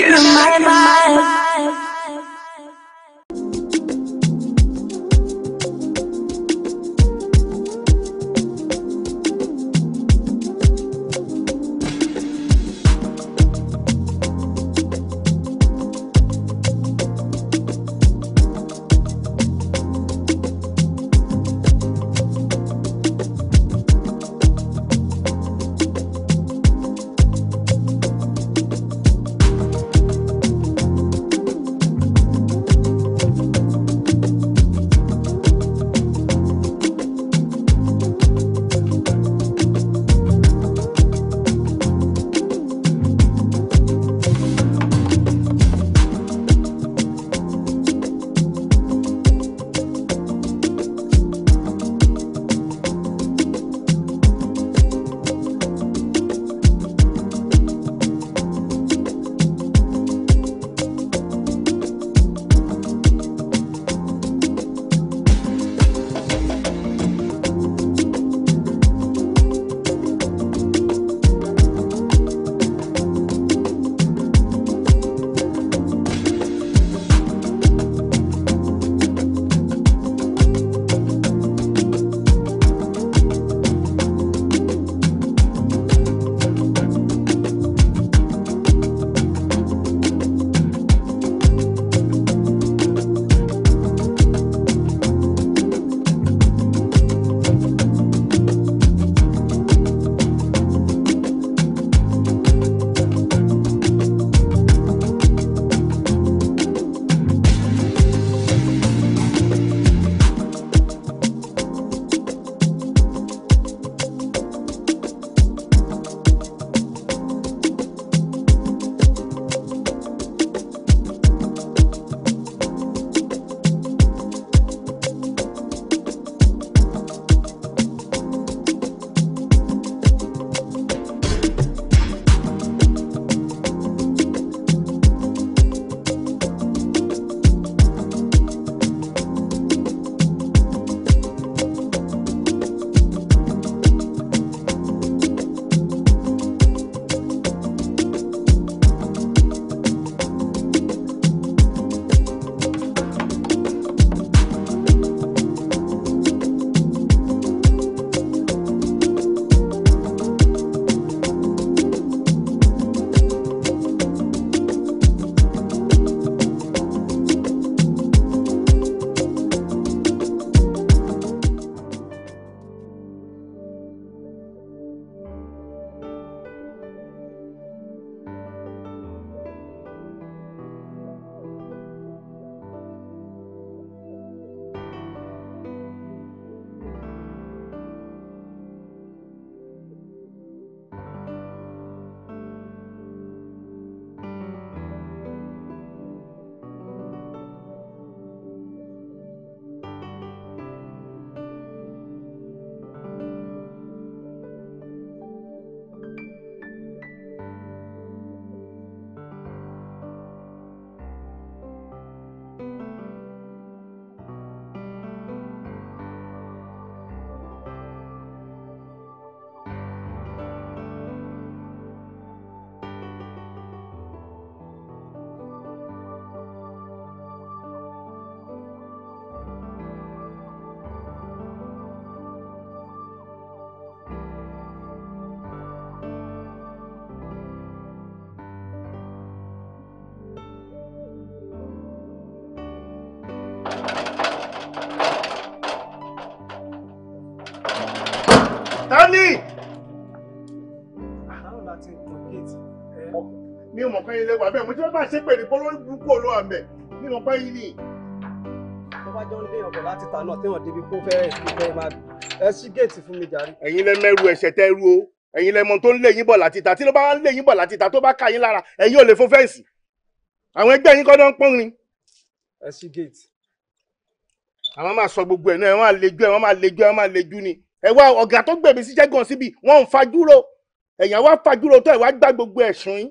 Yes. mi ò mọ̀ pé ilé wà bẹ́ẹ̀ mo ti fẹ́ bá ṣe pèrè bọ́ lórí burúkú olówó àmẹ́ mi ò mọ̀ pé yìí ni. tó bá jọ ń léèyàn bọ̀ láti ta náà téèyàn débi kó fẹ́ ìfẹ́ máa ẹ ṣí géètì fún mi jàre. ẹ̀yin lẹ mẹ́rù ẹ̀ṣẹ̀ tẹ́ rú o ẹ̀yin lẹ mọ tó ń lé yín bọ̀ láti ta tí ló bá ń lé yín bọ̀ láti ta tó bá ká yín lára ẹ̀yin ò lè fo fẹ́ǹsì àwọn ẹgbẹ́ yín kọ́dọ̀ ń pọ́n rin. ẹ ṣí géètì. àwọn máa sọ gbogbo ẹ̀ náà ẹ máa lejú ẹ máa lejú ẹ máa lejú ni ẹ wá ọ̀gá tó gbẹ̀mí síṣẹ́ gan síbi wọ́n ń fajúro ẹ̀yàn wá fajúro tó ẹ̀ wá gbá gbogbo ẹ̀sùn yín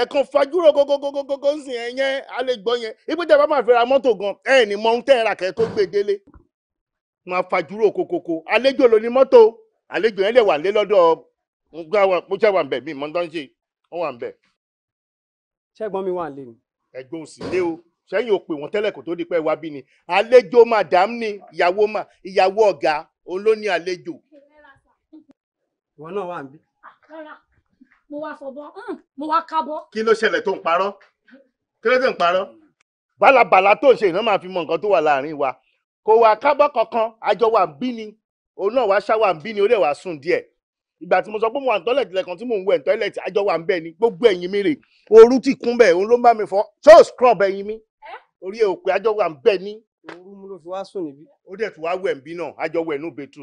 ẹ̀kan fajúrò gógógógógógó ń sìn ẹ̀yẹn a lè gbọ́ yẹn ibi tẹ́ bá máa fi ra mọ́tò gan ẹ̀ ní mọ ohun tẹ́ ẹ rà kẹ́ tó gbé délé máa fajúrò kokoko àlejò ló ní mọ́tò àlejò yẹn lè wà lé lọ́dọ̀ mo ṣe wà ń bẹ̀ mí mọ́ dán ṣe wọ́n wà ń bẹ̀. ṣẹ́gbọ́n mi wà lé ni. ẹ̀gbọ́n ò sì lé o sẹ́yìn ò pè wọ́n tẹ́lẹ̀ kó tó di pé wá bí ni àlejò madam ni ìyàwó ma ìyàwó ọ̀gá òun àlejò. ìwọ náà wà ń bí mo wá fọbọ́ mo wá kábọ́. kí ló ṣẹlẹ̀ tó ń parọ́ kí ló tó ń parọ́. bálabàlà tó ń ṣe ìná máa fi mọ nǹkan tó wà láàrin wa kò wá kábọ́ kankan àjọ wà ń bí ni òun náà wá ṣá wà ń bí ni ó dẹ̀ wá sùn díẹ̀ ìgbà tí mo sọ pé mo wà ní tọ́lẹ̀tì lẹ́kan tí mò ń wẹ̀ ní tọ́lẹ̀tì àjọ wà ń bẹ̀ ni gbogbo ẹ̀yìn mi rè ooru ti kún bẹ̀ òun ló ń bá mi fọ ṣó scrub ẹ̀yìn mi orí ẹ̀ òpè àjọ wà ń bẹ̀ ni. ooru mú ló fi wá sùn níbí. ó dẹ̀ tún wá wẹ̀ ń bí náà àjọ wẹ̀ ní òbẹ̀tù.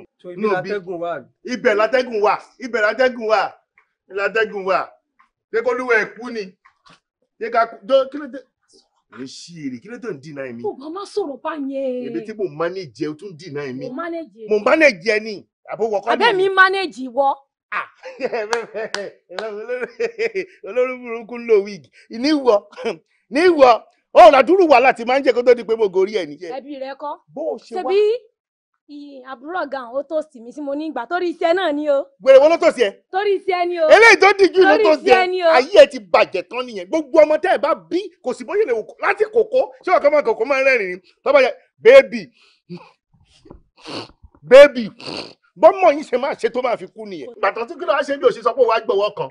ibẹ̀ látẹ́gùn wà. ibẹ̀ látẹ́gùn wà ńlátẹ́gùn wà pé kó lúwẹ̀ ẹ̀kú ni pé ká kí ló dé ẹ ṣí èrè kí ló tó ń dínà ẹ̀mí. o màmá sọ̀rọ̀ bá yẹn. èmi tí mo mánéjì ẹ o tún dínà ẹ̀mí. mo mánéjì ẹ. mo mánéjì ẹ ní àbówọ kọ́ ni. abẹ́ mi mánéjì wọ. olórí burúkú ń lo wig níwọ níwọ ọ̀rọ̀ àdúrú wàhálà tí máa ń jẹ́ kó tó di pé mo gorí ẹ̀ nìyẹn. ẹbí rẹ kọ́ ṣebí àbúrò ọ̀gá àwọn ó tòsí mi tí mo ní ìgbà torí iṣẹ́ náà ni o. wèrè wọn ló tòsí ẹ. torí iṣẹ́ ni o. eléyìí tó dìjú ló tòsí ẹ ayé ẹ ti bàjẹ́ tán nìyẹn gbogbo ọmọ tẹ́ ẹ bá bí kò sí bóyá lè wò láti kòkó ṣé ọ̀kan máa kòkó máa ń rẹ́rìn-ín tọ́ba yẹ bébì bébì bọ́mọ yìí ṣe máa ṣe tó máa fi kú nìyẹn. bàtà tí kílọ̀ wá ṣe bí òṣìṣẹ́ sọ pé wàá gbọ̀wọ́ kan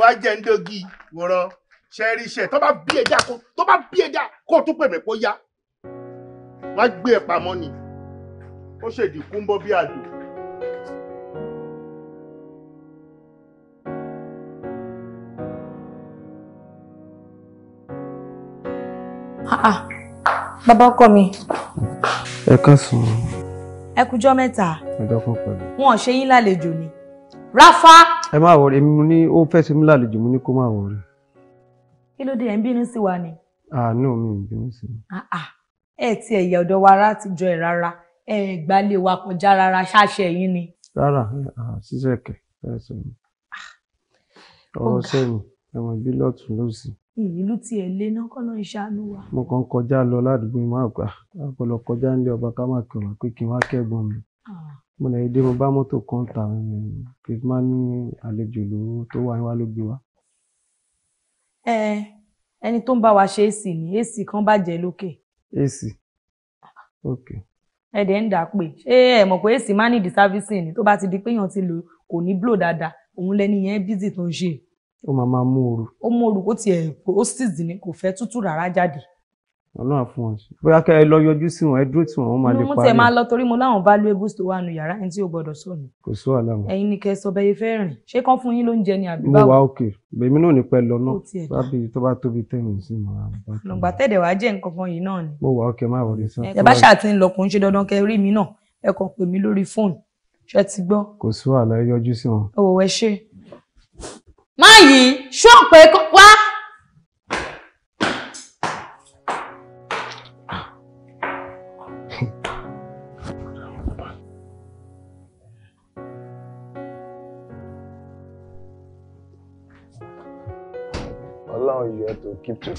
wàá jẹ́ ndógi wòran ṣẹ́ríṣẹ́ tó bá bí ó ṣèdí kúńbọ́ bí àdó. Ah, ah. bàbá ọkọ mi. ẹ kàn sùn. ẹ kújọ́ mẹ́ta. ẹ dọ́kun pẹ̀lú. wọn ò ṣe yín lálejò ni. ráfá. ẹ má wọrí èmi mo ní ó fẹ́ ṣe mí lálejò mo ní kó má wọrí. kí ló dé ẹ̀ ń bínú sí wa ni. àánú ah, mi ò bínú sí i. ẹ tiẹ̀ yẹ ọ̀dọ̀ wa rárá ti jọ ẹ̀ rárá ẹ gbalẹ̀ wa kọjá rárá ṣáṣẹ yín ni. rárá ṣíṣe kẹ ẹ sọ mi ọ̀rọ̀ sẹ́yìn ẹwọn bí lọtún lọsí. ìlú tí ẹ lé náà kọ́nà ìṣàánú wa. mo kàn kọjá lọ ládùúgbò mi máa gbà àpọlọ kọjá nílé ọba ká má kí ọba pé kí n wá kẹ́gbọ́n mi. mo lè dé mo bá mọ́tò kan tà kí n má ní àlejò lówó tó wá wá ló gbé wa. ẹ ẹni tó ń bá wa ṣe èsì ni èsì kan bàjẹ́ lókè. èsì ok ẹ̀dẹ̀ ń dà pé ṣé ẹ mọ̀ pé èsì máa ní di servicing ni tó bá ti di pé èèyàn ti lò kò ní blow dáadáa òun lẹni yẹn busy tó ń ṣe. ó máa máa mú ooru. ó mú ooru kó tiẹ̀ ó sì dì ní kò fẹ́ tútù rárá jáde ọlọ́run fún wọn ṣe bóyá kẹ́ ẹ lọ yọjú sí wọn ẹ dúró tí wọn wọn máa lè parí. mo tẹ̀ máa lọ torí mo láwọn valuables tó wà nù yàrá ẹni tí ò gbọdọ̀ sọ̀nù. kò sí wàhálà mọ́. ẹ̀yin ni kẹ́ sọ bẹ́ẹ̀ fẹ́ rìn ṣé kán fún yín lóúnjẹ ni àbí báwo. mo wá òkè bèmi náà ní pẹ́ lọ náà bábí tó bá tóbi tẹ̀yìn sí mi. lọ́gbà tẹ̀dẹ̀ wá jẹ́ nǹkan kan yìí náà ni. mo wá òkè má wọlé sàn. ẹ bá ṣáà ti ń lọ ṣe dandan kẹ́ rí mi náà ẹ kàn pè mí lórí fóònù ṣe ti gbọ́. kò sí wàhálà ẹ yọjú sí wọn. òwò ẹ ṣe. má yìí ṣọ́ọ̀pù ẹ wá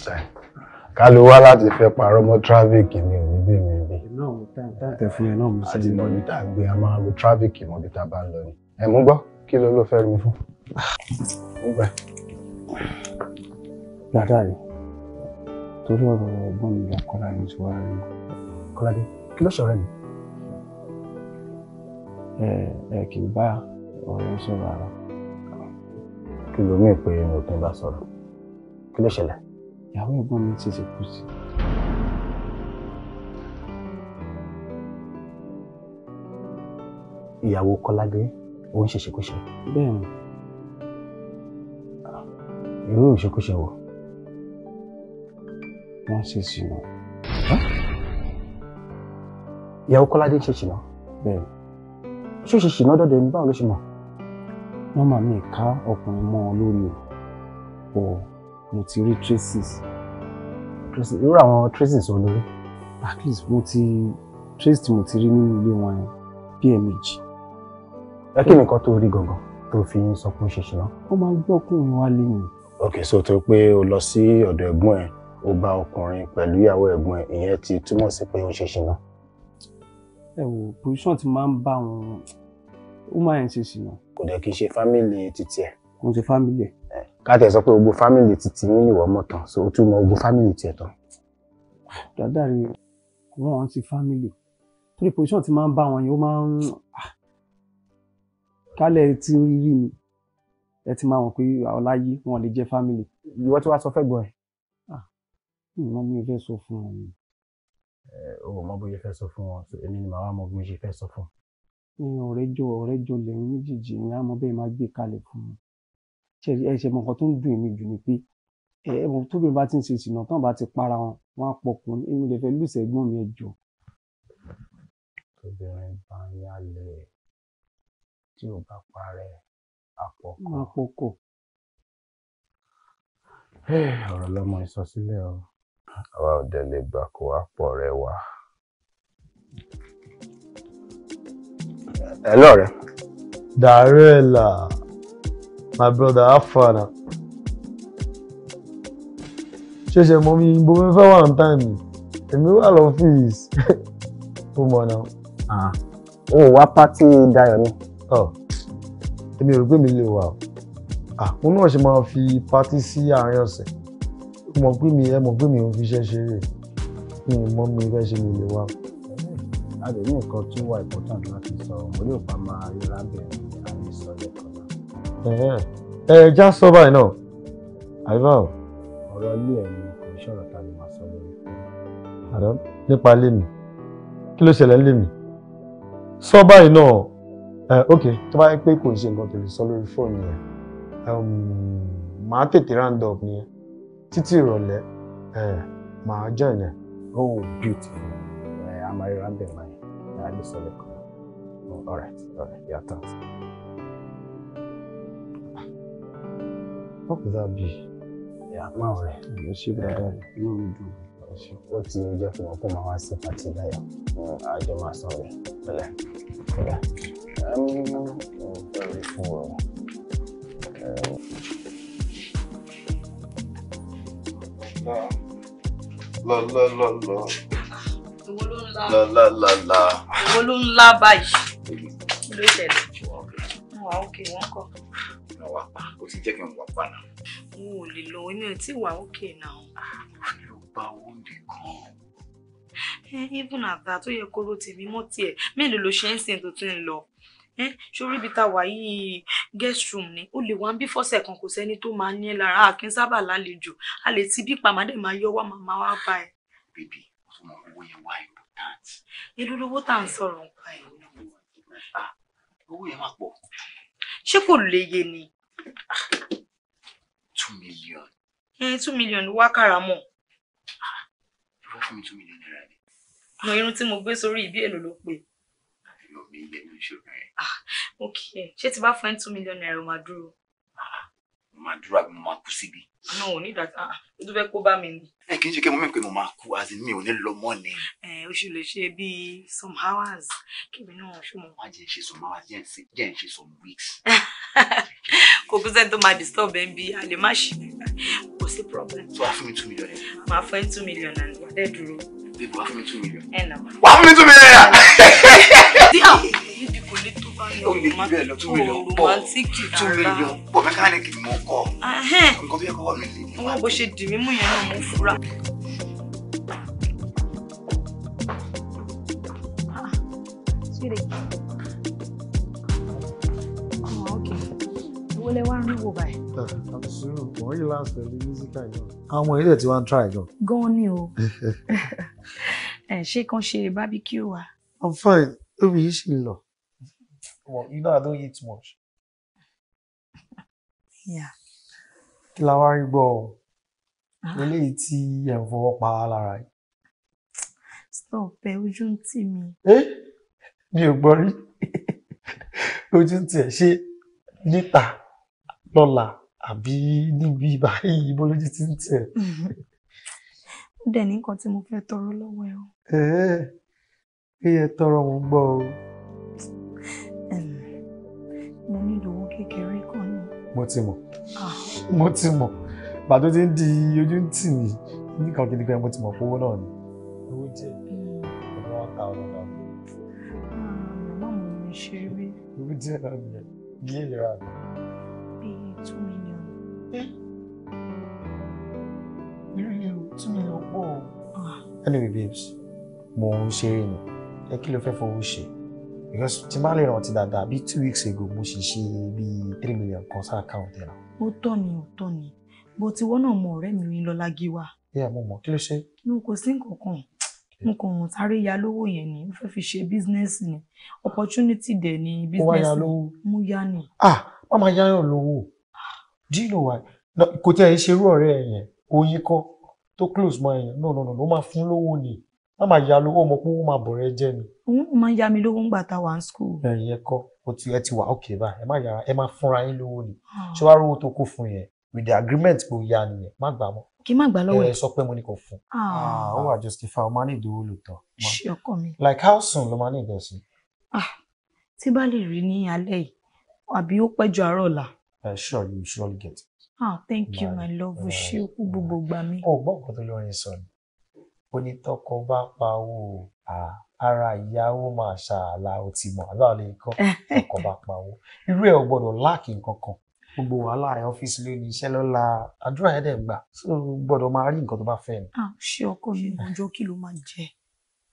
side ká ló wá láti fẹ́ parọ́ mọ́ tráfíkì ni ò ní bí mi bí. àti mọ̀bí tá a gbé a máa lo tráfíkì mọ̀bí tá a bá lọ ni. ẹ mú gbọ́ kí ló ló fẹ́ rí mi fún. nígbà. dàda rẹ torí ọ̀rọ̀ ẹ̀gbọ́n mi ìyá kọ́lá ni ti wá rí mi. kọ́ládé kí ló sọ̀rọ̀ ni. ẹ kì í bá ọ̀rọ̀ sọ̀rọ̀ ara. kí ló mí pé mi ò kí n bá sọ̀rọ̀ kí ló ṣẹlẹ̀ ìyàwó ẹ̀gbọ́n mi ti ti kú sí. ìyàwó kọ́ládé ó ń ṣèṣekúṣe. bẹ́ẹ̀ ni. irú ìṣekúṣe wo. wọ́n ṣe ṣìnà. ìyàwó kọ́ládé ń ṣe ṣìnà. bẹ́ẹ̀ ni. ṣó ṣe ṣìnà dọ́dọ̀ ẹni báwo ló ṣe mọ̀. wọ́n máa mi ká ọkùnrin mọ́ ọ lórí o mo ti rí traces traces irú àwọn traces olórí at least mo ti trace tí mo ti rí nínú ilé wọn bí ẹ̀ẹ̀mejì. ẹ kí nìkan tó rí gangan tó fi ń sọ pé ó ṣe ṣe ó máa gbọ́ ọkùnrin wá lé mi. ok so tó pé o lọ sí ọ̀dọ̀ ẹ̀gbọ́n ẹ̀ ó bá ọkùnrin pẹ̀lú ìyàwó ẹ̀gbọ́n ẹ̀ ìyẹn ti túmọ̀ sí pé ó ṣe ṣe ẹ wo position ti máa ń bá wọn ó máa ń ṣe ṣìnà. kò dẹ̀ kí n ṣe fámìlì títí ẹ̀. kò ṣe fámìlì ẹ̀ káàtẹ̀ sọ pé gbogbo fámìlì ti ti yín nìwọ mọ̀ so ó tún mọ gbogbo fámìlì tiẹ̀ tán. dáadáa rí wọn àwọn ti fámìlì torí position ti máa ń bá wọn yẹn ó máa ń ah, kálẹ̀ tí ó rí rí mi ẹ ti máa wọn pé ọláyé wọn lè jẹ́ fámìlì. ìwọ tí wàá sọ fẹ́ gbọ́ ẹ. Ah, mo mú ife sọ fún wọn. o mọ bóyá fẹ́ sọ fún wọn èmi ni màá mọ bí mo ṣe fẹ́ sọ fún wọn. ọ̀rẹ́jọ ọ̀rẹ́jọ lẹ́yìn méjèèjì ni a bẹ́ẹ̀ máa gbé kalẹ̀ fún wọn ẹ̀ṣẹ̀ mọ nǹkan tó ń dùn mí jù ni pé ẹ̀ẹ́mọ tóbìnrin bá ti ń ṣe ìsìnà tán bá ti para wọn wọn á pọkùn èmi lè fẹ́ lùsẹ̀ ẹ̀gbọ́n mi ẹ̀jọ̀. tóbìnrin bá ń yálẹ̀ tí ò bá parẹ́ àpọ̀kọ̀. àpọ̀kọ̀. ọ̀rọ̀ lọ́mọ ìsọsílẹ̀ o. àwa ò dẹ̀ lè gbà kó wá pọ̀ rẹ wá. ẹ lọ́ọ̀rẹ́. dàrú ẹ̀ my brother how far na your mommy. mi bó mi fẹ́ one time èmi wà lọ́fíìsì ah. ó mọ náà. o wá pátì Dayọ̀ ni. Oh. èmi ò rò pé mi lè wà o ah, mo náà ṣe máa fi pátì sí àárín ọ̀sẹ̀ ó mọ̀ pé mi ẹ mọ̀ pé mi ò fi iṣẹ́ ṣeré mi ò mọ̀ mi fẹ́ ṣe mi lè wà o. a lè ní nǹkan tó wà important láti sọ orí òpá máa ríra my àmì ìsọ̀lẹ̀ kan. ẹ ẹ já sọ báyìí náà àríwá o. ọ̀rọ̀ ilé ẹ̀ ni kò ta ni màá sọ lórí fún mi. nípa ilé kí ló ṣẹlẹ̀ nílé sọ báyìí náà ẹ ok tó bá yẹ pé kò ṣe nǹkan tó lè sọ lórí fóònù yẹn um, màá tètè round up nìyẹn títí ìrọ̀lẹ́ eh, màá join ẹ̀. oh beautiful eh, ẹ amari round up all right all right your turn. How could that be? Má ọ̀rẹ́, mo ṣe bàbá rẹ̀, inú mi dùn. Ó ti jẹ́ kí wọ́n kó máa wá sí pàtí láyà. Àjọ máa sọ rẹ̀ pẹ̀lẹ́. Pẹ̀lẹ́. Ẹ mú ìbéèrè fún ọ. La la la la. la? La la la la. Ìwo la báyìí? Kí ló ṣẹlẹ̀? Wà ókè, wọ́n náà wà pa ó ti jẹ́ kí n wà pa náà. n ò lè lọ èmi ò tí wà òkè náà. Ah, mo ló bá owó nìkan. even àgbà tó yẹ kóró tèmi mọ́ tiẹ̀ mélòó ló ṣe ń sìn tó tún ń lọ ṣorí ibi tá a wà yìí guest room ni ó lè wá ń bí fọ́sẹ̀ kan kò sẹ́ni tó máa ní ẹ lára àkín sábà lálejò a lè ti bí pàmádé máa yọ wá màmá wá bá ẹ. bèbè ọmọ owó yẹn wá important. èló lówó tá à ń sọ̀rọ̀ nípa ẹ̀. Ah, owó yẹn máa pọ̀. ṣé kò lè yé ni two million. ẹ eh, two million wá kàrà mọ́. ìwọ fún mi two million naira No, you irun tí mo gbé sórí ìbí èlò ló pè. ìlú mi ilé ló ń ṣòro ẹ. ok ṣé ti bá fún two million naira o máa Maduro, ah, mo máa dúró àbí no we need that. Ah, ah tún fẹ́ kó bá mi ni. ẹ eh, kì í ṣe kí ẹ mọ mi pé mo máa kú àti mi ò ní lọ mọ́ ni. ẹ eh, some hours Can we náà ṣùgbọ́n. wọ́n á jẹ́ ń some hours jẹ́ ń ṣe some weeks. kò kú sẹ́ni tó máa disturb ẹ̀ ń bí àlè má ṣe kò sí problem. so wàá fún mi two million ẹ. màá fún ẹ two million and wàá dẹ̀ dúró. babe wàá fún mi two million. ẹ nà. wàá fún mi two million yà. díà níbi kò lè tó bá yọ romantic pọ̀ romantic rárá. two million pọ̀ mẹ́káníkì mọ̀ kọ́. nǹkan tó yẹ kọ́ wà mí lè. wọ́n bó ṣe dì mí mú yẹn náà mo fura. wò báyìí. àmì sùúrù wọn rí láǹsì pẹ̀lú mísíkà yìí. àwọn ọmọ ilé tí wọn ń try gan. gan ni o ṣé kan ṣe barbecue wa. i'm fine omi yìí ṣì ń lọ. well you know i don't eat much. kí la wá rí gbọ́ ọ ah. eléyìí tí ẹ̀ ń fọwọ́ pa lára yìí. stop ẹ ojú ń tì mí. mi ò gbọ́ rí ojú ń tì ẹ̀ ṣe níta lọ́la àbí níbi báyìí ibo lójú ti ń tẹ̀. ó dẹ̀ ní nǹkan tí mo fẹ́ tọrọ lọ́wọ́ ẹ o. ẹ ẹ kí ẹ tọrọ mo gbọ́ o. mo nílò owó kékeré kan ni. mo ti mọ̀ ah. mo ti mọ̀ bàtó ti ń di ojú ń tì mí nìkan kí ni pé mo ti mọ̀ fowó náà ni. owó jẹ́ ọ̀dọ́ wa ta ọ̀dọ́ náà. Ah, màmá mi ò ṣe rí. owó jẹ́ náà ni gé ìlera mi two million. Really, two million pọ̀. Anyway, babes, mo ń ṣeré ni. Ẹ kí ló Because tí n bá lè rántí dáadáa, two weeks ago mo ṣì ṣe bíi three million kan sáà account ẹ̀ náà. Ó ni, ó tọ́ ni. Bó ti wọ́n náà mọ ọ̀rẹ́ mi rí lọ́lá gíwá. Ìyá mo mọ̀, kí ló ṣe? Mo kò sí nǹkan kan mo kàn ń sáré ya lówó yẹn ni mo fẹ́ fi ṣe bísínẹ́sì ni opportunity dẹ̀ ni bísínẹ́sì. ó wá ya lówó. mo ya ni. ah má máa yáyàn lówó do you know why kò tí ẹ ṣerú ọ̀rẹ́ ẹ yẹn oyin kọ́ tó close mọ́ ẹ yẹn no no no ló máa fún lówó ni má máa ya lówó ọmọ pé ó máa bọ̀ rẹ jẹ́ ni. òun máa ya mi lówó ńgbà tá a wà ní school. ẹ yẹ kọ o ti ẹ ti wà ókè báyìí ẹ má yára ẹ má fúnra yín lówó ni ah. ṣé wàá rówó tó kó fún yẹn with the agreement kò ya nìyẹn má gbà mọ́. kí má gbà lọ́wọ́ ẹ ẹ sọ pé mo ní kò fún. Ah. Ah, ó wà justify o máa ní ìdówó lò tán. ṣé ọkọ mi. like how soon ló máa ní Ah, tí bá lè rí ní alẹ́ yìí àbí ó pẹ́ àárọ̀ ọ̀la uh, sure you surely get it. ah thank you my love uh, o ṣe kú uh, gbogbo gbà mí. o oh, gbọ́ nǹkan tó lórin sọ ni ó ní tọkọ bá pa owó ara ìyàwó máa ṣàlà ó ti mọ aláàlẹ ikọ tọkọ bá pa owó irú ẹ ò gbọ́dọ̀ láàkì nǹkan kan gbogbo wàhálà ẹ ọ́fíìsì lónìí iṣẹ́ lọ́la àdúrà ẹ̀ dẹ̀ gbà gbọ́dọ̀ máa rí nǹkan tó bá fẹ́ ni. Ah, ṣé ọkọ mi ò jọ kí ló máa jẹ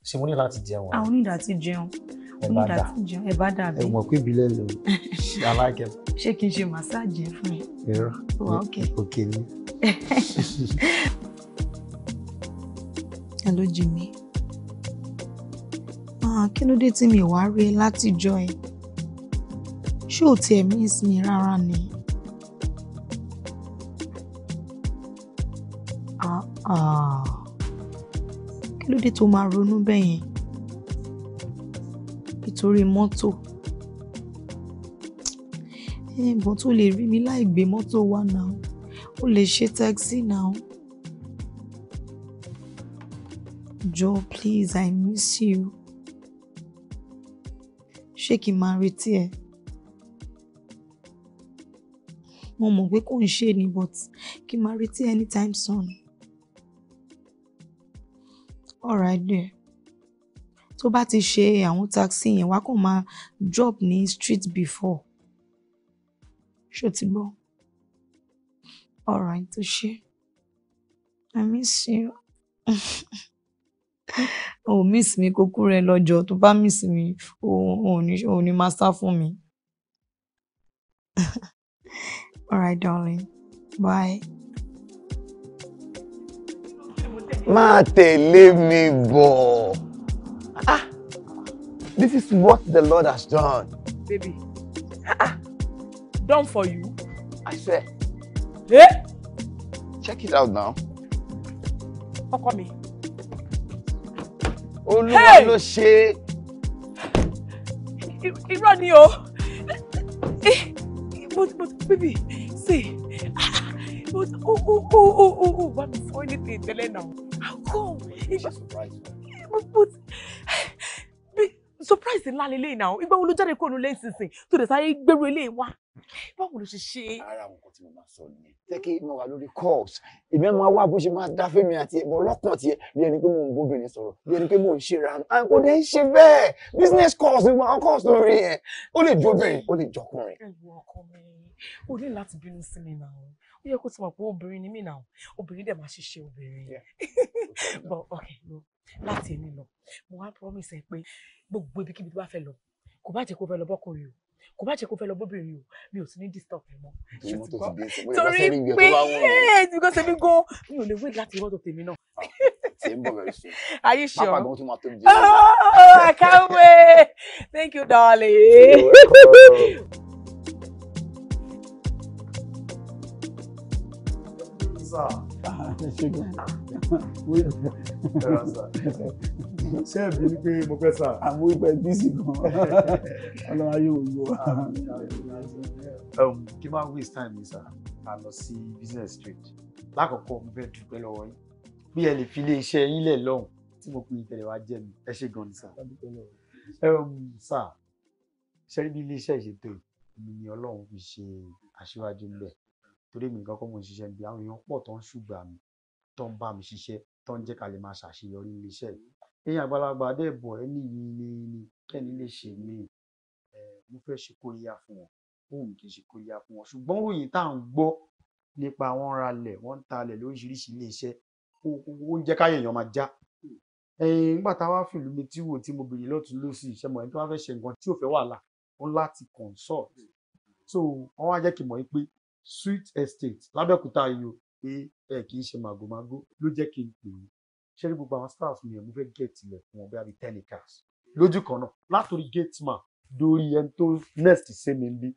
ṣé mo ní láti jẹun. àwọn onídàá ti jẹun onídàá ti jẹun ẹ bá dàbí. ẹ mọ̀ pé ìbílẹ̀ lò aláìkẹ́. ṣé kí n ṣe màsáàjì fún ẹ. irọ́ òkè ni. ẹ ló jí mi kí ló dé tí mi wá rí látijọ́ ẹ ṣé ò tiẹ̀ miss mi rárá ni. Ah, ah kí ló dé tó máa ronú bẹ́ẹ̀ yẹn nítorí mọ́tò ẹnìbọn tó lè rí mi láì gbé mọ́tò wá náà ó lè ṣe taxi náà jọ please i miss you ṣé kí n máa retí ẹ mo mọ̀ pé kò ń ṣe ni but kí n máa retí anytime soon alright there tó bá ti ṣe àwọn taxi yẹn wá kàn máa drop ní street before ṣó ti gbọ́ alright tó ṣe i miss you o oh, miss mi kúkú rẹ lọ́jọ́ tó bá miss mi o ò ní o ò ní máa sá fún mi alright darling bye máa tẹ̀lé mi bọ̀. ah this is what the Lord has done. baby ah, ah done for you. I swear. Hey? Eh? check it out now. ọkọ mi. olúwa ló ṣe. irọ́ ni o eh, but but baby see ah, ah, but o oh, o oh, o oh, o o o wa mi for anything tẹ́lẹ̀ náà go. It's a surprise. But, surprise ńlá lélẹ́yìn náà ìgbà wo ló jáde kúrò nílé ìsinsìn tó dẹ̀ sáré gbèrú eléyìí wá báwo ló ṣe ṣe. ara àwọn nǹkan tí mo máa sọ nìyẹn jẹ́ kí n wà lórí calls èmi máa wá bó ṣe máa dá fẹ́mi àti ẹ̀bọ̀ lọ́kàn tiẹ̀ bí ẹni pé mò ń bóbìnrin sọ̀rọ̀ bí ẹni pé mò ń ṣera and kò dé ṣe bẹ́ẹ̀ business calls ni wọn calls lórí yẹn ó lè jóbìnrin ó lè jọkùnrin. ẹ wo ọkọ mi o ní láti bínú sí mi náà ó yẹ kó ti mọ̀ pé obìnrin ni mí náà obìnrin dẹ̀ máa ṣiṣẹ́ obìnrin but okay no láti èmi lọ mo wá promise ẹ pé gbogbo ibikíbi tó bá fẹ́ lọ kò bá jẹ́ kó fẹ́ lọ bọ́kùnrin o kò bá jẹ́ kó fẹ́ lọ bóbìnrin o mi ò sì ní disturb ẹ mọ́ torí pé yes because èmi gan mi ò lè wait láti wọ́n tó tèmi náà. Are you sure? Papa, to to oh, I can't wait. Thank you, darling. sà. ṣé ẹ̀bí ni pé mo fẹ́ sà. àwọn ìpẹ́ bísí gan-an ọlọ́run ayé òyìnbó. kí n máa waste time mi sà ká lọ sí business street lákọ̀ọ́kọ́ mo fẹ́ dúpẹ́ lọ́wọ́ yín bí ẹ lè fi ilé iṣẹ́ yín lẹ̀ lọ́hùn tí mo pin ìtẹ̀lẹ̀ wá jẹ́ mi ẹ ṣé gan ni sà. sà ṣe rí bí ilé iṣẹ́ ìṣètò ìlú ọlọ́run fi ṣe aṣíwájú ńlẹ̀ torí èmi nìkan kọ́ mò ń ṣiṣẹ́ níbi àwọn èèyàn pọ̀ tó ń ṣùgbà mi tó ń bá mi ṣiṣẹ́ tó ń jẹ́ ká lè máa ṣàṣeyọrí nílé iṣẹ́ yìí èèyàn àgbàlagbà dẹ́ẹ̀bọ̀ ẹ ní ní ní kẹ́ni lè ṣe mí ẹ mo fẹ́ ṣe kó yá fún wọn bóun kì í ṣe kó yá fún wọn ṣùgbọ́n ròyìn tá à ń gbọ́ nípa wọn ra lẹ̀ wọ́n ń ta lẹ̀ lóríṣiríṣi ilé ó ń jẹ́ káyọ̀ èèyàn máa já nígbà tá a wá fìlú mi tí wò tí mo bèrè lọ́tún lọ́sì iṣẹ́ mọ̀ ẹni tó wá fẹ́ ṣe nǹkan tí ò fẹ́ wàhálà ó láti consult so wọ́n wá jẹ́ kí mọ̀ pé sweet estate lábẹ́òkúta yìí pé ẹ kì í ṣe màgòmágó ló jẹ́ kí n pè é ṣé ní gbogbo àwọn staff mi ẹ̀ mo fẹ́ gẹ̀ẹ́tì rẹ̀ fún wọn bí ten cars lójú kan náà látòrí gate man dórí ẹni tó next ṣe mi bí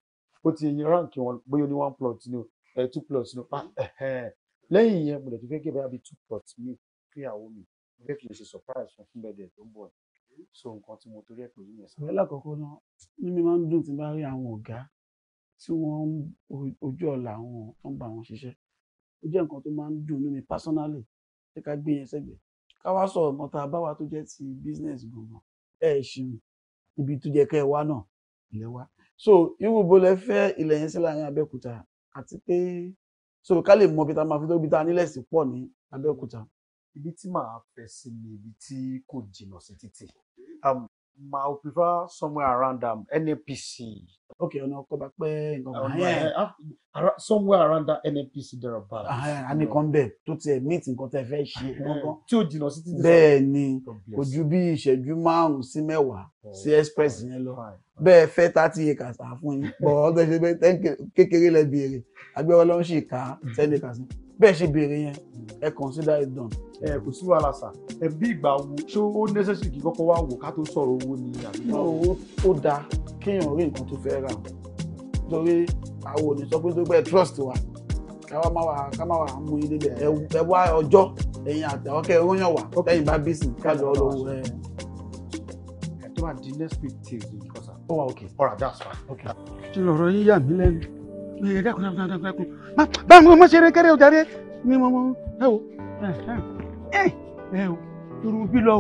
ó ti yin ránkì wọn bóyá ní one plot ní o ẹ two plot ní o pa ah, lẹ́yìn yẹn mo lè tún fẹ́ gẹ̀ bóyá bí two plot mi fíyàwó mi mo fẹ́ fi lè ṣe surprise fún fún bẹ́ẹ̀ dẹ̀ tó ń bọ̀ so nǹkan tí mo torí ẹ̀ pè é yẹn. ìwé lákọ̀ọ́kọ́ náà mímí máa ń dùn tí bá rí àwọn ọ̀gá tí wọ́n ojú ọ̀la àwọn tó ń bá wọn ṣiṣẹ́ ó jẹ́ nǹkan tó máa ń dùn mí personally ṣé ká gbé yẹn sẹ́gbẹ̀ẹ́ ká wá sọ ọ̀gbọ́n tá a bá wa tó jẹ́ ti business gbọ̀ngàn ẹ ṣeun ibi tó jẹ́ kẹ́ ẹ wá náà ilẹ̀ wa so irú bo lẹ fẹ́ ilẹ̀ yẹn sí láàrin Abẹ́òkúta àti pé so ká lè mọ ibi tá a máa fi tó ibi tá a nílẹ̀ sí pọ̀ ní Abẹ́òkúta. ibi tí màá fẹ́ sí ni ibi tí kò jìnnà sí títì um, ma o prefer somewhere around am um, NNPC. okay ọ̀nà ọkọ̀ bá pẹ́ nǹkan ah, somewhere around that NNPC there about. àní ah, eh, kan bẹ̀ tó tiẹ̀ meet nǹkan tẹ́ fẹ́ ṣe kankan. Eh, tí o jìnnà sí ti sọ. bẹ́ẹ̀ ni kò ju bí ìṣẹ́jú márùn-ún sí mẹ́wàá oh, sí express yẹn lọ bẹ́ẹ̀ fẹ́ thirty acres à fún yín bọ̀ ọ́ bẹ́ẹ̀ ṣe bẹ́ẹ̀ kékeré lẹ́ bèèrè agbẹ́wọ́ ń ṣe ká ten acres bẹ́ẹ̀ ṣe béèrè yẹn ẹ consider it done. ẹ kò sí wàhálà sà ẹ bí ìgbà wo ṣé ó necessary kí kọ́kọ́ wá wò ká tó sọ̀rọ̀ owó ni àbí. owó ó dáa kéèyàn rí nǹkan tó fẹ́ rà torí àwọn ò pé tó pẹ́ trust wa káwá má wà ká má wà mú ilé bẹ̀ ẹ wá ọjọ́ ẹ̀yin àtàwọn kẹ́ ẹ ròyàn wà lẹ́yìn bá bísí kájọ ọ lọ́wọ́ ẹ. tó bá di next week Tuesday. ó wà okay. all right that's fine. ṣe yín yà mí lẹ́nu ẹ eh, dákun dákun dákun dákun bá àwọn ọmọ ṣeré kéré o jáde ní mọ́mọ́ ẹ o ẹ ẹ o irun bí lọ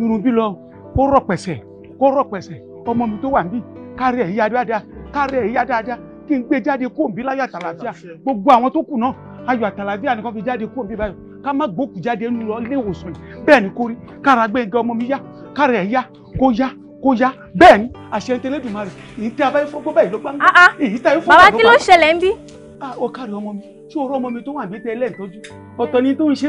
irun bí lọ kó rọ̀ pẹ̀sẹ̀ kó rọ̀ pẹ̀sẹ̀ ọmọ mi tó wà níbí kárí ẹ̀ yá dáadáa kárí ẹ̀ yá dáadáa kí n gbé jáde kóńbí láyọ̀ àtàlàfíà gbogbo àwọn tó kù náà ayọ̀ àtàlàfíà nìkan fi jáde kóńbí báyọ̀ ká má gbókù jáde nínú ilé bẹ́ẹ̀ ni kórí kára gbẹ̀ngàn ọmọ mi yá kára ẹ̀ yá kó yá kó yá bẹ́ẹ̀ ni àṣẹ tẹlẹ́dùmarè èyí tẹ́ abáyé fọ́gbọ́ báyìí ló gbá ń gbá ah, ah. èyí tẹ́ fọ́gbọ́ bàbá kí ló ṣẹlẹ̀ ń bí. Ah, ó kárí ọmọ mi ṣé o rọ ọmọ mi tó wà níta ẹlẹ́ǹtọ́jú ọ̀tọ̀ ni tó ń ṣe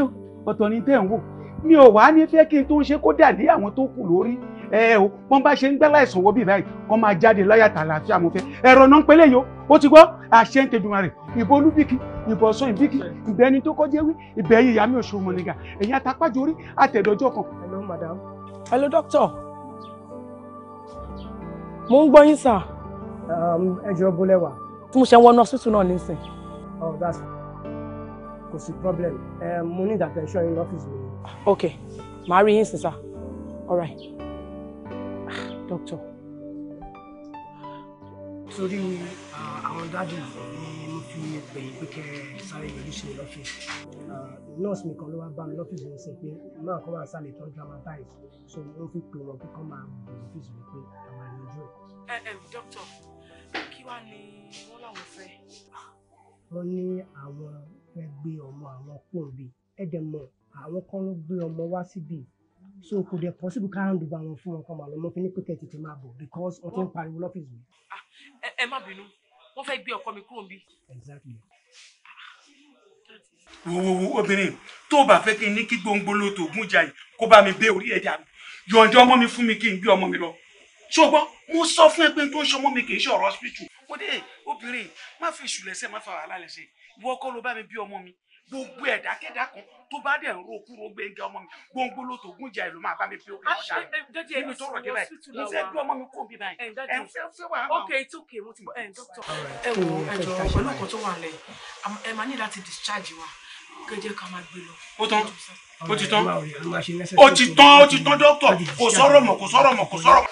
ọ̀tọ̀ ni tẹ́ ń wò mi ò wá ní fẹ́ kí n tó ń ṣe kó dàdí àwọn tó kù lórí ẹ o wọn bá ṣe ń gbẹ́ láìsàn wo bíi báyìí kọ́ máa jáde lọ́yà tàlàáfíà mo fẹ́ ẹ̀rọ náà ń pelé yìí o ó ti gbọ́ àṣẹ ń tẹ̀dùn rẹ̀ ìbò olúbíkì ìbò ọ̀sán ìbíkì ìbẹ́ ẹni tó kọjá ewé ìbẹ́ yìí ìyá mi ò ṣòwò nìgà ẹ̀yìn àtàpájọ orí àtẹ̀dọ́jọ́ kan. hello madam hello doctor mo ń gbọ́ yín sà. Um, ẹ jọ bolẹ̀ wá. tí mo ṣe ń wọnú ọsítù náà nísìn. oh that's kò sí problem um, mo ní ìdàtẹ̀ṣọ́ yín lọ́fíìsì mi. ok màá rí yín sí sà all right ah, doctor. torí uh, àwọn dájú ni mo fi pè é pé kẹ́ sáré yọrí sí mi lọ́fíìsì uh, nurse mi kan ló wá bá mi lọ́fíìsì mi sìn pé náà kọ́ máa sáré tọ́jú amatize so mo fi pè wọ́n pé kọ́ máa bọ̀ lọ́fíìsì mi pé ẹ ẹ dókítà kí wàá ní wọn làwọn fẹ́. wọ́n ní àwọn fẹ́ gbé ọmọ àwọn kúròbí ẹdẹ mọ àwọn kan ló gbé ọmọ wá síbí so kò dẹ̀ possible ká hàn dùbà wọn fún wọn kan màlúmọ fi ní pẹkẹ tètè máa bọ̀ because wọ́n ti ń pariwo lọ́fíìsì mi. Ah, ẹ má bínú wọ́n fẹ́ gbé ọkọ mi kúrò exactly wo obìnrin tó bá fẹ́ kí n ní kí gbóngbó tó gún jà yìí kó bá mi bẹ́ orí ẹ̀dá mi yọ̀ǹda ọmọ mi fún mi kí n gbé ọmọ mi lọ ṣùgbọ́n mo sọ fún ẹ pé tó ń ṣọmọ mi kì í ṣe ọ̀rọ̀ hospital mo dé obìnrin má fi èṣù lẹ́sẹ̀ má fa wàhálà lẹ́sẹ̀ ìwọ kọ́ ló bá mi bí ọmọ mi gbogbo ẹ̀dákẹ́dá kan tó bá dẹ̀ ń ro kúrò gbẹ̀ngẹ̀ ọmọ mi gbòǹgbò ló tó gún jà ìlú máa bá mi fi omi ṣá mi níbi tó rọ̀ dé báyìí mo fẹ́ ọmọ mi kó mi báyìí ẹ it's ok mo ti bọ ẹ dókítà. ẹ wo ẹjọ pẹ̀lú nǹkan tó wà ń lẹ ẹ máa ní láti discharge wa kẹjẹ ká máa gbé lọ. ó tán ó ti tán ó ti tán ó ti tán dókítà kò sọ̀rọ̀ mọ́ kò sọ̀rọ̀ mọ́ kò sọ̀rọ̀ mọ́.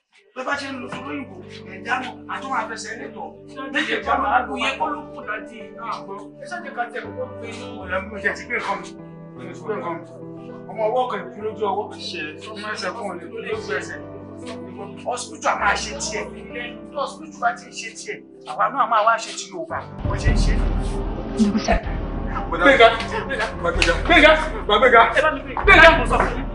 bí bá ṣe ń lò fún lóyìnbó ẹ̀dánù àtúnwò àfẹsẹ̀ nìtọ̀ méjì bá máa kú yẹ kó ló kú dájú iná àgbọ̀ ẹ ṣáàjì ká tẹ̀ kó pé inú. ọ̀la mi ìjà ti gbé nǹkan mi ìjà ti gbé nǹkan mi ọmọ ọwọ́ kan ìkú lójú ọwọ́ ṣe fún ẹsẹ̀ fún òní lójú ẹsẹ̀ ọsibítù àmọ́ àṣẹ tiẹ̀ tí ọsibítù bá ti ṣe tiẹ̀ àwa náà máa wá ṣe ti Yorùbá wọ́n ṣe ń ṣe. gbẹ̀gà gbẹ̀gà gbẹ̀gà gbẹ̀gà gbẹ̀gà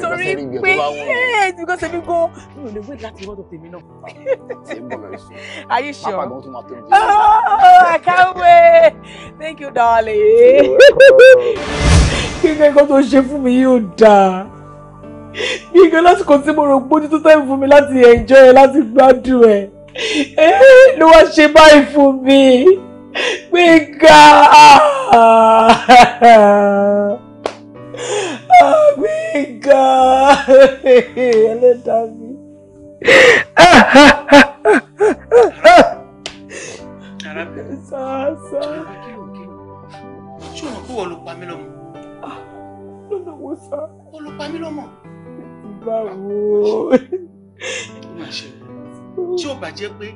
torí pé yes because èmi go mi ò lè wait láti wọ́n tó tèmi náà. are you sure? oh I can't wait thank you darling. You kíkẹ́ kan tó ṣe fún mi yóò dáa bí ike lásìkò tí mo rò gbójú tó tẹ́ fún mi láti enjoy láti gbádùn ẹ̀ ló wá ṣe báyìí fún mi gbẹ̀ngà ga ẹlẹ́dàá mi. Sàásà. Ṣé o mọ̀ pé wọ́n ló pa mí lọ́mọ? Lọ́nà wo sá? Wọ́n ló pa mí lọ́mọ. Báwo? Ṣé o bàjẹ́ pé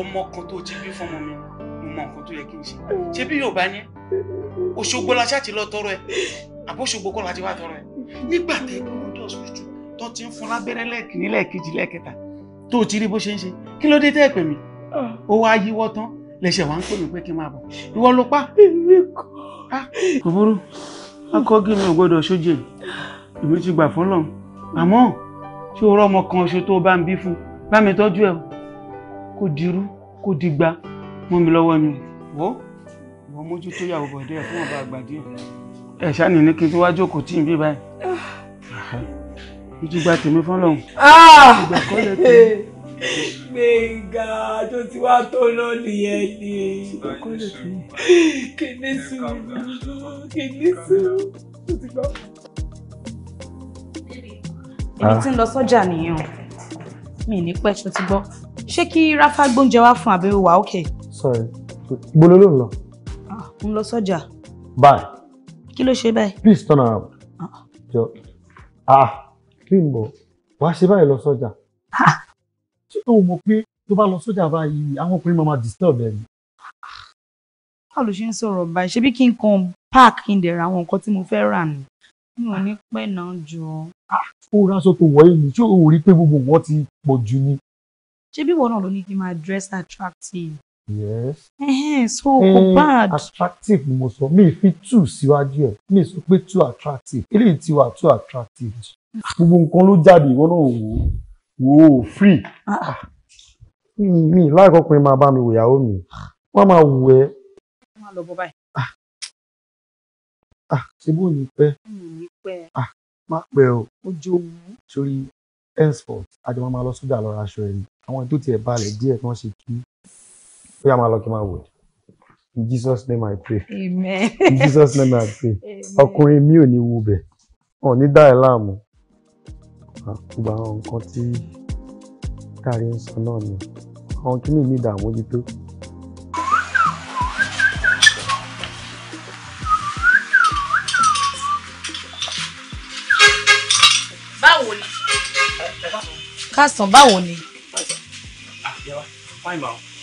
ọmọ kan tó ti bí fọmọ mi, mo mọ nǹkan tó yẹ kí n ṣe? Ṣé bí yóò bá ní? Òṣogbo la ṣáà ti lọ tọrọ ẹ, àbóṣogbo kọ́ la ti wá tọrọ ẹ nígbà tẹ kó lọ hospital tó ti ń fún lábẹ́rẹ́ lẹ́ẹ̀kìní lẹ́ẹ̀kejì lẹ́ẹ̀kẹta tó ti rí bó ṣe ń ṣe kí ló dé tẹ́ ẹ pè mí ah. ó wá yíwọ́ tán lẹ́sẹ̀ wá ń pè mí pé kí n máa bọ̀ ìwọ ló pa. Ah. kò burú akọ́gí mi ò gbọ́dọ̀ sójú ẹ̀ èmi ti gbà fún lọ́n àmọ́ ṣé o rọ́mọ kan ṣo tó bá ń bí fún bá mi tọ́jú ẹ̀ kó dirú kó digba mọ́ mi lọ́wọ́ ni wọ́n mójútó yàwó bọ̀dẹ́ fún ọba àgbà ẹ ṣáni ní kí n tó wá jókòó tí n bí báyìí ojú gba tèmi fún lọ́hùn. gbẹ̀ngà tó ti wá tó lọ nìyẹn ni kéde sùúrù kéde sùúrù tó ti gbọ́. èmi ti ń lọ sọ́jà nìyẹn mi ní pẹ́ tó ti gbọ́ ṣé kí ráfá gbóúnjẹ wá fún àbẹ̀wò wa ókè. sọ̀rọ̀ gbolo ló ń lọ. Ah, ń lọ sọ́jà. báyìí kí ló ṣe báyìí. please turn around jọ ah, ah Bímbọ́ wàá ṣe báyìí lọ sọ́jà ah. ṣé o mọ̀ pé tó bá lọ sọ́jà báyìí àwọn ọkùnrin máa ma disturb ẹ̀ ni. báwo ló ṣe ń sọ̀rọ̀ báyìí ṣebí kí n kan park kí n dẹ̀ ra àwọn nǹkan tí mo fẹ́ rà ni mi ò ní pẹ́ náà jọ. Ah, ó ráṣọ tó wọ̀ yìí ṣé o rí i pé gbogbo wọn ti pọ̀ jù ni. ṣebí wọn náà ló ní kí n máa dress attractive yes. so bad. attractive ni mo sọ mi fi two síwájú ẹ mi sọ pé too attractive eléyìí ti wà two attractive gbogbo nǹkan ló jáde ìwọ náà wò wò ó free ah. Ah. mi láìkọ́ pé máa bá mi wò ìyàwó mi wọ́n máa wù ẹ́. wọ́n á lọ bọ́ báyìí. Ah. ṣé bó ní pẹ́. ní pẹ́. má pẹ́ o. ojú òwú. sórí henceforth àjọ máa lọ sójà lọ raṣọ ẹ̀yìn àwọn ètò tiẹ̀ balẹ̀ díẹ̀ tí wọ́n ṣe kí ó yá máa lọ kí n in Jesus name I pray amen in Jesus name I pray ọkùnrin mi ò ní wù bẹ̀ wọn ò ní dá ẹ láàmú àkùbà àwọn nǹkan tí kárí ń sọ náà ni àwọn kí ni mi dà mójútó. báwo ni kásán báwo ni. Ah, fáìmù àwọn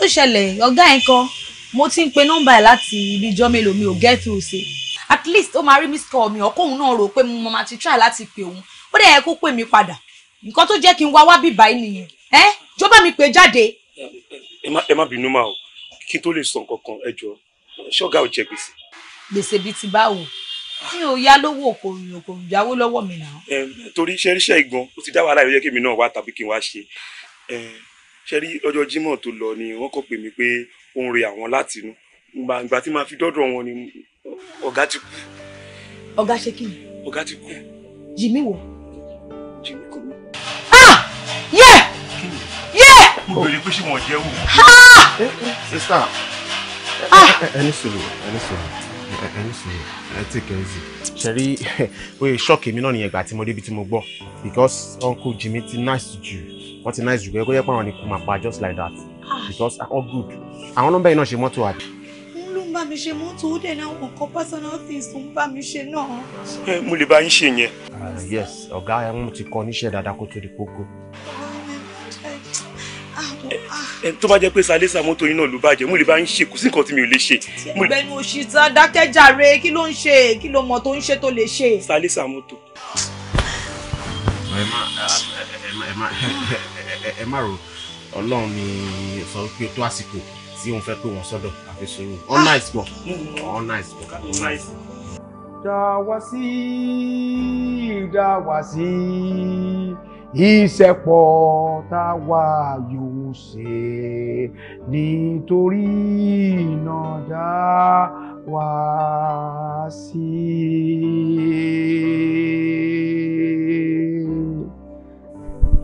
ó ṣẹlẹ̀ ọ̀gá yẹn kan mo ti ń pe nọ́mbà ẹ̀ láti ibi ìjọ mélòó mi ò get through sí at least ó máa rí miss call mi ọkọ òun náà rò pé mo máa ti try láti pè òun ó dẹ̀ yẹ kó pè mí padà nǹkan tó jẹ́ kí n wá wá bíbá yìí nìyẹn ẹ jọ bá mi pè jáde. ẹ má bínú máa o kí n tó lè sọ nǹkan ẹ jọ ṣọ́gà ò jẹ gbèsè. gbèsè bíi ti báwo mi ò yá lówó òkòròyìn òkòròyìn jáwó lọ́wọ́ mi náà. torí iṣẹ́ iṣẹ́ ìgbọ̀n ó ti dá wàhálà yóò yẹ kí mi náà wá tàbí kí n wá ṣe ṣe rí ọjọ́ Jímọ̀ tó lọ ni wọ́n kọ́ pè mí pé ó ń re àwọn láti inú ìgbà tí màá fi dọ́dọ̀ wọn ni ọ̀gá ti kú. ọ̀gá ṣe kí ni. ọ̀gá ti kú. Jìmí wò. Jìmí kò ní. ah yẹ yẹ. mo bèrè pé ṣé wọn jẹ́ wò. sísá ẹni sòrò ẹni sòrò ṣẹ̀rí oye ṣọ́ọ̀kì mi náà nìyẹn gbà tí mo débi tí mo gbọ́ because uncle Jimmy ti nice jù wọ́n ti nice jù gẹ́gẹ́ yẹ pé àwọn ni kò máa pa just like that ah. because all good àwọn nọ́mbà yìí náà ṣe mọ́tò àbí. n ló ń bá mi ṣe mọ́tò ó dẹ̀ náà nǹkan personal things tó ń bá mi ṣe náà. mo lè bá yín ṣe yẹn. Ah, yes ọ̀gá ẹ̀ ń ti kọ́ níṣẹ́ dáadáa kó tó di kókó tó bá jẹ́ pé salisa mọ́tò yín náà ló bàjẹ́ mo lè bá ń ṣe kò sí nǹkan tí mi ò lè ṣe. ìgbẹ́nu òṣìṣẹ́ dákẹ́jàre kí ló ń ṣe kí ló mọ̀ tó ń ṣe tó lè ṣe. salisa mọ́tò. ẹ má ẹ má ẹ má ro ọlọ́run ni sọ pé tó àsìkò tí òun fẹ́ pé wọ́n sọ́dọ̀ àfi sùúrù ah! mm. all nice bọ̀ all nice bọ̀ all nice. dáwà sí dáwà sí ìṣẹ̀pọ̀ tá a wà yóò ṣe nítorí iná dá wá sí.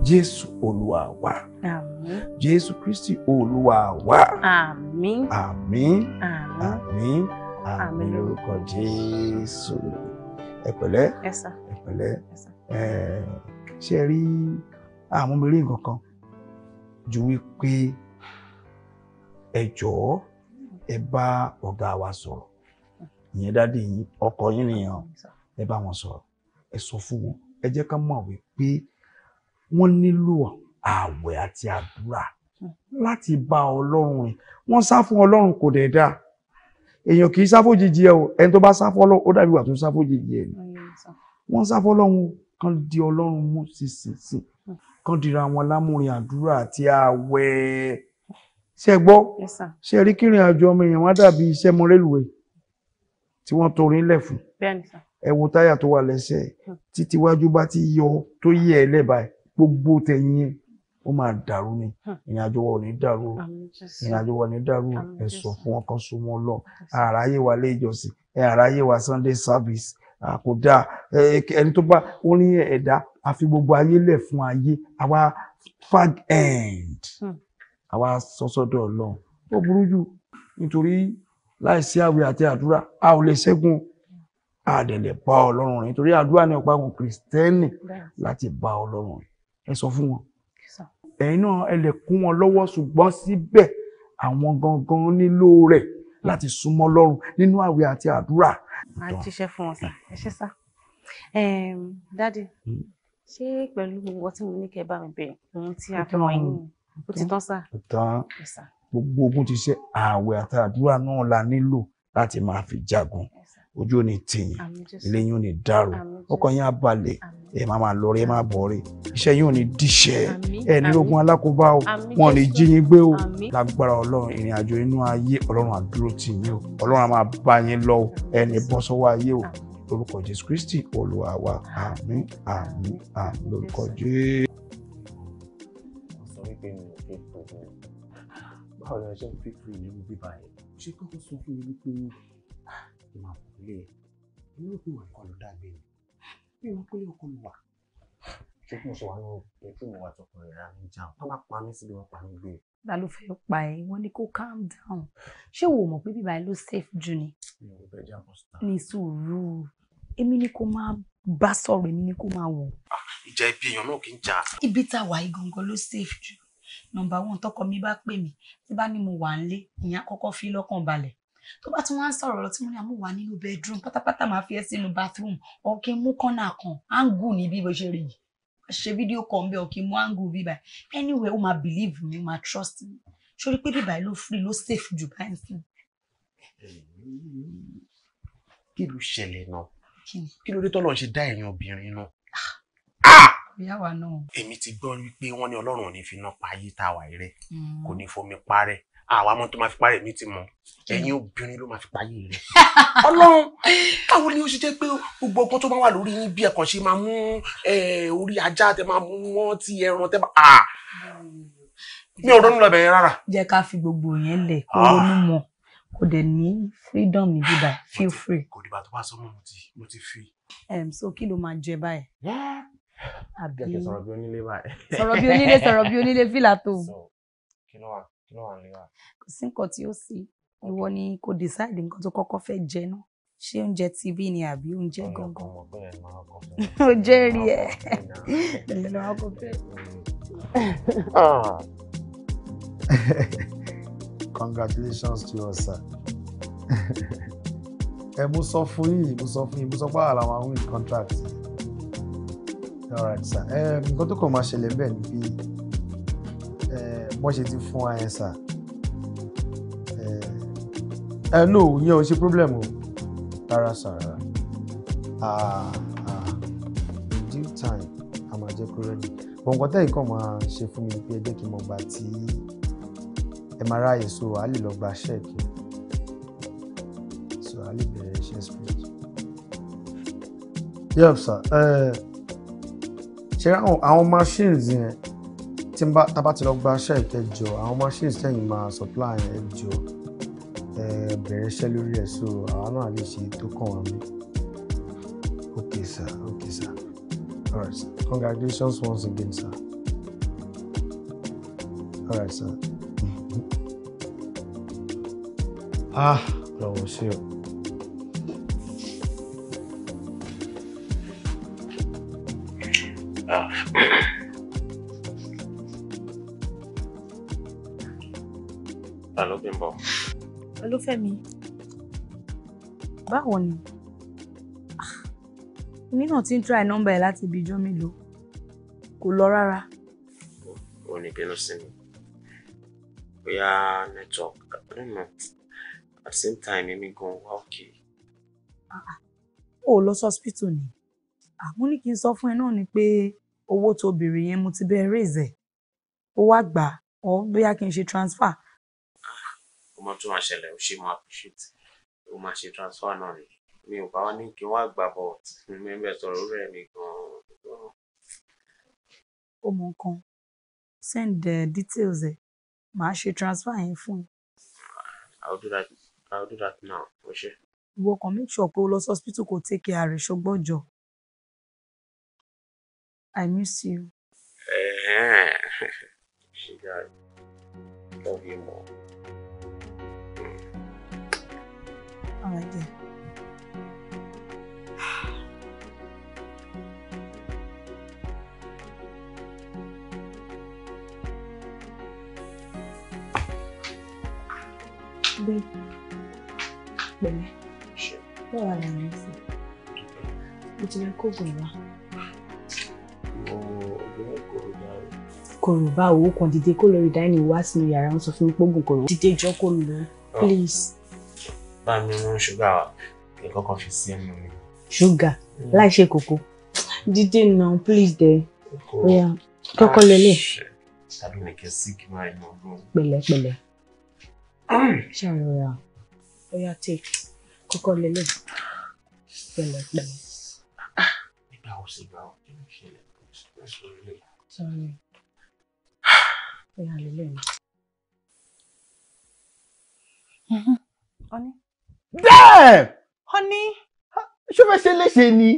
Jésù Olúwa wa. Àmín. Jésù Kristi Olúwa wa. Àmín. Àmín. Àmín. Àmín lórúkọ Jésù. Ẹ pẹ̀lẹ́. Ẹ pẹ̀lẹ́. Ẹ ṣe rí àmúmírí nǹkan kan ju wípé ẹ jọ̀ọ́ ẹ bá ọ̀gá wa sọ̀rọ̀ ìyẹn dáàdi yìí ọkọ yín nìyẹn ẹ bá wọn sọ̀rọ̀ ẹ sọ fún wọn ẹ jẹ́ ká mọ̀ wípé wọ́n nílò ààwẹ̀ àti àdúrà láti bá ọlọ́run rìn wọ́n sá fún ọlọ́run kò dẹ̀ èèyàn kì í sá fójijì ẹ o ẹni tó bá sá fọ́lọ́ ó dàbí wà tó sá fójijì ẹ ni wọ́n sá fọ́lọ́run o kán di ọlọ́run mú sísìsì kán dira wọn lámúrin àdúrà àti ààwẹ̀ ṣe gbọ́ ṣe rí kírin àjọ ọmọ èèyàn wá dàbí iṣẹ́ mọ rélùwé tí wọ́n torí ńlẹ̀ fún ẹ táyà tó wà lẹ́sẹ̀ hmm. títí iwájú bá ti yọ tó yẹ ẹ lẹ́bàá gbogbo tẹ̀yìn ó máa dàrú ni hmm. ìrìn àjò wa ò ní dàrú ìrìn àjò wa ò ní dàrú ẹ sọ fún wọn kan lọ àráyé wa lé ìjọsìn àráyé wa Sunday service kò dáa ẹni tó bá ó ní ẹ̀dá a fi gbogbo ayé lẹ̀ fún ayé àwa fag end àwa hmm. sọ́sọ́dọ̀ ọlọ́run ó burú jù nítorí láìsí àwẹ̀ àti àdúrà a ò lè ṣẹ́gun àdẹ̀lẹ̀ bá ọlọ́run rìn nítorí àdúrà ní ọ̀pá àwọn kìrìsìtẹ́nì láti bá ọlọ́run rìn ẹ sọ fún wọn ẹ̀yin náà ẹ lè kún wọn lọ́wọ́ ṣùgbọ́n síbẹ̀ àwọn gangan nílò rẹ̀ láti súnmọ́ lọ́rùn nínú àwẹ̀ àti àdúrà. a jíṣẹ́ fún wọn sá hmm. ẹ ṣé sá dádì hmm. ṣé pẹ̀lú gbogbo tí mo ní kẹ́ bá mi bẹ̀rẹ̀ ohun tí a fẹ́ wọ̀nyí ó ti tán sá. tán gbogbo ogun ti ṣe àwẹ̀ àti àdúrà náà la nílò láti máa fi jagun ojú ò ní tìyìn ilé yín ò ní dàrú ọkọ yín á balẹ̀ ẹ máa máa lọ rí ẹ máa bọ̀ rí iṣẹ́ yín ò ní díṣẹ́ ẹ ní ogun alákòóbá o wọn ò ní jí yín gbé o lágbára ọlọ́run ìrìn àjò inú ayé ọlọ́run àdúró tì yín o ọlọ́run á máa bá yín lọ o ẹ ní bọ́ sọ́wọ́ ayé o lórúkọ jésù kristi olúwa wa àmín àmín àmín lórúkọ jésù. báwo ni a ṣe ń fi fún ìyẹn bíbá yẹn ṣé kókó sọ fún mi wípé ah, ilé ẹ inú òkú ìwà ìkọlù dàgbé ni bí wọn pélé ọkọ mi wà. ṣé kí n ṣe wà ní bedroom wa tọkọ rẹ rà mí jàm tó bá pa mí síbi wọn pa mí gbé. ta ló fẹ́ pa ẹ́ wọ́n ní kó calm down ṣé wo mọ̀ pé bíbá ẹ ló safe jù ni. mi ò bẹ jà bọ́sítà. ní sùúrù èmi ni kò máa bá sọ̀rọ̀ èmi ni kò máa wò. ìjà ibi èèyàn náà kì í jà. ibi tá a wà yìí gangan ló safe jù nọ́mbà one tọkọ mi bá pè mí tí bá ní mo wà ń lé ìyẹn àkọ́kọ́ fi lọ́kàn balẹ̀ tó bá tún wá ń sọ̀rọ̀ lọ tí mo ní àmú wà nínú bedroom pátápátá máa fi ẹ́ sínú bathroom ọ̀kẹ́ mú kọ́nà kan áńgù ní bí bó ṣe rí yìí ṣe fídíò kan bẹ́ẹ̀ ọ̀kẹ́ mú áńgù bí báyìí anyway ó máa believe me ó máa trust me sórí pé bíbáyìí ló free ló safe jù báyìí sí. kí ló ṣẹlẹ̀ náà kí ló dé tọ́lọ́ ṣe dá èèyàn obìnrin ah! Ah! náà èmi ti gbọ́ wípé wọ́n ní ọlọ́run ò ní fi iná pa ayé tá a wà rẹ̀ mm. kò ní fomi parẹ́ àwa mọ tó máa fi parẹ́ mi ti mọ ẹ̀yin obìnrin ló máa fi payé rẹ̀ ọlọ́run báwo ni ó ṣe jẹ́ pé gbogbo ọgbọ́n tó bá wà lórí yín bí ẹ̀kan ṣe máa mú orí ajá tẹ máa mú wọ́n ti ẹran tẹ máa mi ò ronú lọ́bẹ̀ yẹn rárá. jẹ́ ká fi gbogbo yẹn lẹ̀ kó ah! ronú mọ̀ kò dẹ̀ ní freedom ní bíbá feel free. kò dìbà tó bá sọ mọ́ mo ti fi. so kí ló máa jẹ báyìí. àbí sọ̀rọ̀ bí onílé báyìí. sọ̀rọ̀ bí onílé sọ̀rọ̀ bí onílé fìlà tó. kí ló wà kò sí nǹkan tí ó sí ìwọ ni kò decide nǹkan tó kọ́kọ́ fẹ́ jẹ náà ṣé oúnjẹ tv ni àbí oúnjẹ gangan ó jẹ́ rí ẹ lọ ọkọ bẹ́ẹ̀. congratulations to you sir ẹ mo sọ fún yín mo sọ fún yín mo sọ pé àlà máa win contract all right sir nǹkan tó kàn máa ṣẹlẹ̀ bẹ́ẹ̀ ni bíi wọ́n ṣe ti fún àyẹ̀sà ẹ eh, eh, no yẹn ò ṣe problem o rárá sàrà ah, ah. due time a máa jẹ́ kó rẹ́dì bọ̀ nǹkan tẹ́yìn kan máa ṣe fún mi pé ẹ jẹ́ kí n mọ̀ gbà tí ẹ máa ráàyè so a lè lọ gba ṣẹ́ẹ̀kì so a lè bẹ̀rẹ̀ iṣẹ́ spirit. yẹ́pù sà ṣe àwọn machines yẹn tí n bá tá ti lọ gba shelf ẹjọ àwọn machine sẹ́yìn máa supply ẹjọ ẹ bẹ̀rẹ̀ iṣẹ́ lórí ẹ̀ so àwa náà lè ṣe tó kàn wá mí. okay sir okay sir all right congratulations once again sir all right sir. ah lọ́wọ́ sí o. Ah. ti ń bọ̀. olúfẹ́mi báwo ni èmi náà ti ń try nọ́mbà ẹ̀ láti ibi ijọ́ mélòó kò lọ rárá. o ní bínú sí mi bóyá network i don't know at the same time èmi gan wá òkè. Ah, ah. o lọ sọ́spítù ni àmú ah, ní kí n sọ fún ẹ náà ni pé owó tó béèrè yẹn mo ti bẹ́ẹ̀ raise ẹ̀ ó wá gbà ọ́ bóyá kí n ṣe transfer mọ tó máa ṣẹlẹ̀ ṣe máa appreciate ó máa ṣe transfer náà ni mi ò bá wá ní kí n wá gbà bọ̀ mẹ́mbẹ́ sọ̀rọ̀ rẹ̀ mí gan-an. ó mọ nǹkan send uh, details ẹ màá ṣe transfer yẹn fún I will do that. I do that now. Ó ṣe. Ìwọ kàn make sure pé o lọ sí hospital take care rẹ̀ ṣùgbọ́n jọ. I miss you. Ṣé dáa? Love you more. my dear. Babe, baby, sure. What are you doing? Mo ti lọ kó oògùn ìwà. Kòrò báwo, ó kàn dìde kó lọ rí dáìnì wá sínú yàrá, wọ́n sọ fún mi pé oògùn kòrò. Dìde please bá mi mú ṣúgà ìkọkọ fi sí ẹnu mi. ṣúgà mm. láì ṣe dídé náà please dẹ oya kọkọ lẹlẹ. tàbí nìkẹ́ sí kí máa inú ọdún. pẹ̀lẹ́pẹ̀lẹ́ ṣàròyà oya take kọkọ lẹlẹ pẹ̀lẹ́pẹ̀lẹ́. nígbà wo sì gbà ọ kí ló ṣẹlẹ̀ lọ́sọ̀rọ̀ lè. sọ̀rọ̀ oya lẹlẹ ni. Mm-hmm. Honey. Damn! Honey. Ṣé o fẹ́ ṣe léṣe ni?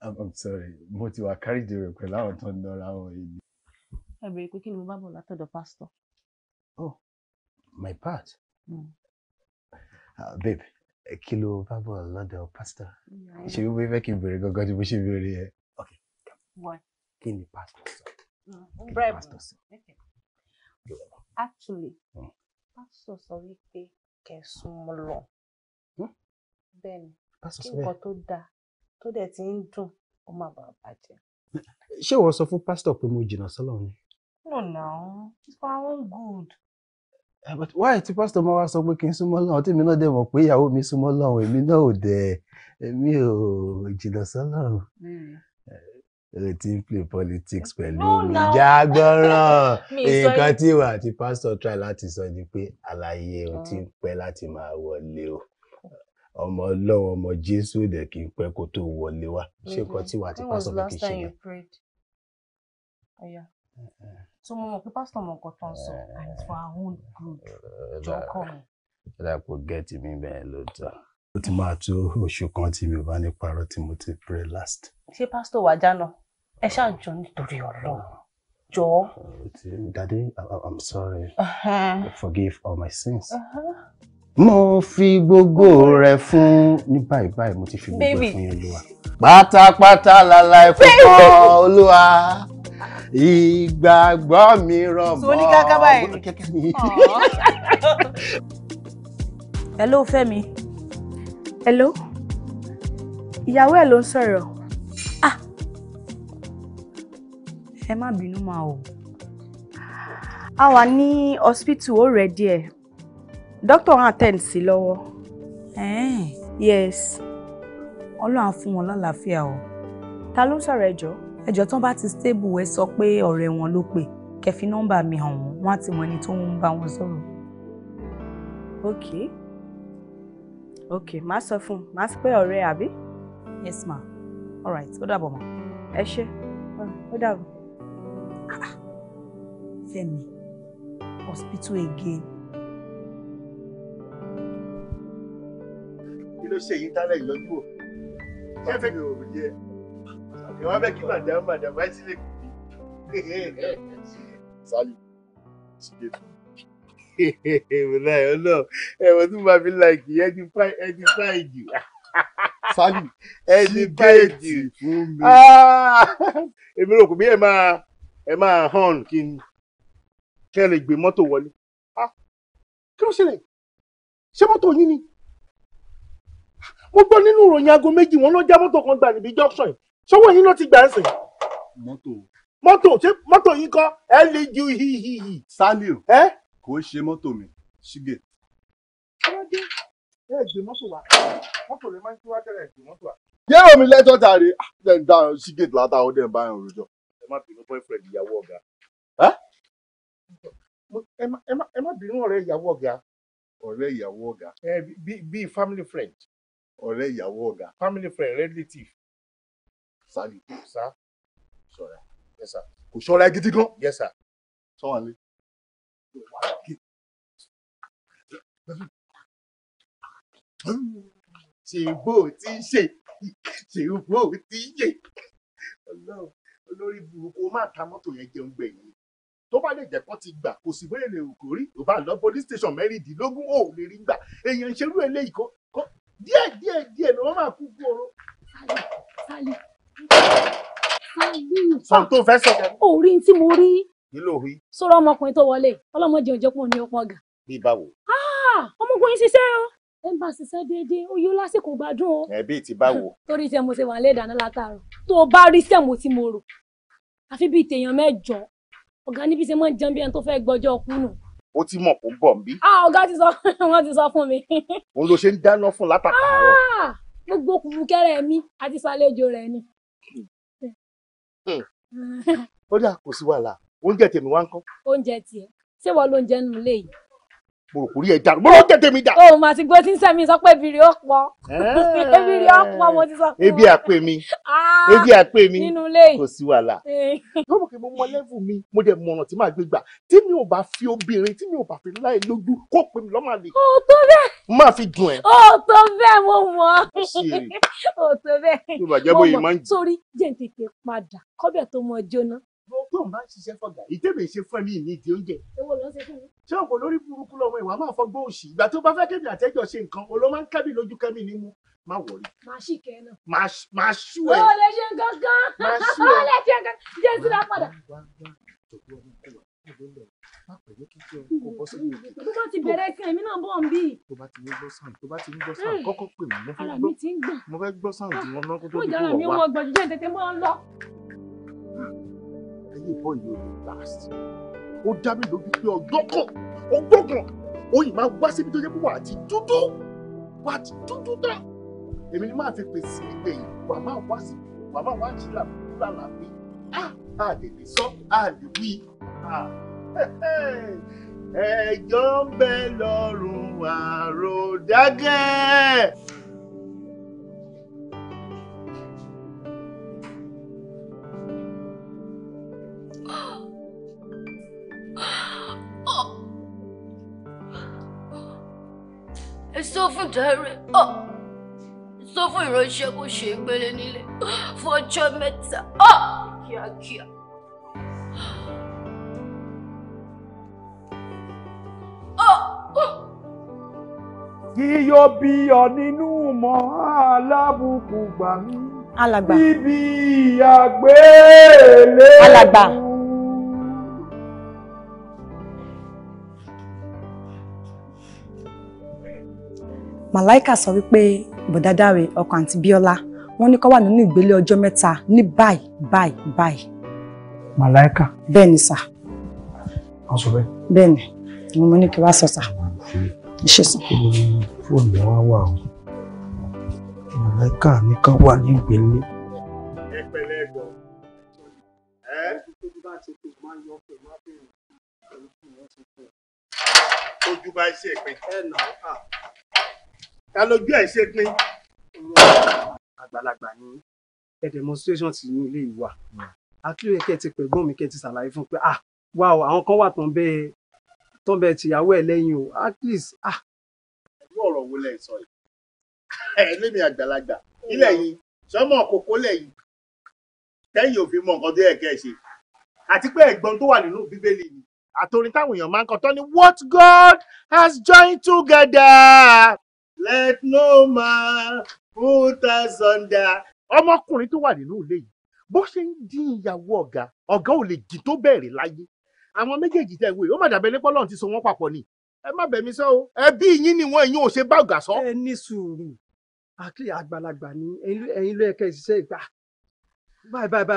I'm sorry, mo ti wà carried away pẹ̀lú àwọn tó ń lọ́ra wọn yìí. Ẹ bèrè pé kí ni mo bá bọ̀ látọ̀dọ̀ pásítọ̀? Oh, my part. Mm. Uh, babe, kí ló bá bọ̀ lọ́dọ̀ pásítọ̀? Ṣé wípé fẹ́ kí n bèrè gangan tí mo ṣe bèrè yẹn? Ok, kí ni pásítọ̀ sọ? Hmm, kí ni pásítọ̀ sọ? Actually, hmm. sọ wípé kẹ́ súnmọ́ lọ. Hmm? bẹ́ẹ̀ni kí nǹkan tó dáa tó dẹ̀ ti ń dùn ó má bàa bàjẹ́. ṣé ìwọ sọ fún pásítọ̀ pé mo jìnnà sọ́lọ̀ ni. no na it's for our own good. Ah, but why tí pásítọ̀ máa wá sọ pé kí n súnmọ́ lọ́wọ́ tí mi náà dẹ̀ mọ̀ pé ìyàwó mi súnmọ́ lọ́wọ́ èmi náà ò dẹ̀ èmi ò jìnnà sọ́lọ̀ retí ń play politics pẹ̀lú ìjà nǹkan tí ìwà àti pásítọ̀ try láti sọ ni pé àlàyé ò ti mm. pẹ́ láti máa wọlé o ọmọ ọlọ́run ọmọ jésù òde kì í pẹ́ kó tó wọlé wá ṣé nǹkan mm-hmm. tí ìwà àti pásítọ̀ kì í ṣe yẹn. Oh, so mo mọ̀ pé pásítọ̀ mọ̀ nǹkan tó ń sọ and it's for our own good jọ kọ́ mi. ó dà kó gẹ́ẹ̀tì mi bẹ́ẹ̀ lóòótọ́ ó ti máa tó oṣù kan tí mi ò bá ní parọ́ tí mo ti pray last. ṣé pásítọ̀ wàjà náà ẹ ṣáàjọ nítorí Ọlọ́run jọ. Daddy, I'm sorry. Uh-huh. Forgive all my sins. Uh-huh mo fi gbogbo rẹ fún ní báyìí báyìí mo ti fi gbogbo ẹ fún olúwa pátápátá lálá ìfúnpọ̀ olúwa ìgbàgbọ́ mi rọ̀ mọ́ hello Fẹ́mi hello ìyàwó ẹ̀ ló ń sọ̀rọ̀ ẹ má bínú máa o a wà ní hospital ó rẹ díẹ̀ doctor hàn tẹ̀ sí lọ́wọ́ yes ọlọ́run á fún wọn lálàáfíà o ta ló ń sọ̀rọ̀ ẹjọ́ ẹjọ́ tán bá ti stable ẹ sọ pé ọ̀rẹ́ wọn ló pè kẹfí nọ́mbà mi hàn wọ́n wọ́n á ti mọ ẹni tó ń bá wọn sọ̀rọ̀ ok ok má sọ fún un má sọ pé ọ̀rẹ́ àbí yes ma all right ó dàbọ̀ ma ẹ ṣé ó dàbọ̀. Femi, hospital again. Kí ló ṣe yìí tálẹ̀ ìlọ́jú wò? Ṣé fẹ́ mi ò rí ẹ? Ìwọ́n bẹ́ kí màdàm màdàm wáyé sílẹ̀ kù bí. Sálí, sílẹ̀ fún mi. Ìwòlá ẹ̀ ọlọ́ ẹ̀wọ̀n tí mo bá fi láìkì ẹni fáì jù. Sálí, ẹni fáì jù fún mi. Ah! Èmi rò kò bí ẹ máa ẹ máa hàn kí n kẹ́ lè gbé mọ́tò wọlé kí ló ṣẹlẹ̀ ṣé mọ́tò yín ni mo gbọ́ nínú ìròyìn aago méjì wọn ló já mọ́tò kan gbà níbi junction yìí ṣọwọ́ yín ló ti gbà ń sìn. mọ́tò. mọ́tò ṣé mọ́tò yín kọ́ ẹ lè ju hihihi. Sálíù ẹ kò ṣe mọ́tò mi ṣígè. ọlọ́dẹ ẹ gbé mọ́tò wa mọ́tò lè máa ń tí wá tẹ́lẹ̀ gbé mọ́tò wa. yé omi lẹ́jọ́ tààrí ah, ṣígè látàwọn dẹ̀ báyọ̀ rojọ́ ẹ má bínú boyfriend ìyàwó ọ̀gá. ẹ má bínú ọ̀rẹ́ ìyàwó ọ̀gá. ọ̀rẹ́ ìyàwó ọ̀gá. bíi family friend. ọ̀rẹ́ ìyàwó ọ̀gá. family friend relative. sálì. sá sọ̀rọ̀ yes sir. kò ṣọ́ra gidi gan. yes sir. sọ́wọ́n lé. ṣèbó tí ń ṣe ṣèbó tí ń ṣe olórí burúkú ó máa ta mọ́tò yẹn jẹun gbẹ̀yìn tó bá lè jẹ́ kó ti gbà kò sì wéèrè òkò rí tó bá lọ police station mẹ́rìndínlógún ò lè rí gbà èèyàn ṣerú eléyìí kó díẹ̀ díẹ̀ díẹ̀ ni wọ́n máa kú kú oró. sálí sálí sálí tó fẹ́ sọ̀rọ̀. orí tí mo rí. nílò rí. sọ̀rọ̀ ọmọkùnrin tó wọlé ọlọ́mọdé òjọ́pọ̀ ní ọ̀pọ̀ ọ̀gà. bí báwo. Ah! ọmọkùnrin ṣiṣẹ́ o ẹ ń bá ṣiṣẹ́ déédéé ó yó lásìkò gbádùn o. ẹbí ti bá wò. torí tẹ mo ṣe wà lẹ́ẹ̀dá náà látàárọ̀ tó o bá rí sẹ́mo tí mo rò àfi bíi tèèyàn mẹ́jọ ọ̀gá níbi ṣe máa ń jẹun bí ẹni tó fẹ́ gbọ́jọ́ kúnnù. ó ti mọ̀ kó bọ̀ nbí. a ah, ọ̀gá ti sọ wọ́n ti sọ fún mi. òun ló ṣe ń dáná fún látàkàrọ̀. Ah, gbogbo kùkùkẹ́rẹ́ mi àti sàlejò rẹ̀ ni. Hmm. Hmm. ó dà kò sí wàhálà oúnjẹ tèmi wá ń kọ́. oúnjẹ tiẹ̀ ṣé wọ́n lóúnjẹ nù mo rò kò rí ẹ dàrú mo ló tètè mi dà. o mà ti gbó tí ń sẹ́mi sọ pé ebiri ó pọ̀ ebiri ó pọ̀ mo ti sọ fún un. Ah, ebi àpè mi ebi àpè mi kò sí wàhálà. lọ́wọ́ eh. kí mo mọ lẹ́fù mi mo dẹ̀ mọ ọ̀nà tí màá gbé gbà tí mi ò bá fi obìnrin tí mi ò bá fi láì lójú kó pè mí lọ́mọ àlè. o tó bẹ́ẹ̀. má fi dùn ẹ. o tó bẹ́ẹ̀ mo mọ̀ o tó bẹ́ẹ̀. mo mọ̀ sórí jẹ́ ń tètè padà kọ́bẹ̀ tó mọ jóná tó ń bá ń ṣiṣẹ́ fọ̀gà ìtẹ̀mí ṣe fún ẹ̀mí mi ìdí oúnjẹ. èwo ló ń ṣe fún mi. ṣé òkò lórí burúkú lọ́wọ́ ìwà máa fọgbọ́ òṣì ìgbà tó bá fẹ́ kébì àtẹ́jọ́ ṣe nǹkan o ló máa ń kábì lójú kẹ́mì ní mu má wọ̀rí. màá ṣì kẹ́ náà. màá ṣú ẹ. o lè ṣe gangan. màá ṣú ẹ. o lè ṣe gangan. jẹ́ sílá padà. tó bá ti bẹ̀rẹ̀ kan èmi náà bọ̀ ń bì. tó bá ti ń gbọ́ sàn tó bá ti ń gbọ́ sàn kọ́kọ́ pè mí. ara mi ti ń gbà. mo fẹ́ gbọ́ sàn tí wọ́n náà kó tó di kú wọ̀ wá. mo ìdára mi wọ gbọ̀jú jẹ́ mọ́ ọ lọ ayé ìbọn yìí ò ní last ó dá mi lójú pé ọgbọ́kàn ọgbọ́kàn oyin máa wá síbi tó jẹ́ pé wà á ti dúdú wà á ti dúdú dá èmi ni máa fi pèsè ìgbẹ̀yìn wà máa wá sí wà máa wá sí làbúlà mi á lè lè sọ á lè wí ẹjọ́ ń bẹ lọ́rùn àròdágẹ́. fún Dáre sọ fún ìránṣẹ́ kó ṣe ìpele nílé fún ọjọ́ mẹ́ta kíákíá. yíyọ bí ọ nínú mọ́ alábùkù gbà mí. alàgbà. bíbí àgbélé. alàgbà. màláìkà sọ wípé bọ̀dádáre ọkọ àǹtí bíọ́lá wọ́n ní kó wà nínú ìgbélé ọjọ́ mẹ́ta ní báyìí báyìí báyìí. màláìkà. bẹ́ẹ̀ ni sà. wọ́n sọ bẹ́ẹ̀. bẹ́ẹ̀ ni mo mú ní kí wá sọ sà. ṣe sàn. fóònù yẹn wá wà o màláìkà ní ká wà ní ìgbélé. ojú bá ṣe pé ẹ nà á ta lójú ẹ̀ ṣe pin. àgbàlagbà ni ẹ demonstration ti ní ilé ìwà àkíyè kẹ́ ti pẹ̀gbọ́n mi kẹ́ ti ṣàlàyé fún pé ah wà o àwọn kan wà tán bẹ́ẹ̀ tán bẹ́ẹ̀ tìyàwó ẹ̀ lẹ́yìn o at least ah. irú ọ̀rọ̀ wo lẹ́yìn sọ yìí ẹ̀ lémi àgbàlagbà ilẹ̀ yìí sọmọ kókó lẹ́yìn tẹ́yìn òfin mọ nǹkan tó yẹ kẹ́ ẹ ṣe àti pé ẹ̀gbọ́n tó wà nínú bíbélì ni àtòrin táwọn èèyàn máa ń kọ tó ní what God has joined together let no man put us under. ọmọkùnrin tó wà nínú ilé yìí bó ṣe ń dín ìyàwó ọ̀gá ọ̀gá ò lè jì tó bẹ̀rẹ̀ láyé àwọn méjèèjì tẹ̀ wé ó mà dàbẹ̀ lẹ́pọ̀ lọ́run ti so wọ́n papọ̀ ni ẹ má bẹ̀ mí sọ o ẹbí yín ni wọ́n ẹ̀yin ò ṣe bá ọ̀gá sọ. ẹ ní sùúrù àkìlì àgbàlagbà ni ẹ̀yin ló yẹ kẹ́ ẹ ṣiṣẹ́ ìgbà.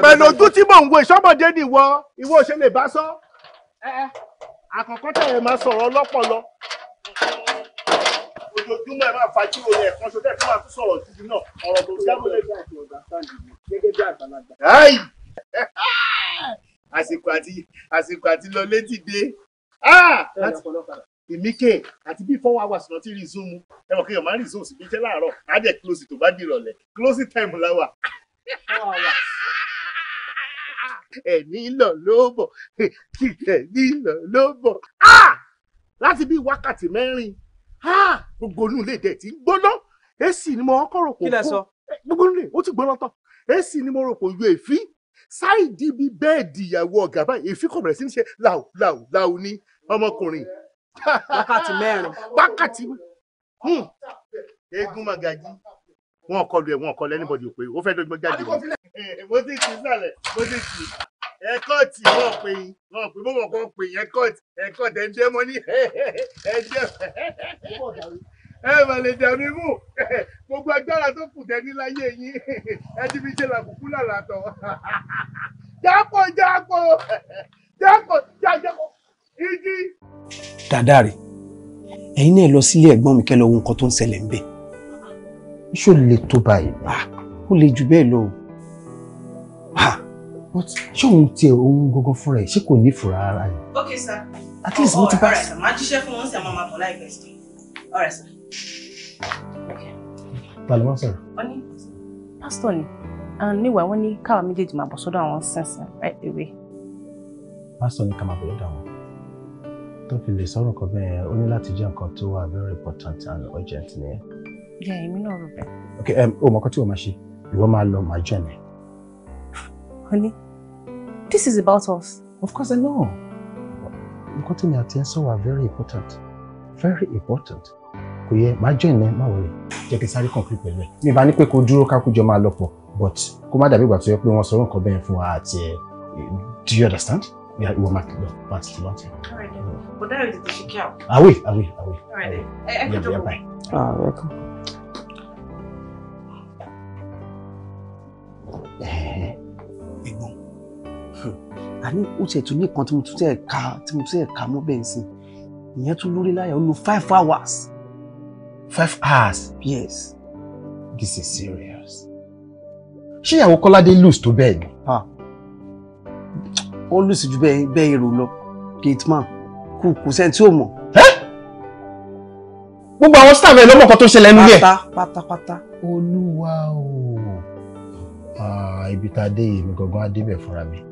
pẹ̀lú ojú tí mò ń wo ìṣọ́mọdé ni ìwọ ìwọ ò ṣe lè bá sọ. àkọ́kọ́ tẹ̀ ẹ máa sọ̀rọ̀ ọlọ́pọ̀lọ ojoojúmọ́ ẹ máa fa jíro ní ẹ̀kan ṣo tẹ́tí máa tún sọ̀rọ̀ jújú náà ọ̀rọ̀ tó jábọ̀ lẹ́yìn àti ọ̀gá sáǹdì gẹ́gẹ́ bí àgbàlagbà. àsìkò àti àsìkò àti ah! bí fọwọ́ àwọn àsìkò ti rí zoom ẹ mọ̀ kéèyàn máa ń rí zoom síbi iṣẹ́ láàárọ̀ á dẹ̀ close tó bá dìrọ̀lẹ́ close time láwà. ẹ̀mí lọ ló bọ̀ ẹ̀mí lọ ló bọ̀ ah! láti bí wákàtí mẹ́rin gbogbo inú ilé dẹ̀ ti gbóná èsì ni mo kọ́ rò pò kó gbogbo inú ilé ó ti gbóná tán èsì ni mo rò pò yọ èéfín sáìdì bíi bẹ́ẹ̀dì ìyàwó ọ̀gá báyìí èéfín kò bẹ̀rẹ̀ sí ní ṣe làwù làwù làwù ní ọmọkùnrin. wákàtí mẹ́rin. wákàtí hmm. eégún magají wọn kọlu ẹ wọn kọlu anybody ò pé ó fẹ́ dọ́gbọ́n jáde. mo ti kì í sàlẹ̀ mo ti kì í ẹ̀kọ́ tí wọ́n pè yín wọ́n pè bọ́wọ́ kan pè yín ẹ̀kọ́ tí ẹ̀kọ́ tẹ̀ ń jẹ́ mọ́ ní ẹ̀jẹ̀ ẹ mà lè dàbí mú gbogbo agbára tó kù tẹ́ ní láyé yín ẹ ti fi ṣe làkùkù làlàtọ̀ jápọ̀ jápọ̀ jápọ̀ jájẹ́pọ̀ igi. dàdá rẹ̀ ẹ̀yin náà lọ sílé ẹ̀gbọ́n mi kẹ́ lọ wo nǹkan tó ń ṣẹlẹ̀ ń bẹ̀. ṣó lè tó báyìí. Ah, ó lè jù bẹ́ẹ̀ lọ o but ṣé òun tiẹ̀ òun gangan fúnra ẹ̀ ṣé kò ní ìfura ara sir at least what about bá. ọ̀rẹ́ sà wants your mama for life àwọn ọmọ sir. láìpẹ́ sí ọ̀rẹ́ sà. ta ló wá sọ̀rọ̀. wọ́n ní pásítọ̀ ni níwà wọ́n ní káwa méjèèjì máa bọ̀ right away. pásítọ̀ ní come máa bọ̀ lọ́dọ̀ àwọn tó fi lè sọ̀rọ̀ kan bẹ́ẹ̀ ó ní láti jẹ́ very important and urgent nìyẹn. yẹ èmi náà rò bẹ́ẹ̀. Okay, um, mọ̀ kọ́ tí o máa ṣe ìwọ máa lọ màá honey This is about us. Of course I know. Nǹkan tí mi àti ẹ sọ very important. Very important. Kò my journey, my ìnẹ́ máa wọlé. Jẹ́ kí sáré kọ̀ǹpì pẹ̀lú ẹ̀. Mi bá ní pé kó dúró kákú jọ máa lọ pọ̀ but kó má dàbí ìgbà tó yẹ pé wọ́n sọ̀rọ̀ nǹkan bẹ́ẹ̀ fún wa àti ẹ̀. Do you understand? Yeah, ìwọ But that is the lọ. Ah, rẹ̀ tètè ṣe kí a. Àwẹ̀ àwẹ̀ àwẹ̀. Ẹ kú jókòó. Ah, welcome. àní ó tiẹ̀ tún ní kan tí mo tún tẹ̀ ka tí mo tún tẹ̀ ka mọ́ bẹ́ẹ̀ sìn ìyẹn tún lórí láyà ó lo five hours. five hours. yes. this is serious. ṣé ìyàwó kọ́ládé lose tó bẹ́ẹ̀ ni. Ah. ó lose ju bẹ́ẹ̀ bẹ́ẹ̀ rò lọ gate man kù kù sẹ́ni tí ò mọ̀. gbogbo àwọn staff ẹ lọ́mọ kan tó ń ṣẹlẹ̀ nílé ẹ̀. pátá pátápátá. olúwa o ah, ibi tá a dé yìí mi gangan á débẹ̀ fúnra mi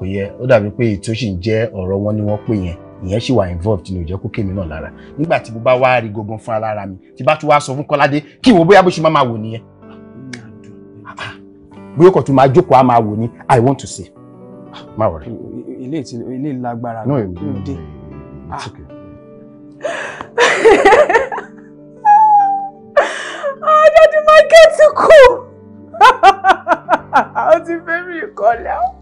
kò yẹ ó dàbí pé ètò sì ń jẹ́ ọ̀rọ̀ wọn ni wọ́n pè yẹn ìyẹn sì wà involved ní òjẹ́ kó kémi náà lára nígbà tí mo bá wá rí gogun fún alára mi tí bá tún wá sọ fún Kọ́ládé kí ìwọ bóyá bó ṣe máa máa wò nìyẹn bí ó tún máa jókòó á máa wò ní i want to see má wọrẹ. ilé ìtì ilé ìlágbára ló ń dé. ọ̀dọ́dún máa kẹ́tù kù ó ti fẹ́ mi ìkọlẹ̀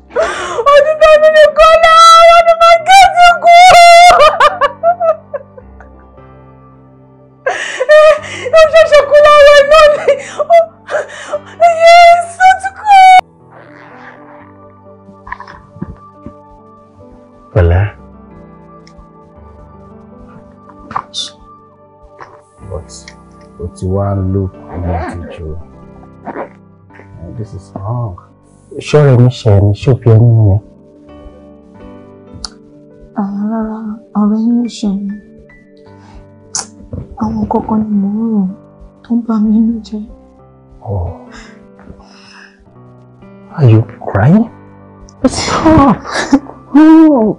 ọdún tó ní ní kọ́lá ọdún máa kẹ́sì kú. ó ṣẹ̀ṣẹ̀ kú lára ẹ̀ náà ni ẹ̀yẹ sọ́tún kú. Bọ̀lá. But o ti wá ń lo ọmọ tuntun. This is wrong ṣọ́ọ̀rẹ́ mi ṣe ẹ̀mí ṣòfin ẹni yẹn. àwọn rárá ọ̀rẹ́ yín ló ṣe mí àwọn kọ̀ọ̀kan ni mò ń rò tó Oh. Are you crying? Stop! Oh, no. Oh.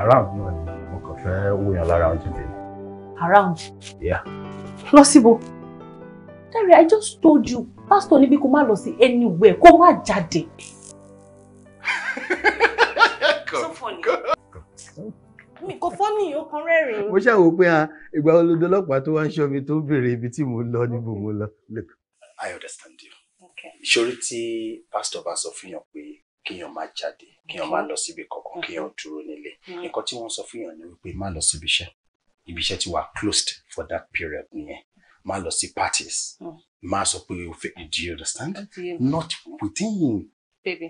around náà ni mo kàn fẹ́ wòyàn lára oúnjẹ mi. around. yeah. lọ síbo. Terry, I just told you, pastor níbi kó má lọ sí anywhere, kó má jáde. so funny. Mi kò funny, ó kàn rẹ́rìn. Mo ṣáà wò pé ah, ìgbà olódó ọlọ́pàá tó wá ń ṣọ́ mi tó béèrè ibi tí mo lọ níbo mo lọ. Look, I understand you. Ìṣòro tí Pastor bá sọ fún yàn pé kéèyàn má jáde, kéèyàn má lọ síbi kankan kéèyàn dúró nílé mm. nǹkan tí wọ́n sọ fúnyàn ni wípé má lọ síbi iṣẹ́ ibi iṣẹ́ ti wà closed for that period nìyẹn má lọ sí parties mm. má sọ pé o fẹ́ do you understand not within you. baby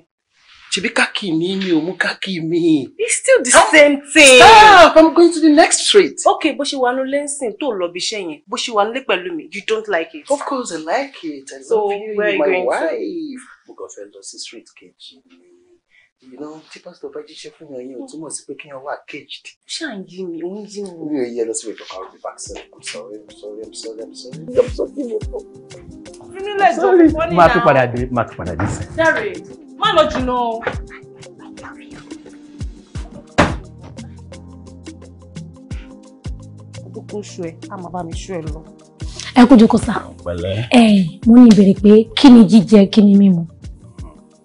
ṣebí káàkì mi mi ò mú káàkì mi. it's still the oh, same thing. stop i'm going to the next street. okay bó ṣe wà ní lẹ́sìn tó lọ bí iṣẹ́ yẹn bó ṣe wà nílé pẹ̀lú mi you don't like it. of course i like it i so love you my wife. mo kàn fẹ́ lọ sí street kejì mi. You ìná tí pásítọ̀ bá jíṣẹ́ fún yàn yín ò túmọ̀ sí pé kí yàn wà caged. ṣáà ń yí mi ò ń yí mi. mi ò yẹ lọ sí ìtọ́ka orí bàṣẹ i'm sorry i'm sorry i'm sorry i'm sorry i'm sorry mo fọ. fúnilẹ̀ tó fi wọ́n ní náà. máa tún padà dé máa tún padà dé sí. dáre má lọ jìnnà o. kókó ṣu ẹ a máa bá mi ṣu ẹ lọ. ẹ kójú kó sá. pẹ̀lẹ́. ẹ mo ní ìbéèrè pé kí ni jíjẹ kí ni mímu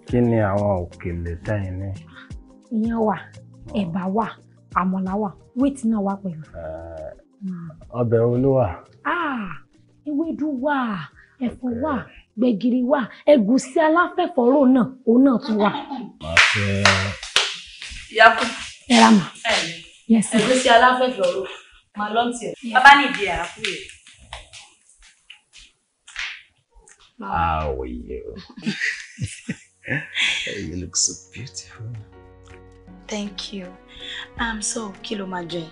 kí ni àwọn òkèlè tẹ́yìn ní. ìyẹn wà ẹ̀bà wà àmọ̀là wà wíìtì náà wà pẹ̀lú. Eh, ọbẹ̀ olúwa. Ah, ewédú wà ẹ̀fọ́ wà gbẹ̀gìrì wà ẹ̀gúsí aláfẹ̀fọ́rò náà òun náà tún wà. yàtọ̀. ẹ ra mà. ẹ̀gúsí aláfẹ̀fọ́rò màá lọ́ọ̀tì ẹ̀ bàbá nìdí ẹ̀ àkúrẹ́. How Ah, you? you look so beautiful. Thank you. Um, so kilo ló máa jẹ?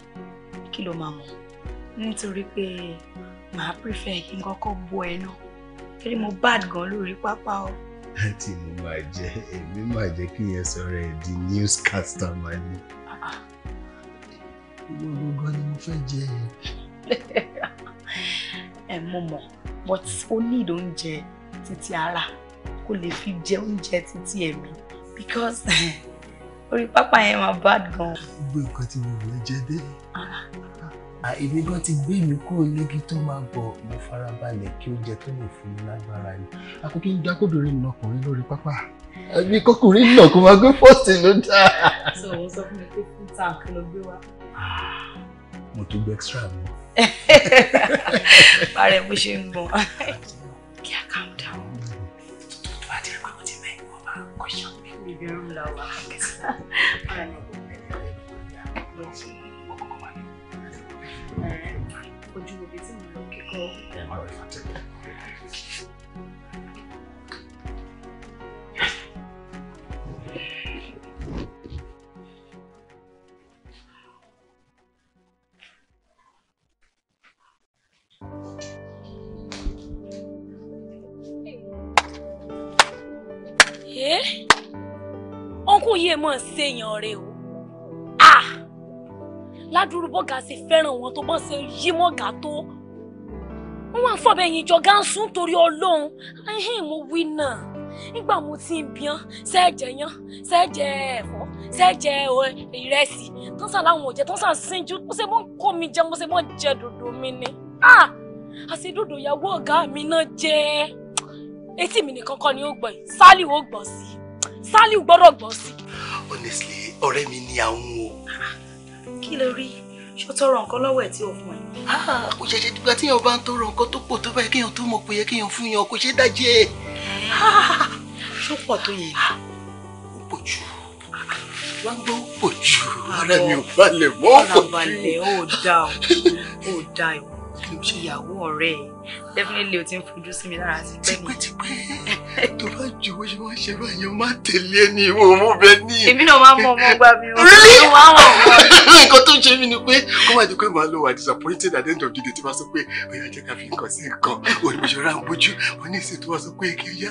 Kí ló máa mu? Nítorí prefer kí n bueno. bo mo bad gan luri pápá o. Ati mo máa jẹ èmi máa jẹ kí yẹn sọ̀rọ̀ ẹ̀ di newscaster máa ní. Ìwọ gbogbo ni mo fẹ́ jẹ. Ẹ mo mọ̀ but ó ní ìdóúnjẹ títí ara kó lè fi jẹ oúnjẹ títí ẹ̀mí because orí pápá yẹn máa bad gan. gbogbo nǹkan tí mo wọlé jẹ dé. èmi gan ti gbé mi kúrò lẹ́gí tó máa gbọ̀ mo farabalẹ̀ kí oúnjẹ tó lè fún mi lágbára ni àkókò ń dákòdòrin ìnàkùnrin lórí pápá àbí kọkùnrin náà kò máa gbé fọ́ọ̀sì ló dáa. sọ wọn sọ fún mi pé fún tank ló gbé wá. mo tún gbé extra mi. bàrẹ̀ bó ṣe ń gbọ̀n. kí a calm down question. Mi bẹ̀rù la wa. Ojú wo bí tí mo lọ kíkọ́. Eh? ẹ ọkùn yìí mọ̀ ṣèyàn rẹ o ládùúrú bọ́gà ṣe fẹ́ràn wọn tó bọ́ ṣe yí mọ́gà tó wọ́n wá fọ́bẹ̀ yín jọ gánsù torí ọlọ́run ẹ̀hìn mo wí náà nígbà mo ti ń bíán ṣẹ́ẹ̀jẹ̀ yán ṣẹ́ẹ̀jẹ̀ ẹ̀fọ́ ṣẹ́ẹ̀jẹ̀ ìrẹsì tó ń sà láwọn òjẹ́ tó ń sà sínjú mo ṣe mọ́ kó mi jẹ mo ṣe mọ́ jẹ dòdò mi ni àṣẹ dòdò ìyàwó ọ̀gá mi náà jẹ́ ẹ́ etí mi nìkan kọ́ ni ó gbọ́ yìí sálíù ó gbọ́ sí i sálíù gbọ́dọ̀ gbọ́ sí i. honestly ọ̀rẹ́ mi ni àwọn o. Ah, kí ló rí ṣó tọrọ nǹkan lọ́wọ́ ẹ̀ tí o fún ẹ. Ah, kò ṣẹ̀ṣẹ̀ dìgbà tíyàn bá ń tọrọ nǹkan tó pọ̀ tó báyìí kéèyàn tó mọ̀ pé yẹ kéèyàn fún yàn kò ṣe é dájẹ́. ṣó pọ̀ tó yẹ. Ah. ó pọ̀ jù wá gbọ́ ó pọ̀ jù ara mi ò balẹ̀ mọ́ ó pọ̀ jù. ara balẹ̀ ó dáa ó dáa ìwọ kì í ṣe ìyàwó ọ̀rẹ́ ẹ̀ definitely o ti ń fojú sí mi lára sí pẹ́ nìyí. tipẹ́tipẹ́ tó bá ju bó ṣe máa ṣe báyìí o máa tẹ̀lé ẹni ìwọ mú bẹ ní. èmi náà máa mọ ọmọ ọgbà mi really nǹkan tó ń ṣe mí ni pé kó má di pé màá lọ wà disappointed at the end of the day tí wọ́n sọ pé ọ̀yà jẹ́ ká fi nǹkan sí nǹkan òní mo ṣe ra ń bójú òní ìsìn tí wọ́n sọ pé kí n yá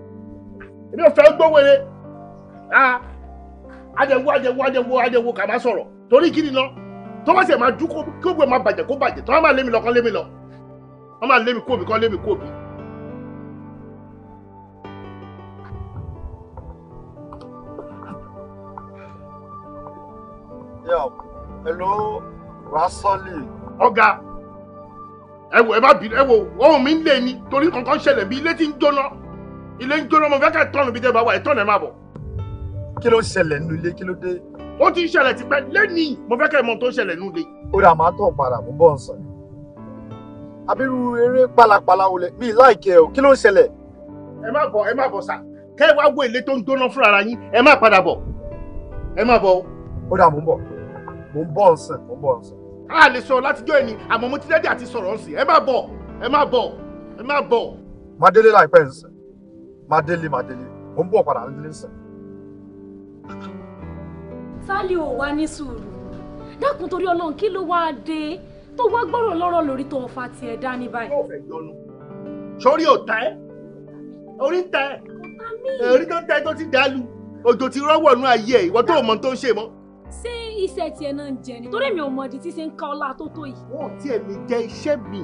èmi ò fẹ́ gbówere àjẹwò ah, àjẹwò àjẹwò àjẹwò kà má sọ̀rọ̀ torí kí ni lọ tó bá sì máa dún kí ó gbé máa bàjẹ́ kó bàjẹ́ tó wọ́n máa lé mi lọ kán lé mi lọ wọ́n máa lé mi kóòbí kán lé mi kóòbí. yọ hello rasoli. ọ̀gá ẹ wo ẹ bá bínú ẹ wo ohun mi ń lé ni torí kankan ṣẹlẹ̀ bí ilé ti ń jóná ilé ń jóná mo fẹ́ kẹ́ tọ́nù bí tẹ́ bá wà ẹ̀ tọ́nù ẹ̀ máa bọ̀. kí ló ṣẹlẹ̀ nínú ilé kí ló dé. ó ti ṣẹlẹ̀ tipẹ́ lẹ́nìí mo fẹ́ kẹ́ mọ tó ṣẹlẹ̀ nínú ilé. ó rà máa tọ̀ padà mú bọ́ ǹsàn. abirú eré pálapàla olè mi láìkẹ́ o kí ló ṣẹlẹ̀. ẹ má bọ̀ ẹ má bọ̀ sá kẹ́ ẹ wá wo ilé tó ń jóná fúnra ara yín ẹ má padà bọ̀ ẹ má bọ̀. ó rà mú bọ̀ mò ń bọ̀ ǹsàn mò ń bọ̀ ǹsàn. a lè sọ látijọ́ ẹni àmọ́ mo ti dẹ́dẹ́ àti sọ̀rọ̀ ǹsìn ẹ má bọ̀ ẹ má bọ̀ ẹ má bọ̀. má délé láìpẹ́ Madeli, Madeli, máa délé mo ń bọ̀ padà nílé sàn. sálí ò wá ní sùúrù dákun torí ọlọ́run kí ló wáá dé tó wá gbọ́rọ̀ lọ́rọ̀ lórí tó ọ̀fà tiẹ̀ dání báyìí. yóò fẹ́ yọnu sórí òtá ẹ orí ń ta ẹ orí tó ń ta ẹ tó ti dàlú òjò ti rọ́wọ́ nú ayé ẹ ìwọ tó mọ tó ń ṣe mọ́. ṣé iṣẹ́ tiẹ̀ náà ń jẹ ni torí mi ò mọ̀ di tí ṣe ń ka ọlá tó tó yìí. wọ́n tiẹ̀ mi jẹ iṣẹ́ mi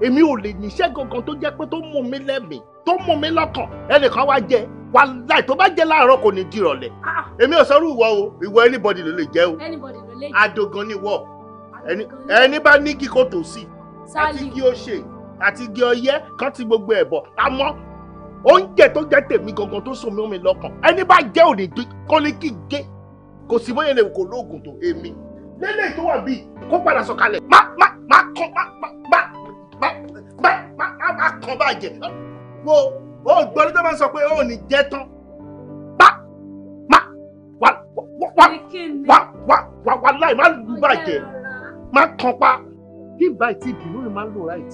èmi ò lè níṣẹ́ gangan tó jẹ́ pé tó mú mi lẹ́mìí tó mú mi lọ́kàn ẹnìkan wá jẹ wà láì tó bá jẹ láàárọ̀ kò ní dìrọ̀lẹ́ ah, ah. èmi ò sọrú ìwọ o ìwọ anybody ló lè jẹ o adogan ni wọ ẹni bá ní kíkó tó sí àti kí ó ṣe àti kí ó yẹ kán ti gbogbo ẹ̀ bọ̀ àmọ́ oúnjẹ tó jẹ́ tèmi gangan tó sùn mí omi lọ́kàn ẹni bá jẹ́ òní kọ́lékì gé kò sí bóyá lè kó lóògùn tó èmi lélẹ́yìí tó wà bíi kó padà sọ̀kalẹ̀ má má má kọ́ má má má má má má kàn bàjẹ́ wo o gbọ́ ní tó máa ń sọ pé o ò ní jẹ́ tán bá má wà wà wà wà wà wà láì má lù bàjẹ́ má kàn pa kí n báyìí tí ìbínú rẹ̀ máa ń lò right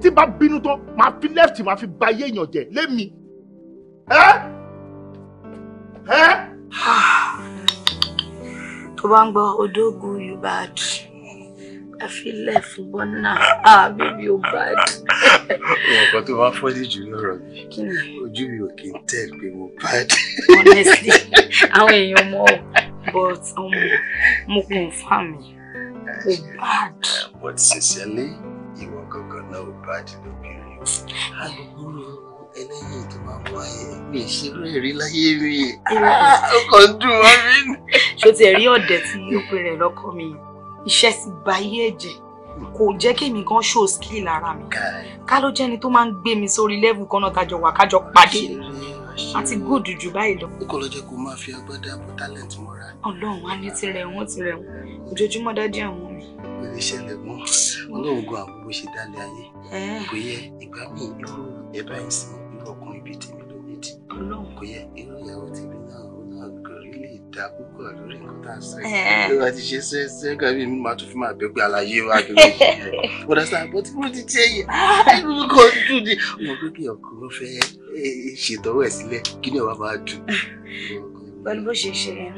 tí bá bínú tán máa fi left máa fi ba ayé èèyàn jẹ́ lémi ẹ́ ẹ́. Ah. tó bá ń gbọ́ odógun you bad àfilẹ̀ fún bọ́nà àbíbí ó bá dì. nǹkan tó bá fọ́lé jù lọ́rọ̀ mi ojú mi ò kì í tẹ̀ pé mo bá dì. honestly àwọn èèyàn mọ̀ ọ́ but mo confirm ó bá dì. but sincerely ìwọ gangan náà ó bá dì lóbìnrin o. agbègbè ẹlẹ́yìn tó máa wá ẹ̀ mi ìṣerú ẹ̀rí láyé mi ọkọ̀ ń dùn wá mí. ṣó ti ẹ̀rí ọ̀dẹ̀ tí ó pè rẹ̀ lọ́kọ mi yìí iṣẹ́ ti ba ayé ẹ̀jẹ̀ kò jẹ́ kí èmi gan show skill ara mi ká ló jẹ́ni tó máa ń gbé mi sórí level kan náà tájọ wà kájọ pàdé àti good jù báyìí lọ. ó kọ́ ló jẹ́ kó máa fi agbádá bó talent mọ́ra. ọlọ́run á ní tirẹ̀ wọ́n tirẹ̀ wọ́n ojoojúmọ́ dájú àwọn mi. pẹ̀lú iṣẹ́ lẹ́gbọ́n ọlọ́run gan àwọn ṣe dálé ayé kò yẹ ìgbà mi irú ẹ̀ báyìí sí irú ọkùnrin bíi tèmi ló ní kò yẹ irú ìyàwó tèmi dá púpọ̀ lórí nǹkan tá a sọ yìí ló wá ti ṣe ṣe ṣe nǹkan bí mi máa tún fi máa bẹ́gbẹ́ àlàyé wa kí ló ṣe yẹ ọ̀dà sábọ̀ tí mo ti ṣe yìí ẹnu kò dùn ní. mo gbé kí ọkùnrin fẹ́ eh, ṣètọ́wọ́ ẹ̀ sílẹ̀ kí ni ọba máa dùn. pẹ̀lú bó ṣe ṣe yẹn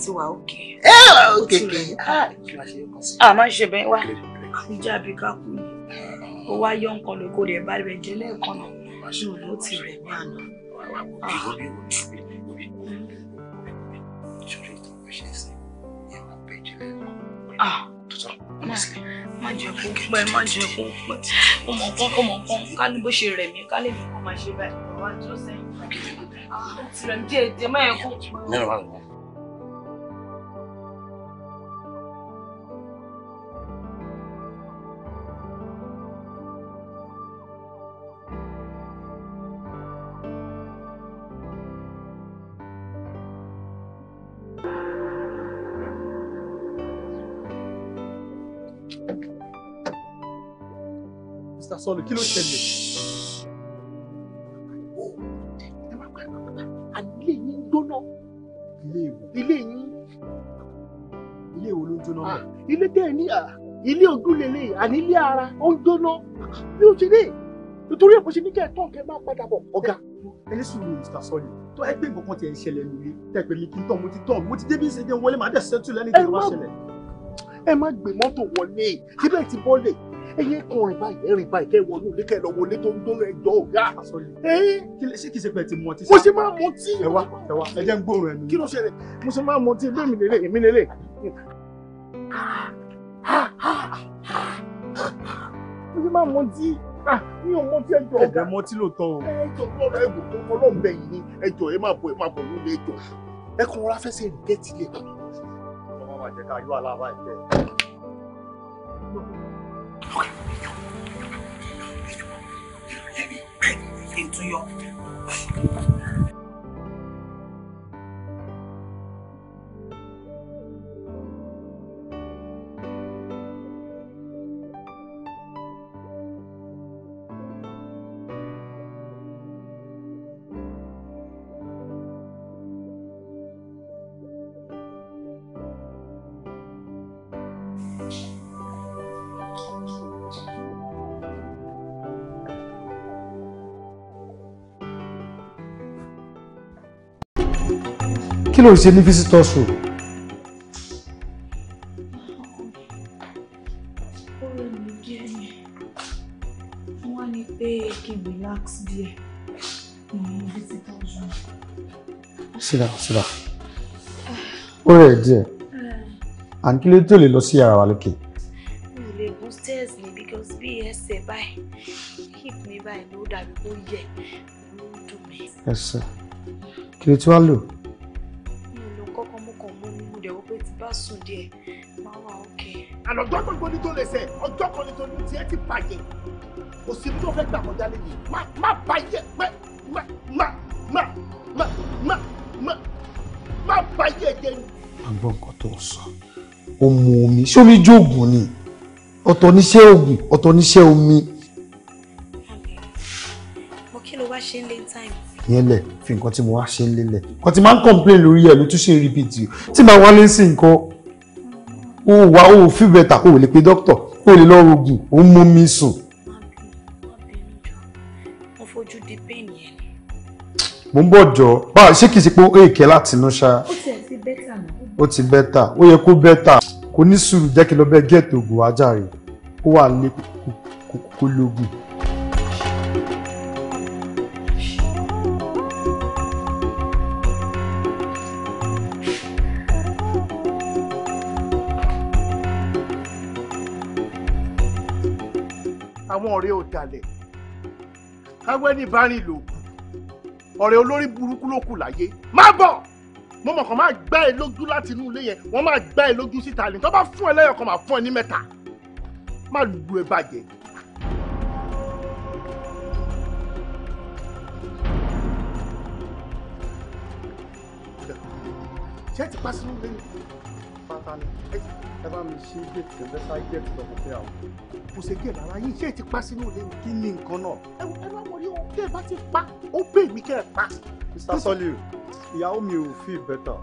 ti wà òkè. ẹ òkè kì í a ah, máa ṣe bẹ́ẹ̀ wá ìjà bí ká ó wá yọ nǹkan lóko rẹ̀ bá rẹ̀ jẹ́ lẹ́ẹ̀kan náà ṣùgbọ́n ó ti rẹ̀ ní àná. ah honestly má jẹ kó pẹ́ má jẹ kó pẹ́ ó mọ̀ nǹkan ó mọ̀ nǹkan ká ní bó ṣe rẹ̀ mí ká lè mí kó máa ṣe báyìí wá jọ sẹ́yìn ah, ó ti rẹ̀ mí díẹ̀ díẹ̀ má yẹ kó. sọnù kí ló ṣẹlẹ̀. ilé yín gbóná. ilé yín. ilé wo ló ń jóná mọ́. Ah, ilé tẹ́ ẹ ní ah, ilé ogún àní ilé ara ó ń jóná bí O ṣe dé nítorí èkó ṣe ní kẹ́ ẹ̀ tán kẹ́ ẹ máa padà bọ̀ ọ̀gá. ẹni sùn ní Mr. Sọ́ọ̀lì tó ẹgbẹ́ ìgbọ̀kan tiẹ̀ ń ṣẹlẹ̀ nílé tẹ̀pẹ̀ mi kí n tọ́ mo ti tọ́ mo ti débi ìṣèjẹ́ wọlé màá dẹ̀ ṣẹ́tù lẹ́ni tí mo bá ṣẹlẹ̀. ẹ má gbé mọ́tò wọlé síbẹ̀ ti bọ́lẹ̀ ẹyẹ kan rìn báyìí ẹrìn báyìí kẹ wọnú ilé kẹ lọ wọlé tó ń dún ẹjọ òyà. ṣé kìí ṣe pé ti mọtí. mo ṣe máa mọtí. ẹ wá ẹ wá ẹ jẹ́ ń gbóòórùn ẹnu. kí ló ṣẹlẹ̀ mo ṣe máa mọtí bẹ́ẹ̀ mi lélẹ̀ èmi lélẹ̀. mo ṣe máa mọtí ah, mi ò mọtí ẹjọ ọgá. ẹ̀dẹ̀ mọtí lóòótọ́ o. ẹjọ lọ́rọ̀ ẹ̀gbọ́n tó kọ́ lọ́ọ̀ bẹ̀yìn ni ẹjọ ẹ máa bọ̀ ẹ máa bọ̀ lóde ẹjọ ẹ kàn rárá fẹ́ sẹ́yìn gẹ́tì lè kàn. ọmọ wa jẹ ká yọ aláwa ẹ bẹ́ẹ̀. Okay. Into your kí ló ń ṣe ní visitors room. relax díẹ̀ ní visitors room. sit down sit down. ó rẹ̀ díẹ̀ eh. and kí ló tó lè lọ sí yàrá wa lókè. mi ò lè gun stairs ni because bí ẹsẹ̀ báyìí hip mi báyìí ló dàbí kó yẹ ló dùn ẹsẹ̀ kí ló ti wá lò. ọjọ́ gbogbo ni tó lè sẹ̀ ọjọ́ kan ni tó ní tiẹ̀ ti bàjẹ́ kò sí tó fẹ́ gbà kọjá lẹ́yìn má má bàjẹ́ pẹ́ má má má má má má má bàjẹ́ jẹ́ ni. a gbọ́ nǹkan tó ń sọ ó mu omi ṣé omi jó oògùn ni ọ̀tọ̀ níṣẹ́ oògùn ọ̀tọ̀ níṣẹ́ omi. mo kí ló wá ṣe ń lé táìmù yẹn lẹ fi nǹkan tí mo wá ṣe ń lélẹ̀ nǹkan tí máa ń complain lórí ẹ̀ ló tún ṣe repeat tí máa wálé sí nǹkan O wà O fi beta! o lè pe dókítà ó lè lọ rògùn ó ń mú mi sùn. mo fojú ba pain yẹn. mo ń bọ̀ jọ báwo ṣé kìí ṣe pé ó èké láti inú ṣá. ó tiẹ̀ ti bẹ́tà mọ́. ó ti bẹ́tà ó yẹ kó bẹ́tà kò ní sùúrù jẹ́ kí n lọ bẹ́ẹ̀ gẹ́ẹ̀tì ògùn ajáre káwé ní ìbárìn lò ọ̀rẹ́ olórí burúkú ló kù láyé má bọ̀ mo mọ̀ kàn máa gbá ẹ lójú láti inú ilé yẹn wọ́n máa gbá ẹ lójú síta ni tó bá fún ẹ lẹ́yọ̀ kan máa fún ẹ ní mẹ́ta má lu ẹ bàjẹ́. ṣé ẹ ti pa sínú ilé yẹn ta ni ẹ bá mi ṣe géètì kẹfẹ sá géètì lọkọ fẹ àwọn. kò sí géètì ara yín ṣé ti pa sínú ilé mi kí ni nǹkan náà. ẹ wọ ẹ bá wọlé o tẹ ẹ bá ti pa ó pè mí kẹ ẹ pa. Mr. Soliu ìyàwó mi ò feel better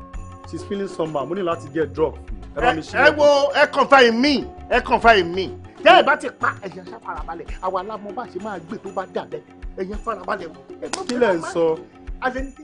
she is feeling somber. mo ní láti get drug. ẹ bá mi ṣe. ẹ wo ẹ confide in me ẹ confide in me tẹ́ ẹ bá ti pa ẹ̀yìn farabalẹ̀ àwọn alámọ̀ bá ṣe máa gbé tó bá dà bẹ́ẹ̀ ẹ̀yìn farabalẹ̀ o. kí lẹ̀ ń sọ. àṣẹ ní kí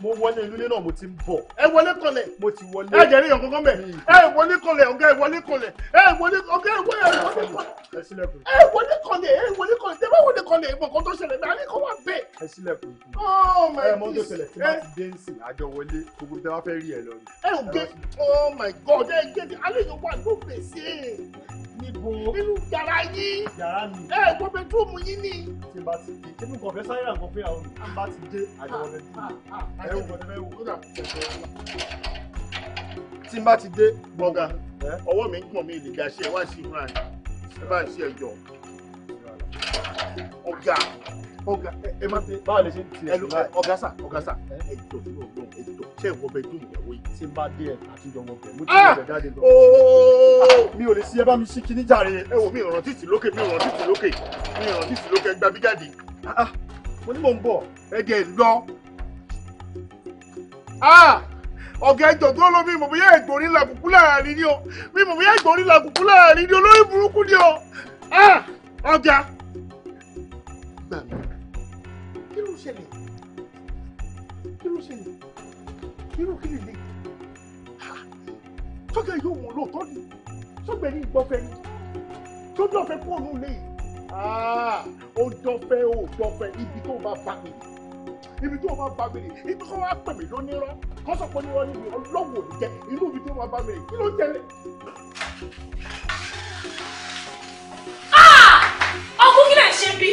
mo wọlé inú ilé náà mo ti ń ẹ wọlé kanlẹ̀. mo ti wọlé. ẹ jẹ́rìí yàn kankan hmm. ẹ wọlé kanlẹ̀ ọ̀gá ẹ wọlé kanlẹ̀. ẹ wọlé ọ̀gá ẹ wọlé kanlẹ̀. ẹ sílẹ̀kùn. ẹ wọlé kanlẹ̀ ẹ wọlé kanlẹ̀ tẹ́ bá wọlé kanlẹ̀ ìmọ̀ tó ṣẹlẹ̀ bẹ́ẹ̀ àníkan wà bẹ́ẹ̀. ẹ sílẹ̀kùn. oh my god. ẹ mọ tó ṣẹlẹ̀ tí wọ́n ti dé ẹ ẹ ò gé oh my god ẹ gé níbo nínú yàrá yín yàrá mi ẹ ẹ gbọ́ bẹ́túrúmù yín ni. tí bá ti dé kí n kàn fẹ́ sáré àgbọ̀n pé àwọn bá ti dé àjọwọ́ bẹ́ẹ̀ bí ẹ wò wọ́n ẹ wò. tí bá ti dé gbọ̀ngà ọwọ́ mi ń pọ̀ mi lè ga ẹ wá sí ìmúra ẹ bá ń ṣe ẹjọ́ ọ̀gá ọ̀gá ẹ má ṣe báwo lè ṣe ti ẹ lọ ọ̀gá sà ọ̀gá sà ẹ jọ fún ọgbọ́n ẹ jọ ṣé ìwọ bẹ dùn ìyàwó yìí tí n bá dé ẹ àti ìjọ wọn bẹ mo ti ah! bẹ jáde lọ. mi ò lè ṣí ẹ bá mi ṣí kíní jàre ẹ wò mi ìràn títì lókè mi ìràn títì lókè mi ìràn títì lókè gbà mí jáde ah, ah, mo ní mò ń bọ̀ ẹ jẹ́ lọ. ọ̀gá ẹjọ́ tó lọ mi mọ̀ bóyá ẹ̀gbọ́n ní làkùkù láàrin ni o mi mọ̀ bóyá ẹ̀gbọ́n ní làkùkù láàrin ni olórí burúkú ni o ọ̀gá. ló ṣẹlẹ̀ kí ló ṣẹlẹ̀ irú kí lè lè sọ́kẹ́ yóò wọ́n lóòótọ́ ni sọ́gbẹ́ ní ìgbọ́fẹ́ ni tó dọ̀fẹ́ kúrò ní ilé yìí ó dọ̀fẹ́ ó dọ̀fẹ́ ibi tó bá bá mi ibi tó bá bá mi rè ibi tó bá pè mí lónírọ́ kọ́sọ̀pọ̀ ní wọ́n ní mi jẹ inú ibi tó bá bá mi rè kí ló jẹlé. Ah! ọkùn kí lè ṣe bí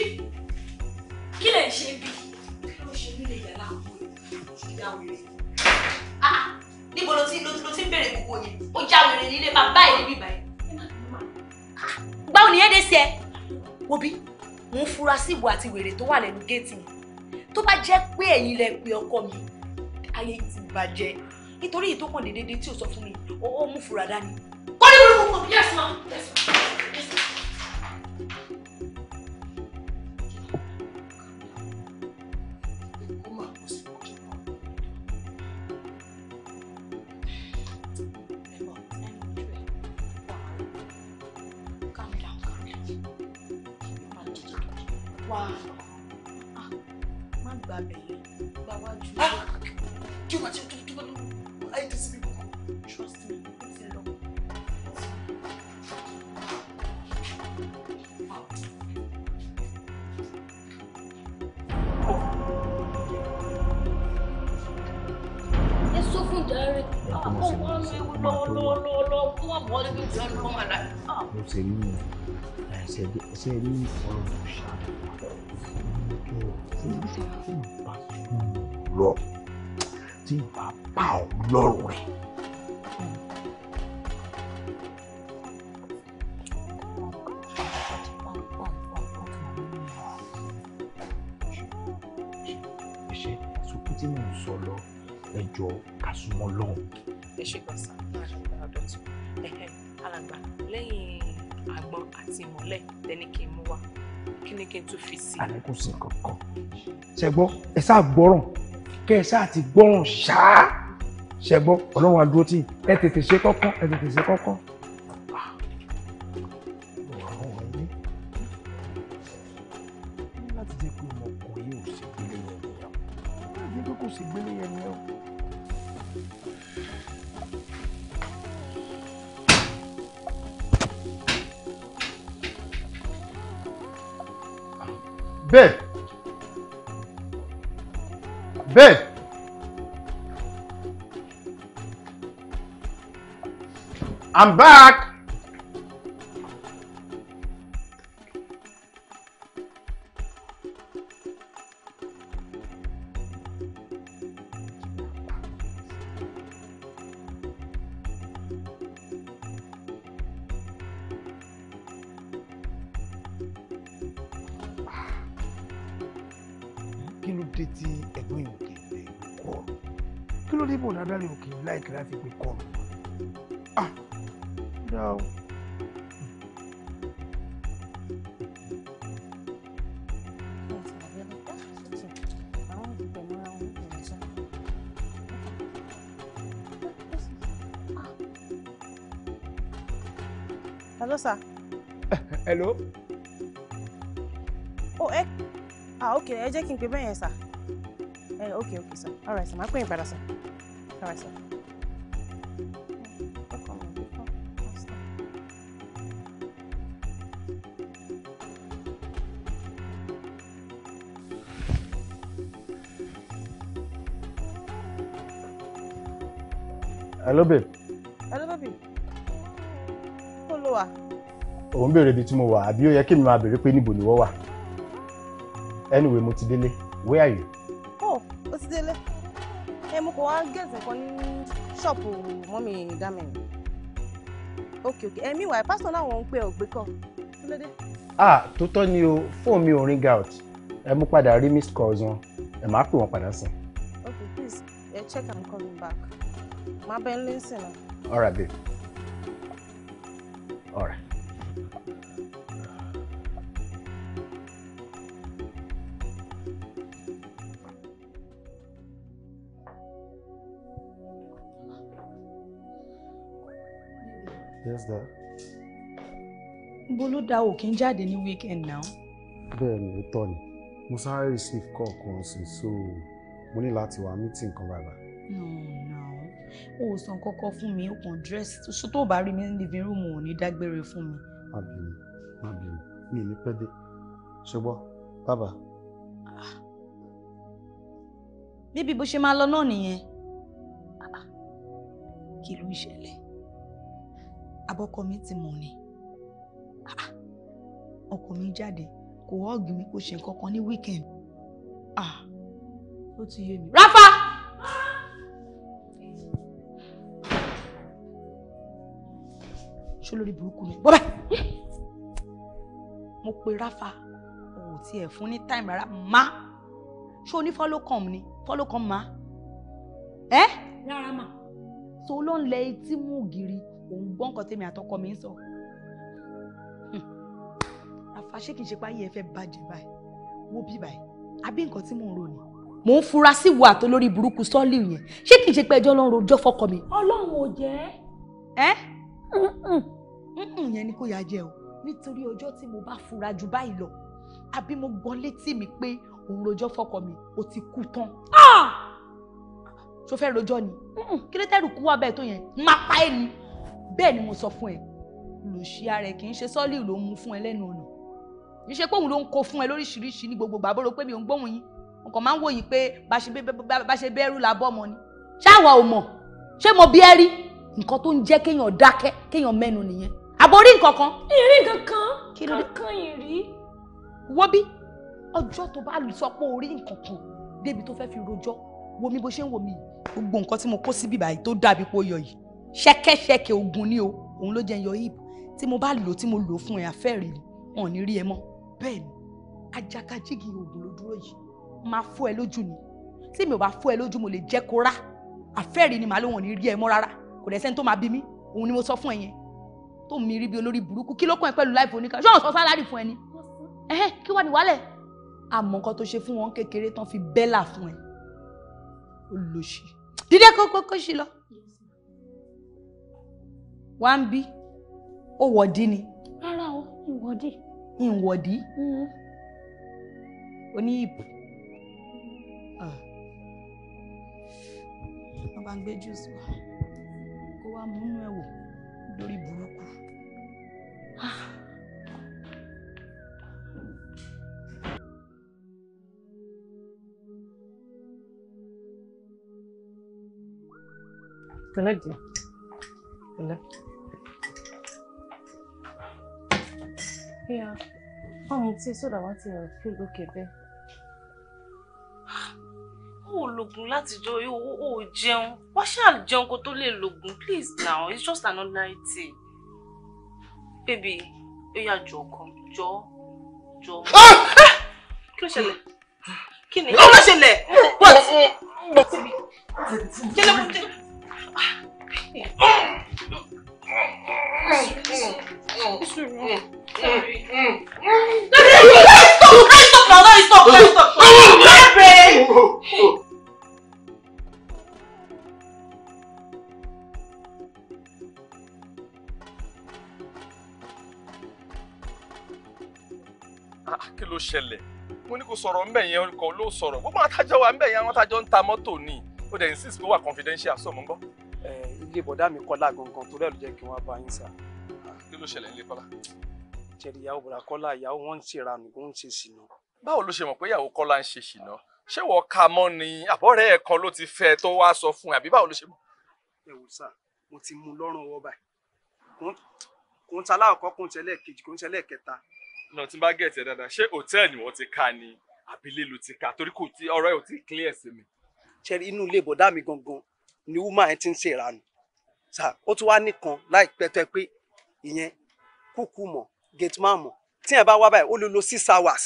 kí lè ṣe bí ah níbo ló ti ló ti ń bèrè gbogbo yẹn ó já wèrè nílé máa bá ẹ níbí báyìí. gbáwo nìyẹn dé sí ẹ òbí mò ń fura sí ìwọ àti wèrè tó wà lẹ́nu géètì yẹn tó bá jẹ́ pé ẹ̀yin lẹ pe ọkọ mi ayé ti bàjẹ́ nítorí èyí tó kàn déédéé tí o sọ fún mi ó mú fura dání. kọ́ni burúkú kò bí yẹ́sùn wá ah, má gbà bẹ̀yẹ gbà wájú. Ah, kí o máa ṣe tó tó tó ayé tẹ̀sí mi kọ́. trust me ó ti lọ. ẹ sọ fún jàre àpò wọn ní lọ́wọ́lọ́wọ́ kó wà bọ́ níbi ìjọba ló wà mo ṣe rí mi ṣe rí mi ọ̀rọ̀ tí ìbá bá ọ lọ́rùn ṣáà gbọ́ràn kẹ́ ẹ ṣáà ti gbọ́ràn ṣáà ṣẹ́gbọ́ ọlọ́run àdúró tí ẹ tètè ṣe kọ́kọ́ ẹ tètè ṣe kọ́kọ́. I'm back. kí n pè bẹ́ẹ̀ yẹn sà ẹ eh, ok ok sà all right sà máa pè yín padà sà all right sà. Hello babe. Hello baby. Kó ló wà? Òun béèrè ibi tí mo wà àbí ó yẹ kí mi máa béèrè pé níbo ni wọ́n wà anyway mo ti where are you. oh o ti délé ẹ mo kò wá gẹ̀ẹ́sì kan ní ṣọ́ọ̀pù mọ́mì dámẹ́rin ok ok ẹ mi wà pásítọ̀ náà wọ́n ń pè ọ̀gbẹ́ kan kí ah tó tọ́ ni o fóònù mi ò ring out ẹ mú padà rí Miss calls wọn ẹ máa pè wọn padà sí. ok please uh, check i'm coming back. Má bẹ́ẹ̀ lé all right babe. níbo ló dá òkè ń jáde ní weekend náà. bẹ́ẹ̀ ni ó tọ́ ni mo sáré receive call kan sí so mo ní láti wá meeting kan bàbá. no no o ò san kọ́kọ́ fún mi o kàn dress so tó o bá rí mi ní living room ò ní dágbére fún mi. má bínú má bínú mi ò ní pẹ́ dé ṣùgbọ́n bàbá. bíbí ah. bó ṣe máa lọ náà nìyẹn ah, ah. kí ló ń ṣẹlẹ̀ abọ́kọ mi ti mọ̀ ni ọkọ mi jáde kò hug mi kò ṣe nǹkan kan ní weekend ah ó ti yé mi. Ráfà. ṣó lórí burúkú mi bọ́bẹ̀. mo pe Ráfà o ò tiẹ̀ fún ní time rárá má ṣó ní follow come ni follow come Ma, ẹ́ rárá mà. so ló ń lẹ etí mú ògiri òun gbọ́ nǹkan tèmi àtọkọ mi ń sọ. So àfa ṣé kìí ṣe pé ayé ẹ fẹ́ bàjẹ́ báyìí wo bí báyìí àbí nǹkan tí mò ń rò ni. mò ń fura sí ìwà àtò lórí burúkú sọ́ọ̀lì yẹn ṣé kìí ṣe pé ẹjọ́ ló ń rojọ́ fọkọ mi. ọlọ́run ò jẹ́. ẹ yẹn ni kò yá jẹ o nítorí ọjọ́ tí mo bá fura jù báyìí lọ àbí mo gbọ́n létí mi pé òun rojọ́ fọkọ mi ó ti kú tán. Ah! ṣó fẹ́ rojọ́ ni kí ló tẹ́rù kú wá bẹ́ẹ̀ tó yẹn máa pa ẹ́ ni bẹ́ẹ̀ ni mo sọ fún ẹ lòṣì ara ẹ kì í ṣe sọ́ọ̀lì ló mú fún ẹ lẹ́nu ọ̀nà kì í ṣe pé òun ló ń kó fún ẹ lóríṣiríṣi ní gbogbo gbàgbọ́ ro pé mi ò ń gbóhùn yín nǹkan máa ń wò yín pé bá ṣe bẹ́rù la bọ́ ọmọ ni ṣáwa ò mọ̀ ṣé mo bí ẹ rí nǹkan tó ń jẹ́ kéèyàn dákẹ́ kéèyàn mẹ́nu nìyẹn àbórí nǹkan kan. ìrìn kankan kankan ìrí. wo bí ọjọ́ tó bá sọ pé orí nǹkan kan débi tó fẹ́ fi rojọ́ wo mi bó ṣe ń wò mí gbogbo nǹkan tí mo kó síbi báyìí tó dàbí pé ó yọ yìí ṣẹ́kẹ́ṣẹkẹ̀ ogun ni o òun ló jẹ́ yọ hip tí mo bá lò tí mo lò fún ẹ àfẹ́rẹ́ wọn ò ní rí ẹ mọ́ bẹ́ẹ̀ ni ajakajigi oògùn ló dúró yìí máa fọ́ ẹ lójú ni tí mi ò bá fọ́ ẹ lójú mo lè jẹ́ kó rá àfẹ́rí ni màá lóun ò ní rí ẹ mọ́ rárá kò dẹ̀ sẹ́ni tó máa bí mi òun ni mo sọ fún ẹ yẹn tó mi rí bí olórí burúkú kí ló kàn ẹ pẹ̀lú láìpẹ́ oníkan ṣọ́ọ̀ sọ sálárì fún ẹ ni ẹ̀hẹ́ kí wàá ní wálẹ̀ àmọ́ nǹkan tó ṣe fún wọn kékeré tán fi bẹ́là fún ẹ olóṣì dídé kókó kó lọ wá ń bí ó wọ̀dí ni. rárá o ìwọ́dí ìwọ̀dí mm. oní ìpù. Ah. wọ́n bá ń gbé jùsù wá kó wá múnú ẹ̀ wò lórí burúkú. Pẹ̀lẹ́ di, pẹ̀lẹ́. Yeah. Báwo ni tí ẹ sọ̀dà wá ti rẹ̀ fi lókè bẹ́ẹ̀? O ò lògùn látijọ́ o ò jẹun. Wá ṣáà jẹun kó tó lè please now it's just another night, Baby, ó yà jọ ọkàn jọ jọ. Ah! Ah! Kí ló ṣẹlẹ̀? Kí ni? Ó ló ṣẹlẹ̀! What? Kí ló Ah, kí ló ṣẹlẹ̀ mo ní kó sọ̀rọ̀ ńbẹ̀ yẹn olùkọ́ ló sọ̀rọ̀ gbogbo àtàjọ wa ńbẹ̀ yẹn àwọn àtàjọ ń ta mọ́tò ni ó dẹ̀ insist pé wà confidential sọ̀mọ́ gbọ́ ilé bọ̀dá mi kọ́lá gangan torí ẹ̀ ló jẹ́ kí wọ́n bá yín sà. kí ló ṣẹlẹ̀ nílé kọ́lá. jẹ́rì ìyàwó bọ̀dá kọ́lá ìyàwó wọn ń ṣe ìranù kó ń ṣe ṣìnà. báwo ló ṣe mọ̀ pé ìyàwó kọ́lá ń ṣe ṣìnà ṣé wọ́n ka mọ́ ni àbọ̀rẹ́ ẹ̀ kan ló ti fẹ́ tó wá sọ fún ẹ àbí báwo ló ṣe mọ̀. ẹ wò sà mo ti mú lọ́rùn ọwọ́ báyìí kò ń ta aláàkọ́ kò clear sí mi. ṣẹ́rí inú ilé ìbọ̀dá mi gangan ni woman ẹ ti ń ṣèrànù sà ó tún wá nìkan láìpẹ́ tó ẹ pé ìyẹn kúkú mọ̀ gate man mọ̀ tí ẹ bá wá báyìí ó lè lo six hours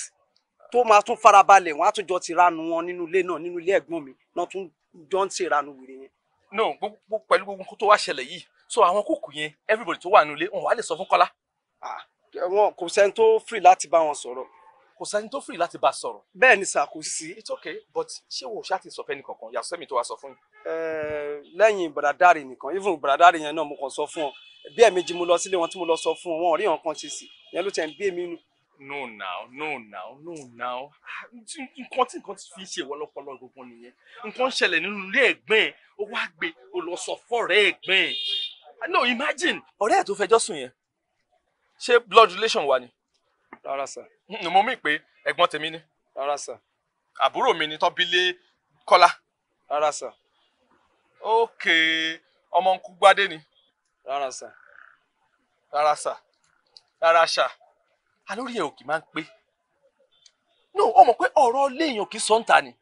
tó máa tún farabalẹ̀ wọ́n á tún jọ ti ranu wọn nínú ilé náà nínú ilé ẹ̀gbọ́n mi náà tún jọ ń ṣèranu wèrè yẹn. no gbogbo pẹ̀lú gbogbo tó wá ṣẹlẹ̀ yìí so àwọn kúkú yẹn everybody tó wà nílé wọn wà lè sọ fún Kọ́lá. Ah, wọn kò sẹ́ni tó free láti bá wọn sọ̀rọ̀ kò sẹ́ni tó free láti bá sọ̀rọ̀. bẹ́ẹ̀ ni sà kò sí. it's okay but ṣé wo ṣáà ti sọ fẹ́ni kankan yàtọ̀ sẹ́mi tó wá sọ fún yín. lẹ́yìn bàdàdàrì nìkan even bàdàdàrì yẹn náà mo kàn sọ fún ọ bí ẹ̀ẹ̀mejì mo lọ sílé wọn tí mo lọ sọ fún ọ wọn ò rí nǹkan ṣe sí yẹn ló tẹ̀ ń bí èmi nù no now no now no now nǹkan tí nǹkan ti fi ṣe ìwọ lọpọlọ gbogbo nìyẹn nǹkan ṣẹlẹ̀ nínú ilé ẹ̀gbọ́n ẹ̀ ó wá gbé ó lọ sọ fọ́rẹ́ ẹ̀gbọ́n ẹ̀ no imagine. ọ̀rẹ́ ẹ̀ tó fẹjọ́ sùn yẹn ṣé blood relation wà ni. rárá sir nù mo mí pé ẹ̀gbọ́n tèmi ni. rárá sà. àbúrò mi ni tọ́bílé kọ́lá. rárá sà. ókè ọmọ ń kú gbádé ni. rárá sà. rárá sà. rárá sà. alórí ẹ̀ òkè máa ń pé. no ó mọ̀ pé ọ̀rọ̀ léèyàn kì í sọ ń ni.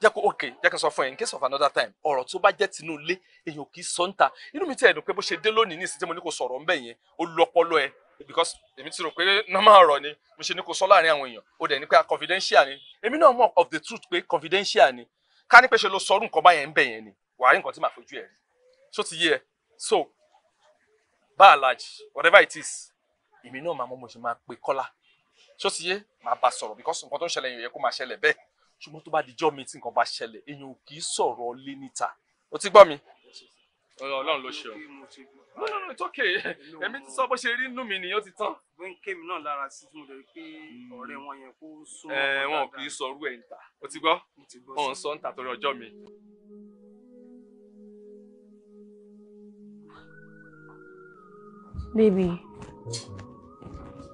jẹ́ kó ókè jẹ́ kí n sọ fún ẹ in case of another time ọ̀rọ̀ tó bá jẹ́ tinú ilé èèyàn kì í sọ ń ta inú mi ti ẹ̀dùn pé bó ṣe dé lónìí ní mo ní kò sọ̀rọ̀ ńbẹ̀ yẹn ó lọ́pọlọ ẹ because èmi ti rò pé normal ọ̀rọ̀ ni mo ṣe ní kó sọ láàrin àwọn èèyàn ó dẹ̀ ní pé confidential ni èmi náà mọ̀ of the truth pé confidential ni ká ní pé ṣe ló sọ ọdún kan báyẹn ń bẹ̀ yẹn ni wàá rí nǹkan tí màá fojú ẹ̀ rí so ti yé ẹ so by and large whatever it is èmi náà máa mọ mo ṣe máa pe Kọ́lá so ti yé màá bá sọ̀rọ̀ because nǹkan tó ń ṣẹlẹ̀ yẹn kó máa ṣẹlẹ̀ bẹ́ẹ̀ ṣùgbọ́n tó bá dijọ́ mi tí nǹkan bá ṣẹlẹ̀ èèyàn ò kì í sọ̀rọ̀ lé níta o ti gbọ́ mi Ọlọ́run ló ṣe o no no no it's okay èmi ti sọ bó ṣe rí inú mi nìyẹn ti tán. bóyá kémi náà lára sí tí mo lè pé hmm. ọ̀rẹ́ wọn yẹn kó sọ. Eh, ẹ wọn kì í sọ orú ẹ ń o ti gbọ́ wọn sọ ń torí ọjọ́ mi. baby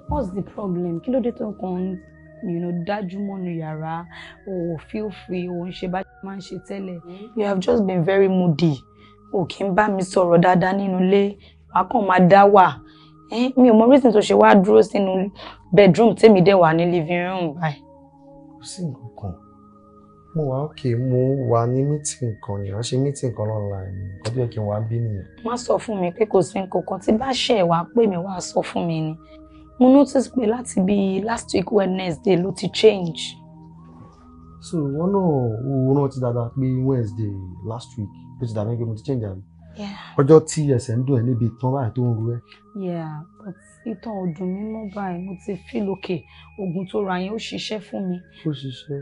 what's the problem kí ló dé tó kàn you know dájú mọ́nu yàrá o feel free o ń ṣe bá ṣe máa ń ṣe tẹ́lẹ̀ hmm. you have just been very moody ò kí ń bá mi sọ̀rọ̀ dáadáa nínú ilé wàá kàn máa dá wà mi ò mọ reason tó ṣe wá dúró sínú bedroom tèmi dẹ̀ wà ní living room báyìí. kò sí nǹkan mo wà òkè mo wà ní meeting kan ni wọ́n ṣe meeting kan online ni nǹkan tó yẹ kí n wá bí nìyẹn. má sọ fún mi pé kò sí nǹkan kan tí bá ṣe ẹ̀ wá pè mí wá sọ fún mi ni mo notice pé láti bíi last week Wednesday ló ti change so wọn náà òun rántí dáadáa pé wednesday last week bó ti dàbí pé mo ti change àmì ọjọ́ tí ẹsẹ̀ ń dùn ẹ́ níbi ìtàn báyìí tó ń ru ẹ́. ìtàn ò dùn báyìí mo ti fi lókè oògùn tó ra yẹn ó ṣiṣẹ́ fún mi. ó ṣiṣẹ́.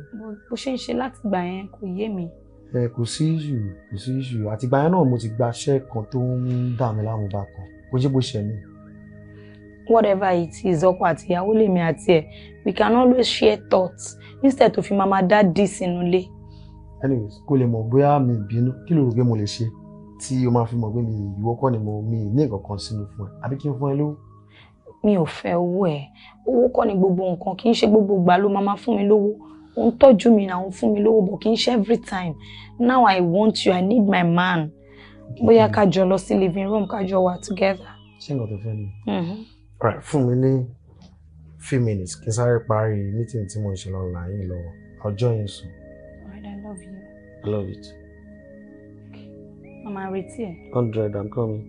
bó ṣe ń ṣe láti gbà yẹn kò yé mi. ẹ kò sí ìṣù kò sí ìṣù àtìgbà yẹn náà mo ti gba iṣẹ́ kan tó ń dà mí láwọn ọba kan kò ṣe bó ṣe mí. whatever it is ọkọ àti ìyàwó lèmi àti ẹ we can always share thoughts instead tó fi máa máa dá dì sínú ilé anyways kó lè mọ̀ bóyá mi bínú kí ló rò pé mo lè ṣe tí o máa fi mọ̀ pé mi ìwọ kọ́ ni mo mi ní ìkọ̀kan sínú fún ẹ àbí kí n fún ẹ lówó. mi ò fẹ́ owó ẹ̀ owó kọ́ ni gbogbo nǹkan kì í ṣe gbogbo ìgbà ló máa fún mi lówó ó ń tọ́jú mi náà ń fún mi lówó bọ̀ kì í ṣe every time now i want you i need my man bóyá ká jọ lọ sí living room ká jọ wà together. ṣé nǹkan tó fẹ́ ni. Mm-hmm. right fún mi ní few minutes kí n sáré parí meeting tí mo ń ṣe lọ́la yìí lọ́wọ́ ọjọ́ yẹn sùn. I love it. Mama, retí ẹ. Hundred, I'm coming.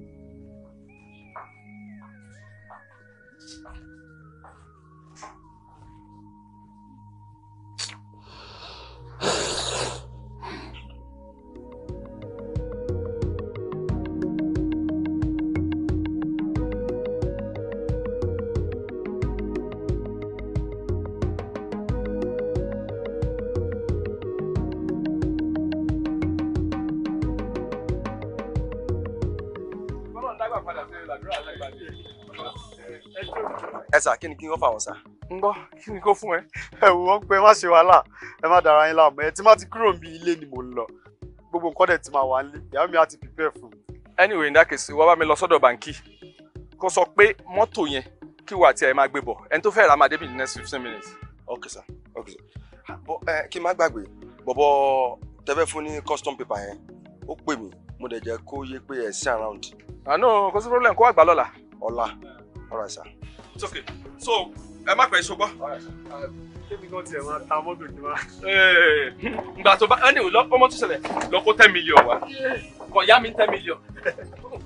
sà kí ni kí n kọ́ fà wọ́n sà. ń gbọ́ kí ni kó fún ẹ ẹ wò wọ́n pé má ṣe wàhálà ẹ má dara yín láàmú ẹ tí má ti kúrò níbi ilé ni mo lọ gbogbo nǹkan dẹ̀ ti máa wà nílé ìyá mi á ti prepare fún mi. anyway in that case wá bá mi lọ sọ́dọ̀ bàǹkì kó sọ pé mọ́tò yẹn kí wà tí ẹ máa gbé bọ̀ ẹni tó fẹ́ ra máa débi next fifteen minutes. ok sir ok sir bọ ẹ kí n má gbàgbé bọ̀bọ̀ tẹ́fẹ́ fún ní custom paper yẹn ó pè mí mo dẹ̀ jẹ́ kó yé pé ẹ̀ sí around. àná kò sí problem kó wà gbà lọ́la. ọ̀la ọ̀rọ̀ àṣà it's okay so ẹ má pẹ́ ṣọgbọ́. kébì kan tiẹ̀ máa ta mọ́tò kí wá. ìgbà tó bá ẹni ọmọ tó ṣẹlẹ̀ lọ kó ten million wá kàn yá mi ten million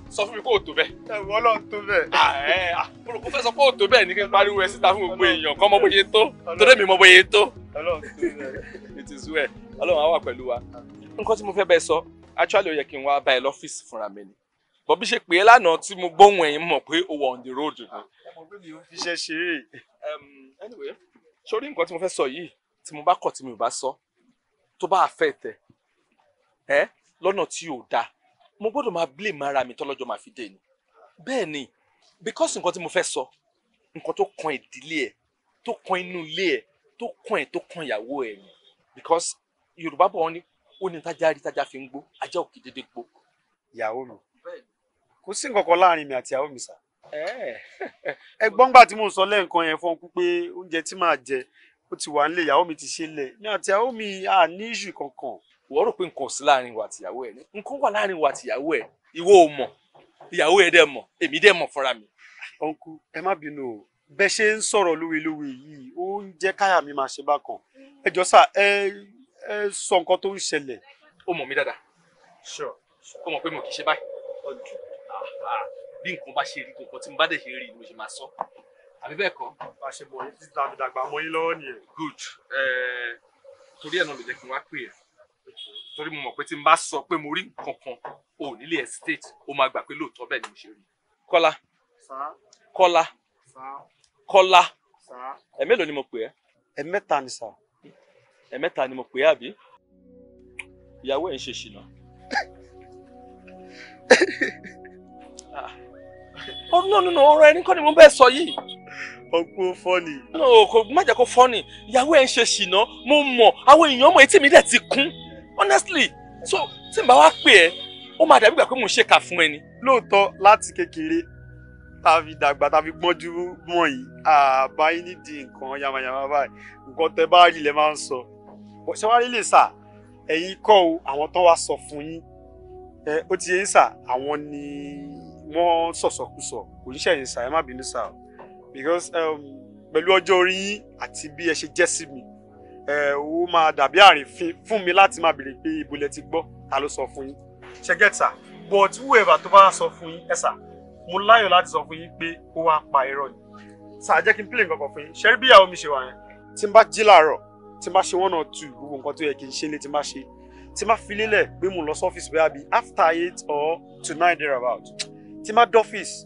sọ fún mi kó o tó bẹ́ẹ̀. ẹ̀wọ́n lọ tó bẹ́ẹ̀. Ah, eh, ah, mo fẹ́ sọ pé o tó bẹ́ẹ̀ ní kí n pariwo ẹ síta fún gbogbo èèyàn kọ́ mọ bóyá tó torí mi mọ bóyá tó. it is well ọlọ́run á wà pẹ̀lú wa nǹkan tí mo fẹ́ bẹ́ẹ̀ sọ actually ó yẹ kí n wá bá ẹ lọ́fíìsì fúnra bọ́ ṣe pè é lánàá tí mo gbóhùn ẹ̀yìn mọ̀ pé o wà on the road. Ah. ọmọ bí mi fi ṣe ṣeré. anyway sórí nǹkan tí mo fẹ́ sọ yìí tí mo bá kọ̀ tí mi ò bá sọ tó bá àfẹ́ tẹ ẹ lọ́nà tí ò dáa mo gbọ́dọ̀ máa blame ara mi tọ́lọ́jọ́ máa fi dé ni bẹ́ẹ̀ ni because nǹkan tí mo fẹ́ sọ nǹkan tó kan ìdílé ẹ̀ tó kan inú ilé ẹ̀ tó kan ẹ̀ tó kan ìyàwó ẹ̀ ni because yorùbá bọ̀ wọ́n ní ó ní tájá rí tájá fi ń gbó ajá òkè dédé gbó. ìyàwó mi kò sí nǹkan kan láàrin mi àti àwọn mi sà. ẹ gbọ́n gbà tí mò ń sọ lẹ́ẹ̀kan yẹn fún ọkú pé oúnjẹ tí màá jẹ ó ti wà nílé ìyàwó mi ti ṣe lẹ̀ ní àti àwọn mi à ní ìṣù kankan. wọ́n rò pé nǹkan sí láàrin wa àtìyàwó ẹ̀ nǹkan wà láàrin wa àtìyàwó ẹ̀ ìwọ ò mọ̀ ìyàwó ẹ̀ dẹ̀ mọ̀ èmi dẹ̀ mọ̀ fúnra mi. ọ̀nkú ẹ má bínú o bẹ́ẹ̀ ṣe ń sọ̀rọ̀ lówelowe yìí ó ń jẹ́ káyà mi máa ṣe bákan ẹ jọ sà ẹ ẹ sọ nǹkan tó ń ṣẹlẹ̀. ó mọ̀ mi dáadáa ó mọ̀ pé mo kì í ṣe báyìí. Ah, bí nǹkan bá ṣe rí nǹkan tí mo bá dẹ̀ ṣe rí ni mo ṣe máa sọ àbí bẹ́ẹ̀ kọ́. bá a ṣe mọ yín títí àbí dàgbà mọ yín lọ́wọ́ nìyẹn. good torí ẹ̀ náà ló jẹ́ kí n wá pè é torí mo mọ̀ pé tí n bá sọ pé mo rí nǹkan kan o ò nílé estate o máa gbà pé lóòótọ́ bẹ́ẹ̀ ni mo ṣe rí. kọ́lá kọ́lá kọ́lá ẹ̀mélòó ni mo pè ẹ́. ẹ̀mẹ́ta ni sà. ẹ̀mẹ́ta ni mo pè é àbí ìyàwó ẹ̀ ń ṣe ṣìnà. ọ̀rọ̀ oh, no no ọ̀rọ̀ ẹni kọ́ ni mo bẹ́ẹ̀ sọ yìí. ọgbọ́n fọ́ọ̀nì. no kò má jẹ́ kó fọ́ọ̀nì ìyàwó ẹ̀ ń ṣe ṣìnà mo mọ̀ àwọn èèyàn mọ̀ etí mi dẹ̀ ti kún honestly so tí n bá wá pè ẹ́ ó máa dàbí ìgbà pé mò ń ṣèkà fún ẹni. lóòótọ́ láti kékeré tàbí dàgbà tàbí gbọ́njú mọ̀ yìí àbá yín nídìí nǹkan yamayama báyìí nǹkan tẹ bá rí lẹ wọ́n sọ̀sọ̀kùsọ̀ kò ní ṣẹ̀yìn sá ẹ má bínú sá because um, pẹ̀lú ọjọ́ orí yín àti bí ẹ ṣe jẹ́ sí mi eh, ó máa dàbí àrífín fún mi láti máa béèrè pé ibo lẹ ti gbọ́ ta ló sọ fún yín ṣe gẹ́tà but whoever tó bá sọ fún yín ẹ sà mo láyọ̀ láti sọ fún yín pé ó wá pa irọ́ ni sà jẹ́ kí n play nǹkan fún yín ṣe rí bí ìyàwó mi ṣe wà yẹn tí n bá jí làárọ̀ tí n bá ṣe one or two gbogbo nǹkan tó yẹ kí n ṣe lé tí n bá ṣe tí n bá fi lélẹ̀ pé mo lọ sọ́fíìsì bóyá bíi after eight or to nine thereabout tí má dọ́fíìsì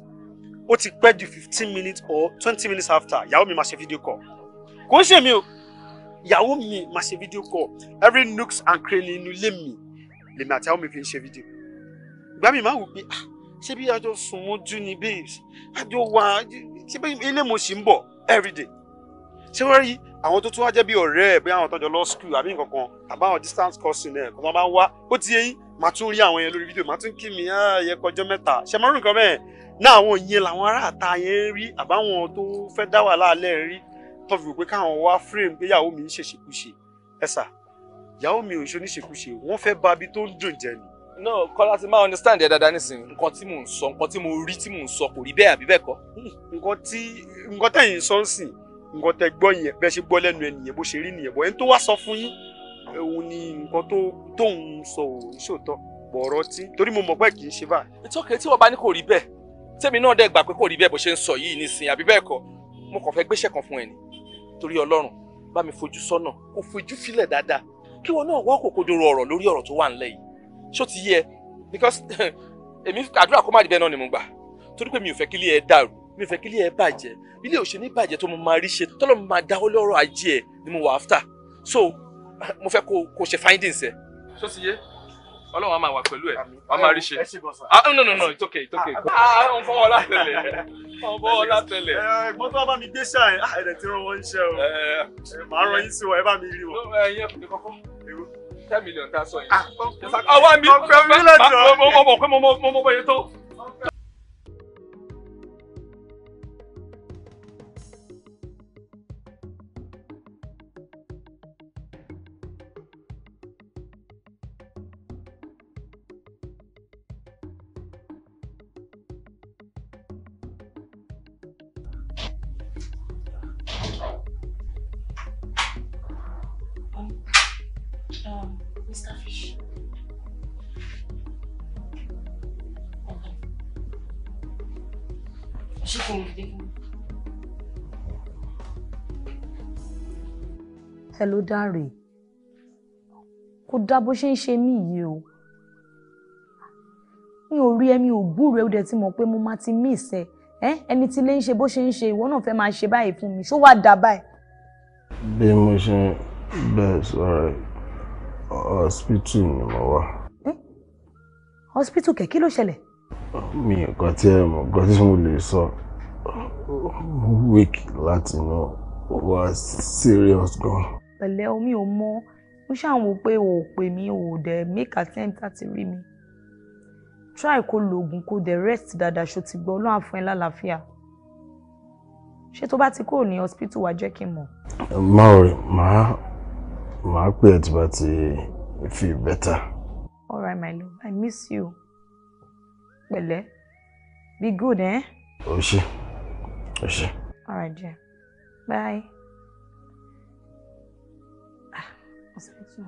ó ti pẹ́ ju fifteen minutes or twenty minutes after ìyàwó mi máa ṣe fídíò call kò ń ṣèmi o ìyàwó mi máa ṣe fídíò call every nooks and cranny inú ilé mi lèmi àti àwọn mi fi ń ṣe fídíò ìgbà mi máa wù pé ah, ṣé bí àjọ sùn mójú ni babes àjọ wà ṣé bí ilé mo ṣì ń bọ̀ everyday ṣé wọ́n rí àwọn tó tún wá jẹ́ bí ọ̀rẹ́ ẹ̀ bí àwọn tó jọ lọ school àbí nǹkan kan àbáwọn distance coursing ẹ̀ kò tó máa ń wá ó ti yẹ yín màá tún rí àwọn yẹn lórí fídíò màá tún kí mi ah, yẹ kọjọ mẹ́ta ṣe máa ń rìn kan bẹ́ẹ̀ náà àwọn yẹn làwọn aráàta yẹn ń rí àbáwọn tó fẹ́ dá wàhálà alẹ́ ń rí tó pé káwọn wá frame pé ìyàwó mi ń ṣèṣekúṣe ẹ sà ìyàwó mi ò ṣe oníṣekúṣe wọ́n fẹ́ ba ibi tó ń dùn jẹ ni. no kọ́lá ti máa understand ẹ dáadáa nísìnyí nǹkan tí mò ń sọ nǹkan tí mo rí tí mò ń sọ kò rí bẹ́ẹ̀ àbí bẹ́ẹ̀ kọ́. Hmm, nǹkan tí nǹkan tẹ̀yìn sọ́nsìn nǹkan tẹ gbọ́ yẹn bẹ́ẹ̀ ṣe gbọ́ lẹ́nu ẹ nìyẹn bó ṣe rí nìyẹn bọ́ ẹni tó wá sọ fún yín òun ni nǹkan tó tóun sọ ò ṣòótọ́ bọ̀rọ̀ tí torí mo mọ̀ pé kì í ṣe báyìí. ìtọ́kẹ́ tí wọ́n bá ní kò rí bẹ́ẹ̀ tẹ́mi náà dẹ̀ gbà pé kò rí bẹ́ẹ̀ bó ṣe ń sọ yìí nísìnyí àbí bẹ́ẹ̀ kọ́ mo kàn fẹ́ gbéṣẹ́ kan fún ẹ ni torí ọlọ́run bá mi fojú sọ́nà kó fojú filẹ̀ dáadáa kí wọn náà wá kòkòdoro ọ̀rọ̀ lórí ọ̀rọ̀ tó wà ńlẹ̀ yìí ṣó ti yẹ because èmi àdúrà kó má rí bẹ́ẹ̀ náà ni mo gbà torí pé mi ò fẹ́ kí ilé ẹ dàrú mi ò fẹ́ kí ilé ẹ bàjẹ́ ilé ò bàjẹ́ tó mo máa rí ṣe tọ́lọ́ máa dáwọ́ lọ́rọ̀ ajé ẹ ni mo wà after so mo fẹ́ kó kó ṣe findings ẹ. ṣó ti yé ọlọ́run á máa wà pẹ̀lú ẹ wà á máa rí ṣe. ẹ ṣe bọ̀ sá. ah no no no it's okay it's okay. ah n fọwọ́ látẹ̀lẹ̀ n fọwọ́ látẹ̀lẹ̀. ẹ ẹ̀gbọ́n tó bá bá mi gbé ṣáà ẹ ẹ̀dẹ̀ tí wọ́n ń ṣe o màá rọ yín sí wọn ẹ bá mi rí wọn. ẹ yẹ kọ́kọ́ èrò ten million tá a sọ yẹn. ọwọ́ mi ọmọ pé mo mọ bọ̀ yẹn tó. hello dare kò dá bó ṣe ń ṣe mí yìí o mi ò rí ẹ mi ò gbúròó ẹ dẹ ti mọ̀ pé mo máa ti mí ìsẹ ẹ ẹni tí lè ń ṣe bó ṣe ń ṣe ìwọ náà fẹ́ máa ṣe báyìí fún mi ṣó wàá dà báyìí. bí mo ṣe bẹ́ẹ̀ sọ̀rọ̀ hospital ni mo wà. hospital kẹ̀ kí ló ṣẹlẹ̀. mi ò kàn tí ẹ mọ̀ nǹkan tí mo lè sọ wíìkì láti inú wá serious gan pẹ̀lẹ́ omi ò mọ mo ṣàwọn pé o ò pè mí o ò dẹ̀ make attempt láti rí mi try kó lo oògùn kó dẹ̀ rest dáadáa ṣó ti gbọ́ ọlọ́run fún ẹ lálàáfíà ṣé tó bá ti kúrò ní hospital wàá jẹ́ kí n mọ̀. má o rè pè ẹ́ tí bá ti feel better. all right my love i miss you pẹ̀lẹ́ be good eh. o ṣe o ṣe. all right dear bye. hospital.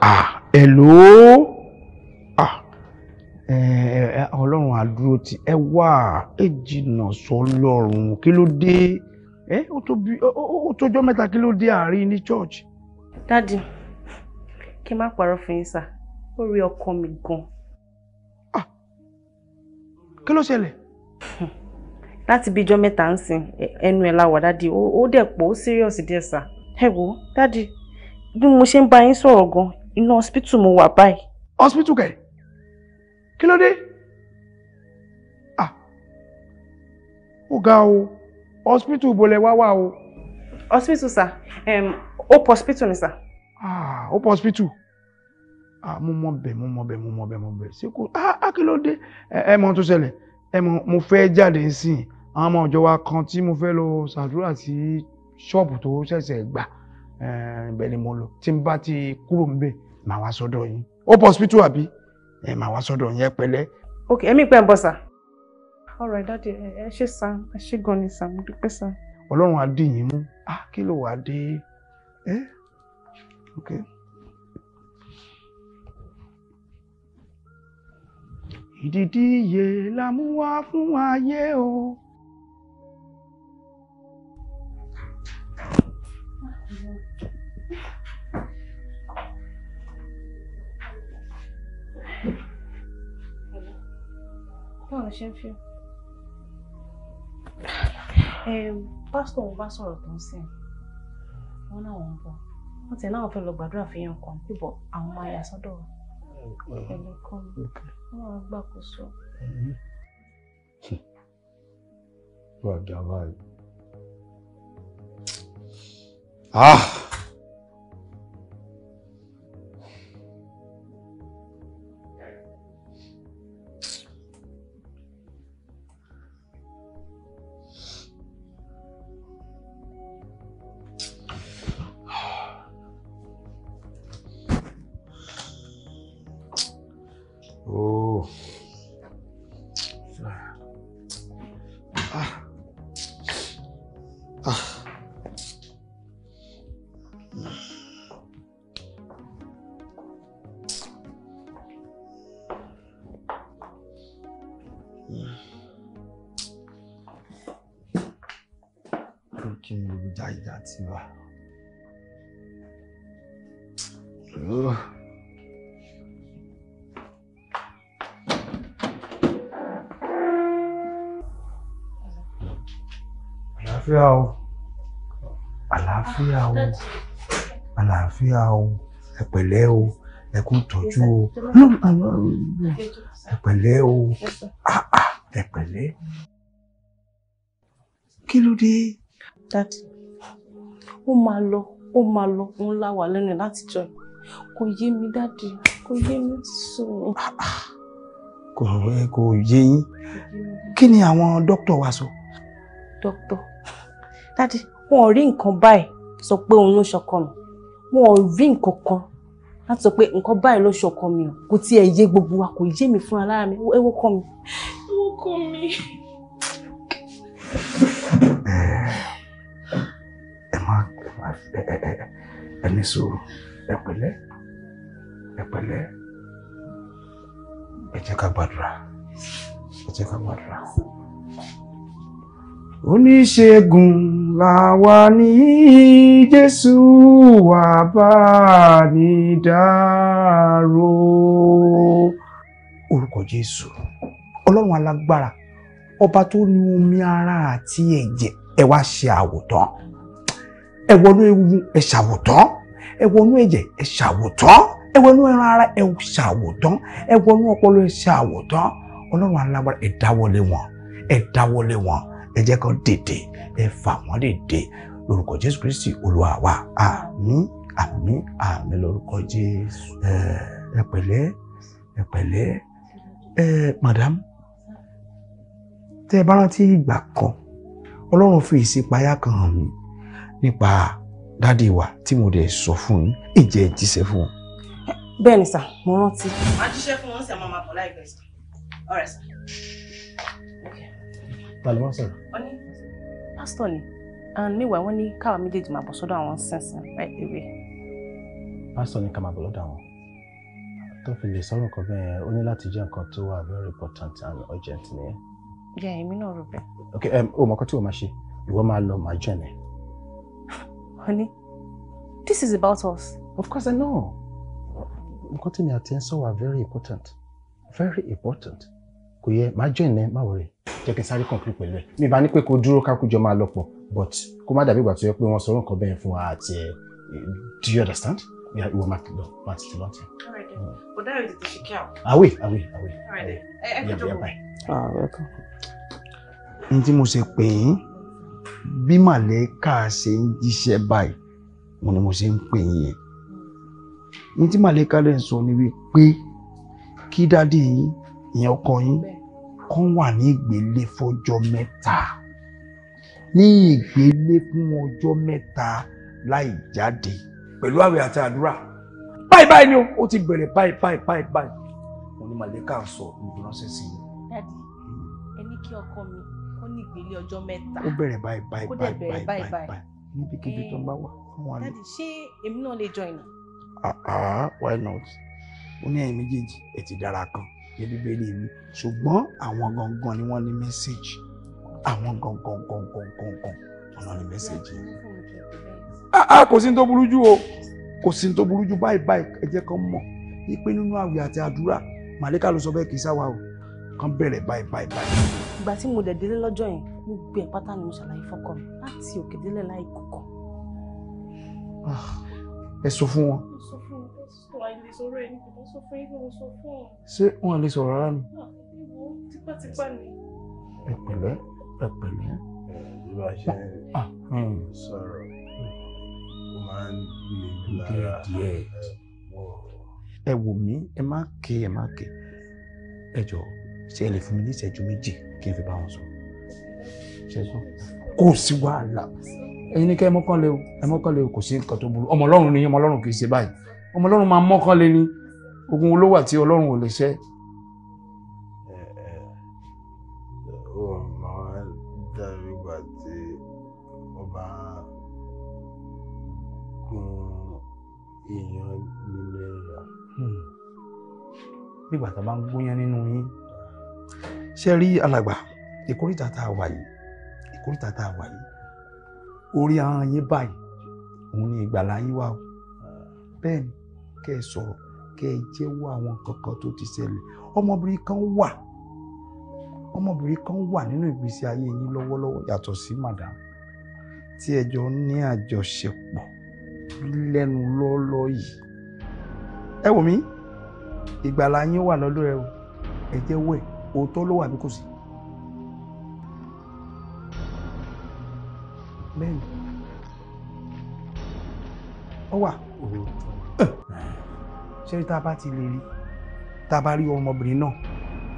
Ah, hello. Ah, ọlọ́run àdúró ti ẹ wà ẹ jìnnà sọlọ́run kí ló dé ẹ ó tójọ́ mẹ́ta kí ló dé àárín ní church. dádì kí n má parọ́ fún yín sá ó rí ọkọ mi gan. Ah, kí ló ṣẹlẹ̀. láti bíjọ́ mẹ́ta ń sìn ẹnu ẹ̀ láwà dáàdi ó dẹ̀ pọ̀ ó serious díẹ̀ sà ẹ wo dáàdi bí mo ṣe ń bá yín sọ̀rọ̀ gan inú hospital mo wà báyìí. hospital kẹ kí ló dé ah ó ga o hospital bo lẹ wá wá o. hospital sà um, hope hospital ni sà. ah hope hospital ah mo mọ bẹ mo mọ bẹ mo mọ bẹ mo bẹ ṣé kò ah, ah kí ló dé ẹ ẹ mọ tó ṣẹlẹ̀ ẹ mọ mo fẹ́ jáde nísìnyí àwọn ọmọ ìjọ wa kan tí mo fẹ́ lọ ṣàdúrà sí ṣọ́ọ̀bù tó ṣẹ̀ṣẹ̀ gbà eh, ibẹ̀ ni mo lọ tí n bá ti kúrò ń bẹ̀ màá wá sọ́dọ̀ yín ó pọ̀ sípítù àbí ẹ eh, màá wá sọ́dọ̀ yín ẹ pẹ̀lẹ́. ok ẹ̀mí pẹ́ ń bọ̀ sà. all right dáàdi ẹ ṣe sàn ẹ ṣe gan ni sàn mo dúpẹ́ sàn. ọlọ́run á dì yín mú ah kí ló wàá dé ẹ eh? ok. ìdìdí iye la fún ayé o. báwo ló ṣe ń fi pásítọ̀ òun bá sọ̀rọ̀ tó ń sìn wọn náà wọn bọ̀ wọn tẹ̀ náà fẹ́ lọ gbàdúrà fi yan kan bíbọ̀ àwọn máa yà sọ́dọ̀ ẹ̀lẹ́ kan wọn mm-hmm. á gbàkóso. wà á dá ah. àlàáfíà o àlàáfíà o àlàáfíà o ẹ pẹ̀lẹ́ o ẹ kú tọ́jú o ẹ pẹ̀lẹ́ o ẹ pẹ̀lẹ́ kí ló dé. dadi ó máa lọ ó máa lọ òun la wà lẹ́nu láti jọ kò yé mi dadi kò yé mi sùn. kò yé yín kí ni àwọn dókítà wa sọ. dókítà dáàdì wọn ò rí nǹkan báyìí sọ pé òun ló ṣọkọ mi wọn ò rí nǹkan kan láti sọ pé nǹkan báyìí ló ṣọkọ mi o kò tiẹ̀ yé gbogbo wa kò yé mi fúnra lára mi ẹ wọ́kọ mi. ẹ wọ́kọ mi. ẹ má ẹ má ẹ ní sùúrù ẹ pẹ̀lẹ́ ẹ pẹ̀lẹ́ ẹ jẹ́ ká gbàdúrà ẹ jẹ́ ká gbàdúrà oníṣègùn làwa ní jésù wà bá ní dárò orúkọ jésù ọlọ́run alágbára ọba tó ní omi ara àti ẹ̀jẹ̀ ẹ wá ṣe àwòtán ẹ wọnú egungun ẹ ṣàwòtán ẹ wọnú ẹ̀jẹ̀ ẹ ṣàwòtán ẹ wọnú ẹran ara ẹ ṣàwòtán ẹ wọnú ọpọlọ ẹ ṣàwòtán ọlọ́run alágbára ẹ dáwọ́lé wọn ẹ dáwọ́lé wọn ẹ jẹ́ kán dìde ẹ fà wọ́n dìde lórúkọ jésù kristi olúwa wa àmín àmín àmín lórúkọ jésù ẹ pẹ̀lẹ́ ẹ pẹ̀lẹ́ ẹ madam tẹ ẹ bá rántí ìgbà kan ọlọ́run fi ìṣípayá kan hàn mí nípa dáàdi wa tí mo dẹ̀ sọ fún yín ìjẹ́ ìjíṣẹ́ fún wọn. bẹ́ẹ̀ ni sà mo rántí. màá jíṣẹ́ fún wọn sí àwọn ọmọ àbọ̀ láìpẹ́ ọ̀rẹ́ sà ta ló wá sọ̀rọ̀. wọ́n ní pásítọ̀ ni and meanwhile wọ́n ní káwa méjèèjì máa bọ̀ sọ́dọ̀ àwọn sínsìn right away. pásítọ̀ ní ká máa bọ̀ lọ́dọ̀ àwọn tó fi lè sọ̀rọ̀ kan bẹ́ẹ̀ ó ní láti jẹ́ nǹkan tó wà very important and urgent nìyẹn. yẹ èmi náà rò bẹ́ẹ̀. ok o mọ̀ kọ́ tí o máa ṣe ìwọ máa lọ máa jẹ́ ẹ̀. honey this is about us. of course i know nǹkan tí mi àti ẹ sọ wà very important very important kò yẹ má join ẹ má wọrẹ jẹ́ kí n sáré complete pẹ̀lú ẹ mi bá ní pé kó dúró ká kújọ máa lọ pọ̀ but kó má dàbí ìgbà tó yẹ pé wọ́n sọ nǹkan bẹ́ẹ̀ fún wa àti ẹ do you understand yeah ìwọ máa lọ máa ti lọ ti. ọ̀dà rẹ̀ tètè ṣe kí àwọn. àwẹ̀ àwẹ̀ àwẹ̀ ẹ fi jókòó. n tí mo ṣe pè é bí màlẹ́kà ṣe ń jíṣẹ́ báyìí mo ni mo ṣe ń pè yín n tí màlẹ́kà lè sọ ni wípé kí dáadé yín ìyẹn ọkọ yín kán wà ní ìgbélé fọjọ́ mẹ́ta ní ìgbélé fún ọjọ́ mẹ́ta láì jáde pẹ̀lú àwẹ̀ àti àdúrà báyìí báyìí ni ó ti bẹ̀rẹ̀ báyìí báyìí báyìí báyìí wọn ni màlẹ́kà ń sọ ìdúránṣẹ́ sí i. dadi ẹni kí ọkọ mi ó ní ìgbélé ọjọ́ mẹ́ta ó bẹ̀rẹ̀ báyìí báyìí báyìí báyìí báyìí níbikíbi tó ń bá wà. dadi ṣé èmi náà lè join? ah ah why not? ó ní ẹ̀yin méjèèjì ẹ ti dára kan ní bíbélì mi ṣùgbọ́n àwọn gangan ni wọ́n ní mẹ́sẹ̀gì àwọn gangan gangan gangan ọ̀nà ní mẹ́sẹ̀gì yẹn. Ah, ah, kò sí ní tó burú jù o kò sí ní tó burú jù báyìí báyìí ẹ jẹ́ kán mọ̀ ìpè nínú àwẹ̀ àti àdúrà màlíkà ló sọ bẹ́ẹ̀ kì í sáwà o kán bẹ̀rẹ̀ báyìí báyìí báyìí. ìgbà tí mo dẹ̀ lọ́jọ́ yẹn mo gbé pátá ni mo ṣàlàyé fọ́kọ mi láti òkè délẹ̀ láì kọ̀kọ̀. Ah, ẹ sọ fún wọn àìlè sọ̀rọ̀ ẹni kò bá sọ fún yín pé mo sọ fún ọ. ṣé wọn lè sọ̀rọ̀ rárá ni. Ah, ìwọ tipátipá ni. ẹ pẹ̀lẹ́ ẹ pẹ̀lẹ́. bí wàá ṣe ah, hmm. sọ̀rọ̀ ó máa ń le lára ẹ wò mí ẹ má ké ẹ má ké ẹ jọ ṣe ẹ lè fún mi ní ìṣẹ́jú méjì kí n fi bá wọn sọ ṣe sọ kò sí wàhálà ẹ̀yin ní kẹ́ ẹ mọ́kànlé o ẹ mọ́kànlé o kò sí nǹkan tó burú ọmọ ọlọ́run ni ọmọ ọlọ́run kì í ṣe báyìí ọmọ ọlọ́run máa mọ́kàn lé ní ogun olówó àti ọlọ́run ò lè ṣẹ́. ó máa ń dàbí ìgbà tí ó bá gun èèyàn nílé ẹ̀yà. nígbà hmm. tá a bá ń gbóyán nínú yín ṣe rí alàgbà ìkórìtà tá a wà yìí ìkórìtà tá a wà yìí orí ahọ́n yín báyìí òun ni ìgbàlá yín wà o ah. bẹ́ẹ̀ ni kẹ́ ẹ sọ̀rọ̀ kẹ́ ẹ jẹ́wọ́ àwọn nǹkan kan tó ti ṣẹlẹ̀ ọmọbìnrin kan wà ọmọbìnrin kan wà nínú ìgbésí ayé yín lọ́wọ́lọ́wọ́ yàtọ̀ sí madam tí ẹ jọ ní àjọṣepọ̀ lẹ́nu lọ́ọ́lọ́ yìí ẹ wò mí ìgbàlá yín wà lọ́dọ̀ ẹ o ẹ jẹ́wọ́ ẹ̀ òótọ́ ló wà bí kò sí. bẹ́ẹ̀ni ó wà ṣé tá a bá ti lè rí tá a bá rí ọmọbìnrin náà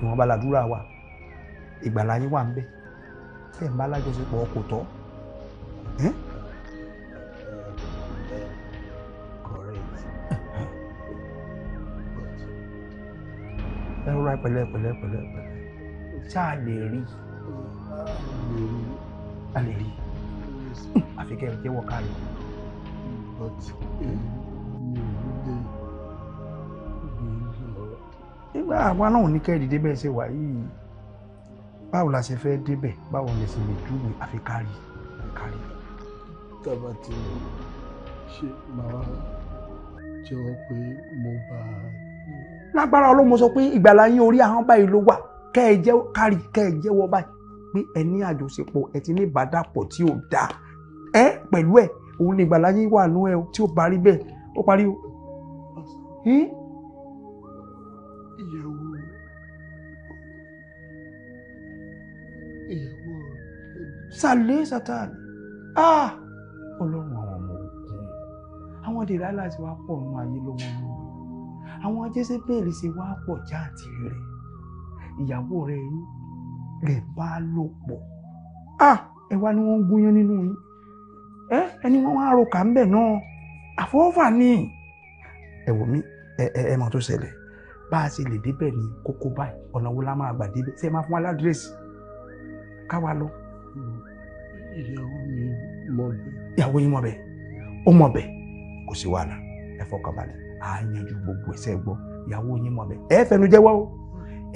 ìwọ̀nba làdúrà wa ìgbàlá yín wà ń bẹ̀ tẹ̀ ń bá lájọṣepọ̀ ọkọ̀ tọ́. ẹ rọra pẹ̀lẹ́ pẹ̀lẹ́ pẹ̀lẹ́ ṣá a lè rí a lè rí àfikẹ́ ìjẹ́wọ́ ká lọ. Eh, nígbà àwa náà ní kẹ́ dìde bẹ́ẹ̀ ṣe wà yìí báwo la ṣe fẹ́ débẹ̀ báwo lè ṣe lè júwe àfi kárí kárí. tábà tí mo ṣe máa jẹ́wọ́ pé mo bá a. lágbára Ọlọ́run mo sọ pé ìgbàlá yín orí ahọ́n báyìí ló wà kẹ́ ẹ jẹ́ kárí kẹ́ ẹ jẹ́wọ́ báyìí pé ẹ ní àjọṣepọ̀ ẹ ti ní ìbádàpọ̀ tí ò dáa ẹ pẹ̀lú ẹ òun ní ìgbàlá yín wà nú ẹ tí ó parí bẹ́ẹ̀ ó parí o. Hm? sàlẹ̀ Satan, ah ọlọ́run àwọn ọmọ ogun àwọn dèlálà ti wá pọ̀ nínú ayé lọ́wọ́ lọ́wọ́ àwọn jésébẹ́ẹ̀lì ti wá pọ̀ jáàtì rẹ̀ ìyàwó rẹ̀ rẹ̀ bá lò pọ̀ ah ẹ wá ni wọ́n ń gúnyán nínú yín ẹ ẹni wọ́n wá ro kà ń bẹ̀ náà àfọwọ́fà ni ẹ wò mí ẹ ẹ ẹ mọ tó ṣẹlẹ̀ bá a ṣe lè débẹ̀ ní kókó báyìí ọ̀nà wo la máa gbà débẹ̀ ṣé máa fún wa ládírẹ́sì ká wa lọ ìyàwó mi mọ̀ bẹ́ẹ̀. ìyàwó yín mọ̀ bẹ́ẹ̀ ó mọ̀ bẹ́ẹ̀ kò sí wàhálà ẹ fọkànbalẹ̀ á yanjú gbogbo ẹsẹ̀ gbọ́ ìyàwó yín mọ̀ bẹ́ẹ̀ ẹ fẹnu jẹ́wọ́ o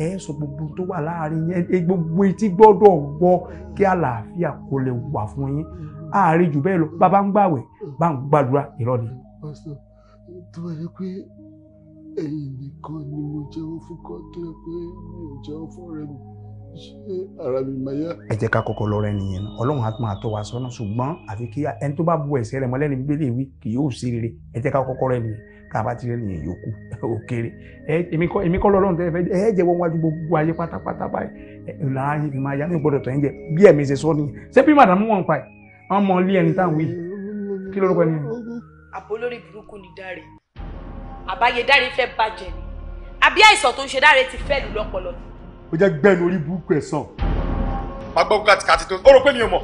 ẹ sọ gbogbo tó wà láàrin yẹn gbogbo etí gbọ́dọ̀ gbọ́ kí àlàáfíà kó lè wà fún yín àárín jù bẹ́ẹ̀ lọ bàbá ń gbàwẹ̀ bá ń gbàdúrà irọ́ ni. pásítọ̀ tó bá yẹ pé ẹ̀yin nìkan ni mo jẹ́wọ́ fún kọ́ńtà pé mi jẹ́wọ́ fún ọ̀rẹ́ mi ṣé ara mi máa yá. ẹ jẹ́ ká kọ́kọ́ lọ rẹ nìyẹn náà ọlọ́run á máa tọ́ wa sọ́nà ṣùgbọ́n àfi kí ẹni tó bá bu ẹ̀ṣẹ̀ rẹ̀ mọ́lẹ́ni bíbélì wí kì yóò sí rere ẹ jẹ́ ká kọ́kọ́ rẹ nìyẹn ká bá ti rẹ nìyẹn yòókù òkèrè èmi kọ́ lọ́run tẹ́lẹ̀ fẹ́ ẹ jẹ́ wọ́n wájú gbogbo ayé pátápátá báyìí láàyè fi máa yá ní gbọ́dọ̀ tó ń jẹ bí ẹ̀mí ṣe sọ nìyẹn ṣé bí màdàmú wọn pa ẹ̀ wọ́n mọ ilé ẹni táwọn yìí kí lórúkọ ẹni. àbò lórí burúkú ni dáre àbáyé dáre fẹ́ bàjẹ́ ni àbí àìsàn tó ń ṣe dáre ti fẹ́ lù lọ́pọ̀lọpọ̀ ó jẹ́ gbẹ́nu orí burúkú ẹ̀ sàn. má gbọ́ kàtìkàtì tó ó rò pé mi ò mọ̀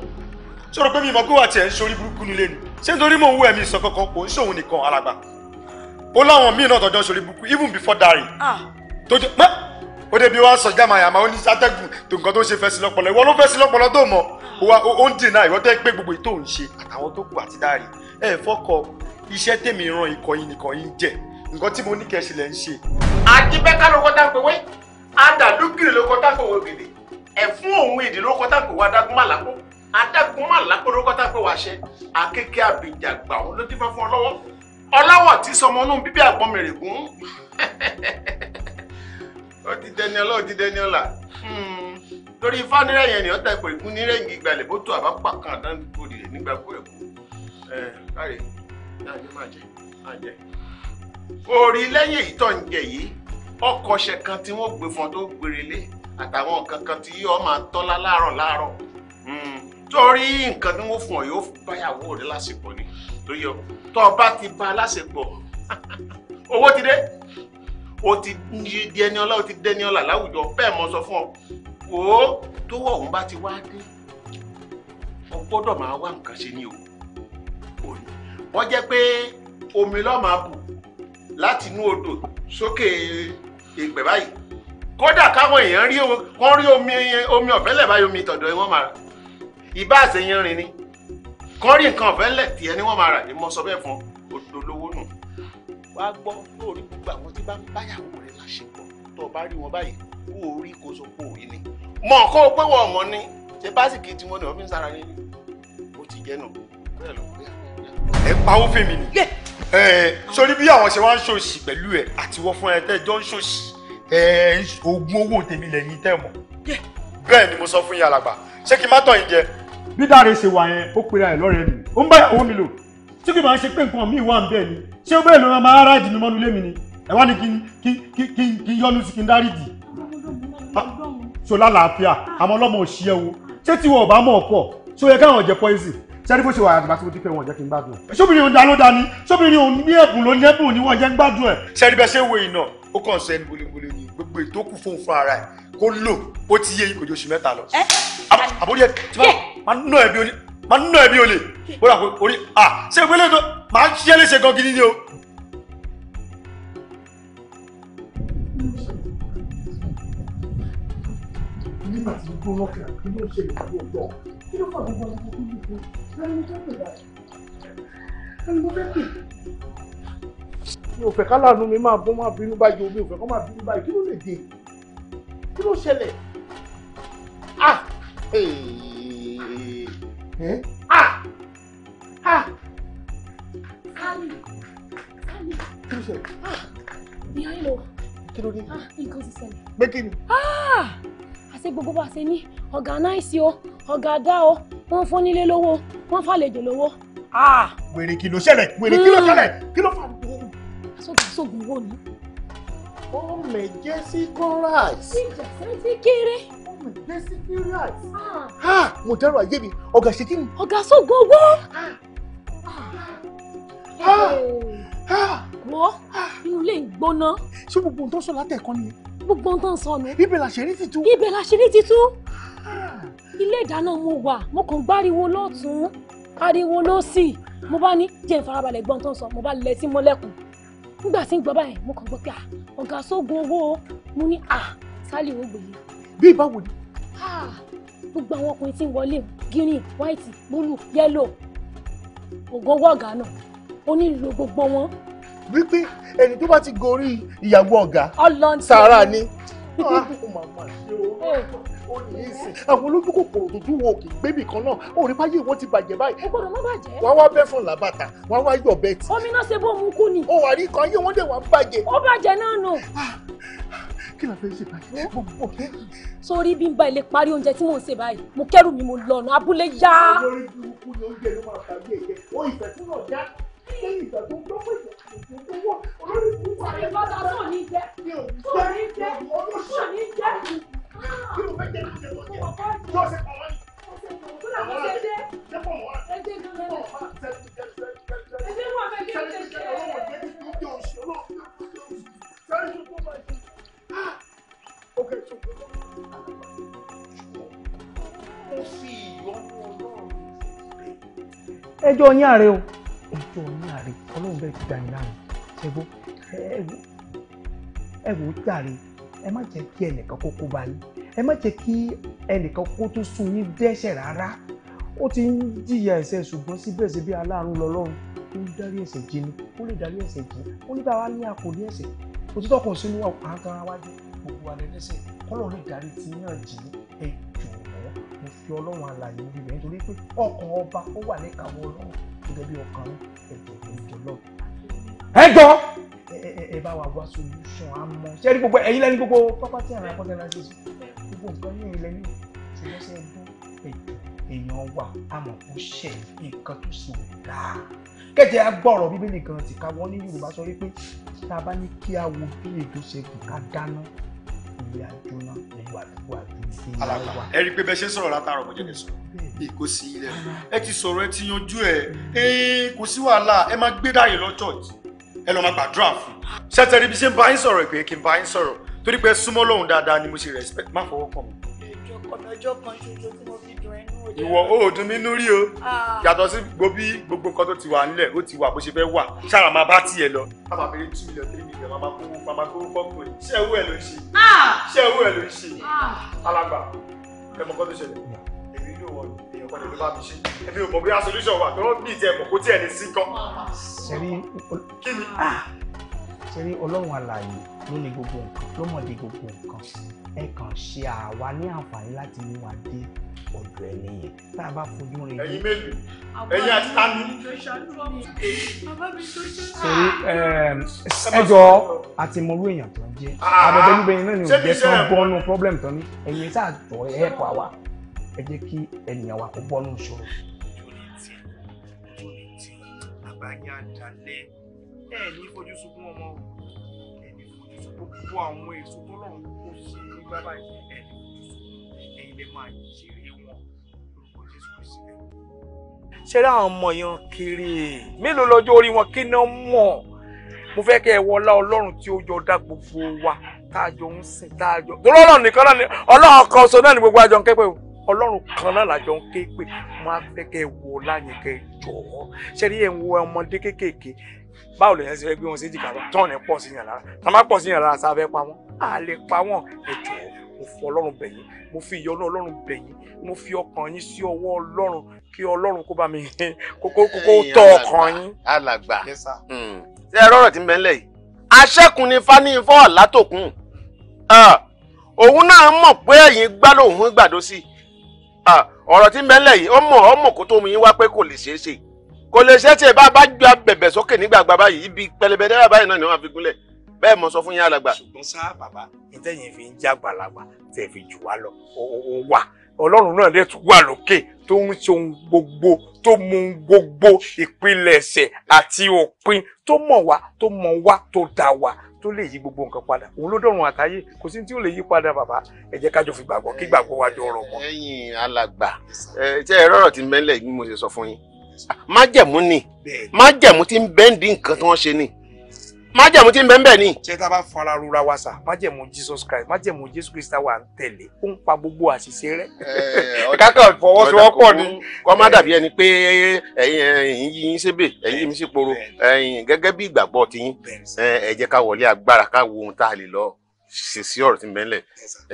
ṣé o rò pé mi ò mọ̀ pé wà tiẹ̀ ń ṣe orí burúkú nílé ni ṣé nítorí mò ń wú ẹ̀mí sọ kankan kò ń ṣòun nìkan alàgbà ó láwọn míì náà tọjọ́ ṣorí burúkú even before dari ah. tó jẹ ó débi wá sọ jáma àyàmá ó ní sátẹ́gùn tó nǹkan tó ń ṣe fẹ́ sí lọ́pọlọ ìwọ ló fẹ́ sí lọ́pọlọ tó mọ̀ ah. ó ń dènà ìwọ pé gbogbo ètò ń ṣe àtàwọn tó kù àti dari ẹ fọkọ iṣẹ́ tèmi ran ìkọyìn nìkan yìí jẹ nǹkan tí mo ní kẹ́ ń ṣe. àti bẹ́ẹ̀ ká dá pé wẹ́ẹ́ adàlúgìrì ló kọ tápò wo gèdè ẹ̀fún òun ìdí ló kọ tápò wo adágún màlákó adágún màlákó ló kọ tápò wo àṣẹ akéké àbíjà gbà òun ló dífá fún ọ lọ́wọ́ ọláwọ̀ tí sọmọ inú bíbí àgbọn mèrègún ó ti dẹni ọlá ó ti dẹni ọlá hmm. torí ifá nírẹ̀ yẹn ni ọ̀tá ìpò ìkún nírẹ̀ yìí gbalẹ̀ bó tó àbá pàkàn dáńgbò rẹ̀ nígbà kó ẹ̀kú ẹ̀ káre ní àjẹ́ máa jẹ́ máa jẹ́ orí lẹ́yìn èyí tó ń jẹ yìí ọkọ̀ṣẹ̀ kan tí wọ́n gbé fún ọ tó gbèrèlé àtàwọn nǹkan kan tí yóò máa tọ́lá láàárọ̀ láàárọ̀ hmm. torí nǹkan tí wọ́n fún ọ yóò báyàwó rẹ lásìkò ni tó yọ tó o bá ti bá a lásìkò owó ti dé o ti di ẹni ọlá o ti dẹni ọlà láwùjọ bẹ́ẹ̀ mo sọ fún ọ wò ó tó wọ̀ òun bá ti wá dé o gbọ́dọ̀ máa wá nǹkan ṣe ni o wọ́n jẹ́ pé omi lọ́ọ́ máa bù láti odò sókè ìpè báyìí kódà káwọn èèyàn rí wọn rí omi omi ọ̀fẹ́lẹ̀ báyìí omi tọ̀dọ̀ ẹ wọ́n máa rà ìbá àṣeyàn rìn ni kọ́ rí nǹkan ọ̀fẹ́lẹ̀ tiẹ̀ ni wọ́n máa rà ní mo sọ bẹ́ẹ̀ fún olówó nù. wàá gbọ́ lórí gbogbo àwọn tí bá ń báyàwó rẹ̀ láṣepọ̀ tó o bá rí wọn báyìí kú orí kó so pò yìí ni. mọ̀ kó o pé wọ́n mọ̀ ni ṣé básìkì tiwọn ni wọ́n fi ń sára ní ni. ó ti jẹ́ nù bẹ́ẹ̀ lọ. ẹ pawó fèmí ni ẹ sórí bí àwọn ṣe wá ń ṣòṣì pẹ̀lú ẹ àtiwọ́ fún ẹ tẹ́ jọ ń ṣòṣì ẹ owó tèmi lẹ́yìn tẹ̀ mọ́ bẹ́ẹ̀ ni mo sọ fún yàràgbà ṣé kí n má tọ̀ yín jẹ. bí Dáre ṣe wà yẹn ó pera ẹ lọ́rẹ̀ẹ́ mi ó ń bá ìyàwó mi lò tí kì bá ń ṣe pé nǹkan míì wà ń bẹ́ẹ̀ ni ṣé ó bẹ́ẹ̀ ló máa rárá ìdí mi mọ́nú lé mi ni ẹ wá ní kí n yọnu sí kí n dárí dì ah, so lálàáfíà àmọ́ ọlọ́mọ òṣìṣẹ́ wo ṣé tí wọn sẹ́ni bó ṣe wà àgbà tí mo ti pẹ́ wọn jẹ́ kí n gbádùn ẹ̀. sóbìnrin òun dáná dání sóbìnrin òun ní ẹ̀bùn ló ní ẹ̀bùn ni wọ́n jẹ́ ń gbádùn ẹ̀. sẹ́ni bẹ́ẹ̀ ṣe wo iná ó kàn ṣe ẹni bolebole ni gbogbo ètò kù fún fún ara ẹ̀ kó lò ó ti yé ìkòjò oṣù mẹ́ta lọ. àbórí ẹ tí máa ń nọ ẹ̀bí olè máa ń nọ ẹ̀bí rà orí à ṣé ìpínlẹ̀ ètò máa ṣiṣẹ́ léṣe gan gidi ni o. nígbà tí mo gbọ́ lọ́kàn kí ló ṣe ìdúró lọ́wọ́ kí ló pọ̀ gbogbo ọ̀sán tó ń bọ̀ lórí ní tó ń bọ̀ ẹni mo fẹ́ pè. mi ò fẹ́ ká láàánú mi máa bọ́ máa bínú báyìí omi ò fẹ́ kó máa bínú báyìí kí ló lè dé kí ló ah! Eh? ah ah ah kálí kálí kí ló ṣẹlẹ̀. ìyá ah! ìlò kí ló dé. Ah! nǹkan ti ṣẹlẹ̀. pé ṣe gbogbo bá ṣe ní ọ̀gánáìsì o ọ̀gádá o wọ́n fún nílé lówó wọ́n fàlejò lówó. wèrè kí ló ṣẹlẹ̀ wèrè kí ló hmm. ṣẹlẹ̀ kí ló fà. sóògùn sóògùn wo ni. ó lè jẹ́ sí kóráàsì. ìjà sẹ́ńtì kéré. ó lè jẹ́ sí kóráàsì. Ah. mo dẹ́rù ayé mi ọ̀gá ṣe kí ni. ọ̀gá sóògùn owó. Ah. wo inú ilé ń gbóná. ṣé gbogbo ohun tó sọ látẹ̀kọ́ nìyẹn gbogbo ohun tó ń sọnù. ibẹ̀ làṣírí ti tú. ibẹ̀ làṣírí ti tú. ilé ìdáná mo wà mo kàn gbáriwo lọ́tún ariwo lọ́sì mo bá ní jẹ́ ìfarabalẹ̀ gbọ́n tó ń sọ mo bá lẹ sí mọ́lẹ́kùn nígbà tí ń gbọ́ báyìí mo kàn gbọ́ pé ọ̀gá sógun owó mo ní à sálì ó gbèyí. bí ìbáwo ni. gbogbo àwọn ọkùnrin tí ń wọlé green white blue yellow ògùn owó ọ̀gá náà ó ní lo gbogbo wọn wípé ẹni tó bá ti gorí ìyàwó ọ̀gá sàárà ni ah, oh. àwọn olójú kòkòrò dúdú wo kì í gbébì kan náà ó rí báyìí wọ́n ti bàjẹ́ báyìí. ọgbọ́dọ̀ má bàjẹ́. wọ́n wá bẹ́ fún làbàtà wọ́n wá yọ̀ bẹ́ẹ̀ tì. omi náà ṣe bó mu kú ni. ó wà rí kan ayé wọn dẹ̀ wá ń bàjẹ́. ó bàjẹ́ náà nù. Ah, kí la fẹ́ ṣe báyìí. sórí bí n ba ilé parí oúnjẹ tí mò ń ṣe báyìí mo kẹ́rù mi mo lọ́nà abúlé yá. olórí burúkú ni oúnjẹ ló máa lẹ́yìn ẹjọ́ yín àárẹ̀ o ẹjọ́ ní àárẹ̀ ọlọ́run bẹ́ẹ̀ ti dání láàrin ṣẹ́gbó ẹ wò ó jàre ẹ má jẹ́ kí ẹnìkan kó kó bá yín ẹ má jẹ́ kí ẹnìkan kó tó sún yín dẹ́ṣẹ̀ rárá ó ti ń jìyà ẹ̀ṣẹ̀ ṣùgbọ́n síbẹ̀síbẹ̀ bí aláàánú lọ́lọ́run ó ń dárí ẹ̀ṣẹ̀ jì ni ó lè dárí ẹ̀ṣẹ̀ jì ó ní báwa ní àpò ní ẹ̀ṣẹ̀ òtítọ́ kan sínú àǹkan wájú gbogbo alẹ́ lẹ́sẹ̀ kọ́lọ́ lè dárí ti yàn jì ní ẹ jọ̀wọ́ mo fi ọlọ́run alàyè níbi rẹ̀ nítorí pé ọkàn ọba ó wà níkàwọ́ ọlọ́run gẹ́gẹ́ bí ọkàn ẹ̀jọ̀ ẹ̀jọ̀ lọ. ẹ jọ ẹ bá wa wá solution àmọ́ ṣé ẹni gbogbo ẹ̀yin lẹ́ni gbogbo property and property analysis gbogbo nǹkan ní ilẹ̀ ní ìṣèlọ́sẹ̀ ẹ̀dùn ẹ̀jọ̀ èèyàn wà àmọ́ kó ṣẹ̀ nǹkan tó sì wò dáa kẹjẹ agbọrọ bíbélì kan tìka wọn ní Yorùbá sọ wípé tá a bá ní kí a wo bí èdè ṣe kù ká dáná pé àjọyọ̀ gbogbo àdúgbò àdúgbò wa. ẹ rí i pé bẹ́ẹ̀ ṣe ń sọ̀rọ̀ látàrọ̀ mo jẹ́ kí n sọ̀rọ̀ èkó sí ilẹ̀ ẹ ti sọ̀rọ̀ ẹ ti yanjú ẹ kò sí wàhálà ẹ máa gbé dáyé lọ church ẹ lọ máa gbàdúrà fún. sẹ́tẹ̀rì bí ṣe ń bá yín sọ̀rọ̀ pé kí n bá yín sọ̀rọ̀ torí pé súnmọ́ lọ́hùn dáadáa ni mo ṣe respect má fọwọ́ kàn mí. ọjọ́ kan ṣoṣo tí mo fi ìwọ ó dùn mí lórí o ah. yàtọ̀ sí gbogbo gbogbo nǹkan tó ti wà nílẹ̀ ó ti wà bó ṣe fẹ́ wà ṣáà máa bá tiẹ̀ lọ. a máa bèrè two million three million máa kó máa kó kọ́kùnrin ṣé owó ẹ̀ ló ń ṣe ah. ṣé owó ẹ̀ ló ń ṣe ah. alàgbà ẹ̀ mọ̀ kọ́ tó ṣẹlẹ̀ èmi ní òwò èèyàn kan lè bá mi ṣe èmi ò mọ̀ bí solution wà tó bí ìtẹ̀ mọ̀ kó tiẹ̀ lè sí kan. ṣe rí ọlọ́run alààyè ló ní gbogbo nǹkan ló mọ̀ ní gbogbo nǹkan ẹ kàn ṣe àwa ní àǹfààní láti mú wa dé ọ̀dọ̀ ẹni yìí tá a bá fojú rìn. ẹyin méjì ẹyin àti tani. torí ẹjọ́ àti mọ̀rú èèyàn tó ń jẹ́ abẹ́bẹ́ ah, ah, ah. níbẹ̀ yẹn náà ni òjẹ́ tó ń bọ́nú pọ́blẹ́mù tó ní ẹ̀yin tá a tọ̀ ẹ̀ pa wá ẹ jẹ́ kí ènìyàn wa kó bọ́nú ìṣòro. torí tí torí tí àbáyá dalẹ̀ ẹ̀ ní fojú sunkún ọmọ ẹ̀ ní fojú sunkún gbogbo àwọn èso tó lọ́rùn kó sí ní bábá ẹ̀ ní fojú sunkún ẹ̀yin lè máa jèrè ṣé rí àwọn ọmọ yẹn kiri mélòó lọ́jọ́ orí wọn kí náà mọ̀ mo fẹ́ kẹ́ ẹ wọlá ọlọ́run tí ó jọ dá gbogbo wa tá ń sìn tá tó lọ́rọ̀ nìkan náà ni ọlọ́run kan so náà ni gbogbo àjọ ń ké pé o ọlọ́run kan náà làjọ ń ké pé mo á fẹ́ kẹ́ ẹ wọlá yẹn kẹ́ ẹ jọ ṣé rí ẹ ń wo ọmọdé kéékèèké báwo lèyàn ṣe fẹ́ gbé wọn sí jìkà tán ní pọ̀ sí yàn lára tàmá pọ̀ sí yàn lára sáfẹ́ pa wọ́n à lè pa wọ́n ẹ̀jọ̀ mo fi ọlọ́run bẹ̀ yín mo fi ìyọ́nú ọlọ́run bẹ̀ yín mo fi ọkàn yín sí ọwọ́ ọlọ́run kí ọlọ́run kó bá mi kókó kókó tọ́ ọkàn yín. alàgbà hmm. ṣé ẹ rọrọ tí ń bẹ ńlẹ̀ yìí aṣẹ́kùn ni fanífọ́ látòkùn òun náà mọ̀ pé ẹ̀yin gbá lòun gbàdó sí ọ̀rọ̀ tí ń bẹ ńlẹ̀ yìí ọmọ ọmọ kó tó mu yín wá pé kò lè ṣeé ṣe kò lè ṣeé ṣe bá bá gbà sókè nígbàgbà báyìí ibi pẹlẹbẹ dẹ́rẹ́ báyìí náà ni wọ́n bẹ́ẹ̀ mo sọ fún yín alàgbà. ṣùgbọ́n sá bàbá ìtẹ̀yìn fi ń jàgbàlagbà tẹ̀ fi jù wá lọ ó wà ọlọ́run náà dẹ̀ tún wà lókè tó ń ṣe ohun gbogbo tó mú gbogbo ìpilẹ̀ṣẹ̀ àti òpin tó mọ̀ wá tó mọ̀ wá tó dá wá tó lè yí gbogbo nǹkan padà òun ló dọ̀run àtayé kò sí tí ó lè yí padà bàbá ẹ jẹ́ kájọ fi gbàgbọ́ kí gbàgbọ́ wa jọ ọ̀rọ̀ mọ́. ẹ̀yin alàgbà tí ẹ rọrọ ti mẹlẹ yìí mo ṣe sọ fún yín ah, májẹ̀mú ni májẹ̀mú ti ń bẹ́ǹdì nǹkan tí wọ́n ṣe ni májẹ̀mú tí ń bẹ ń bẹ ni. ṣé tá a bá fara rora wa sà májẹ̀mú jesus christ májẹ̀mú jésù kristi wa ń tẹ̀lé ó ń pa gbogbo àṣìṣe rẹ. Eh, kákan fọwọ́sowọ́pọ̀ ni kọ́ má eh. dàbí ẹni pé ẹ̀yin ẹ̀yin yín sébè ẹ̀yin yín sí poro ẹ̀yin gẹ́gẹ́ bí ìgbàgbọ́ tiyín eh, ẹ jẹ́ ká wọlé agbára ká wo ohun tá a lè lọ ṣèṣì ọ̀rọ̀ tí ń bẹ ńlẹ̀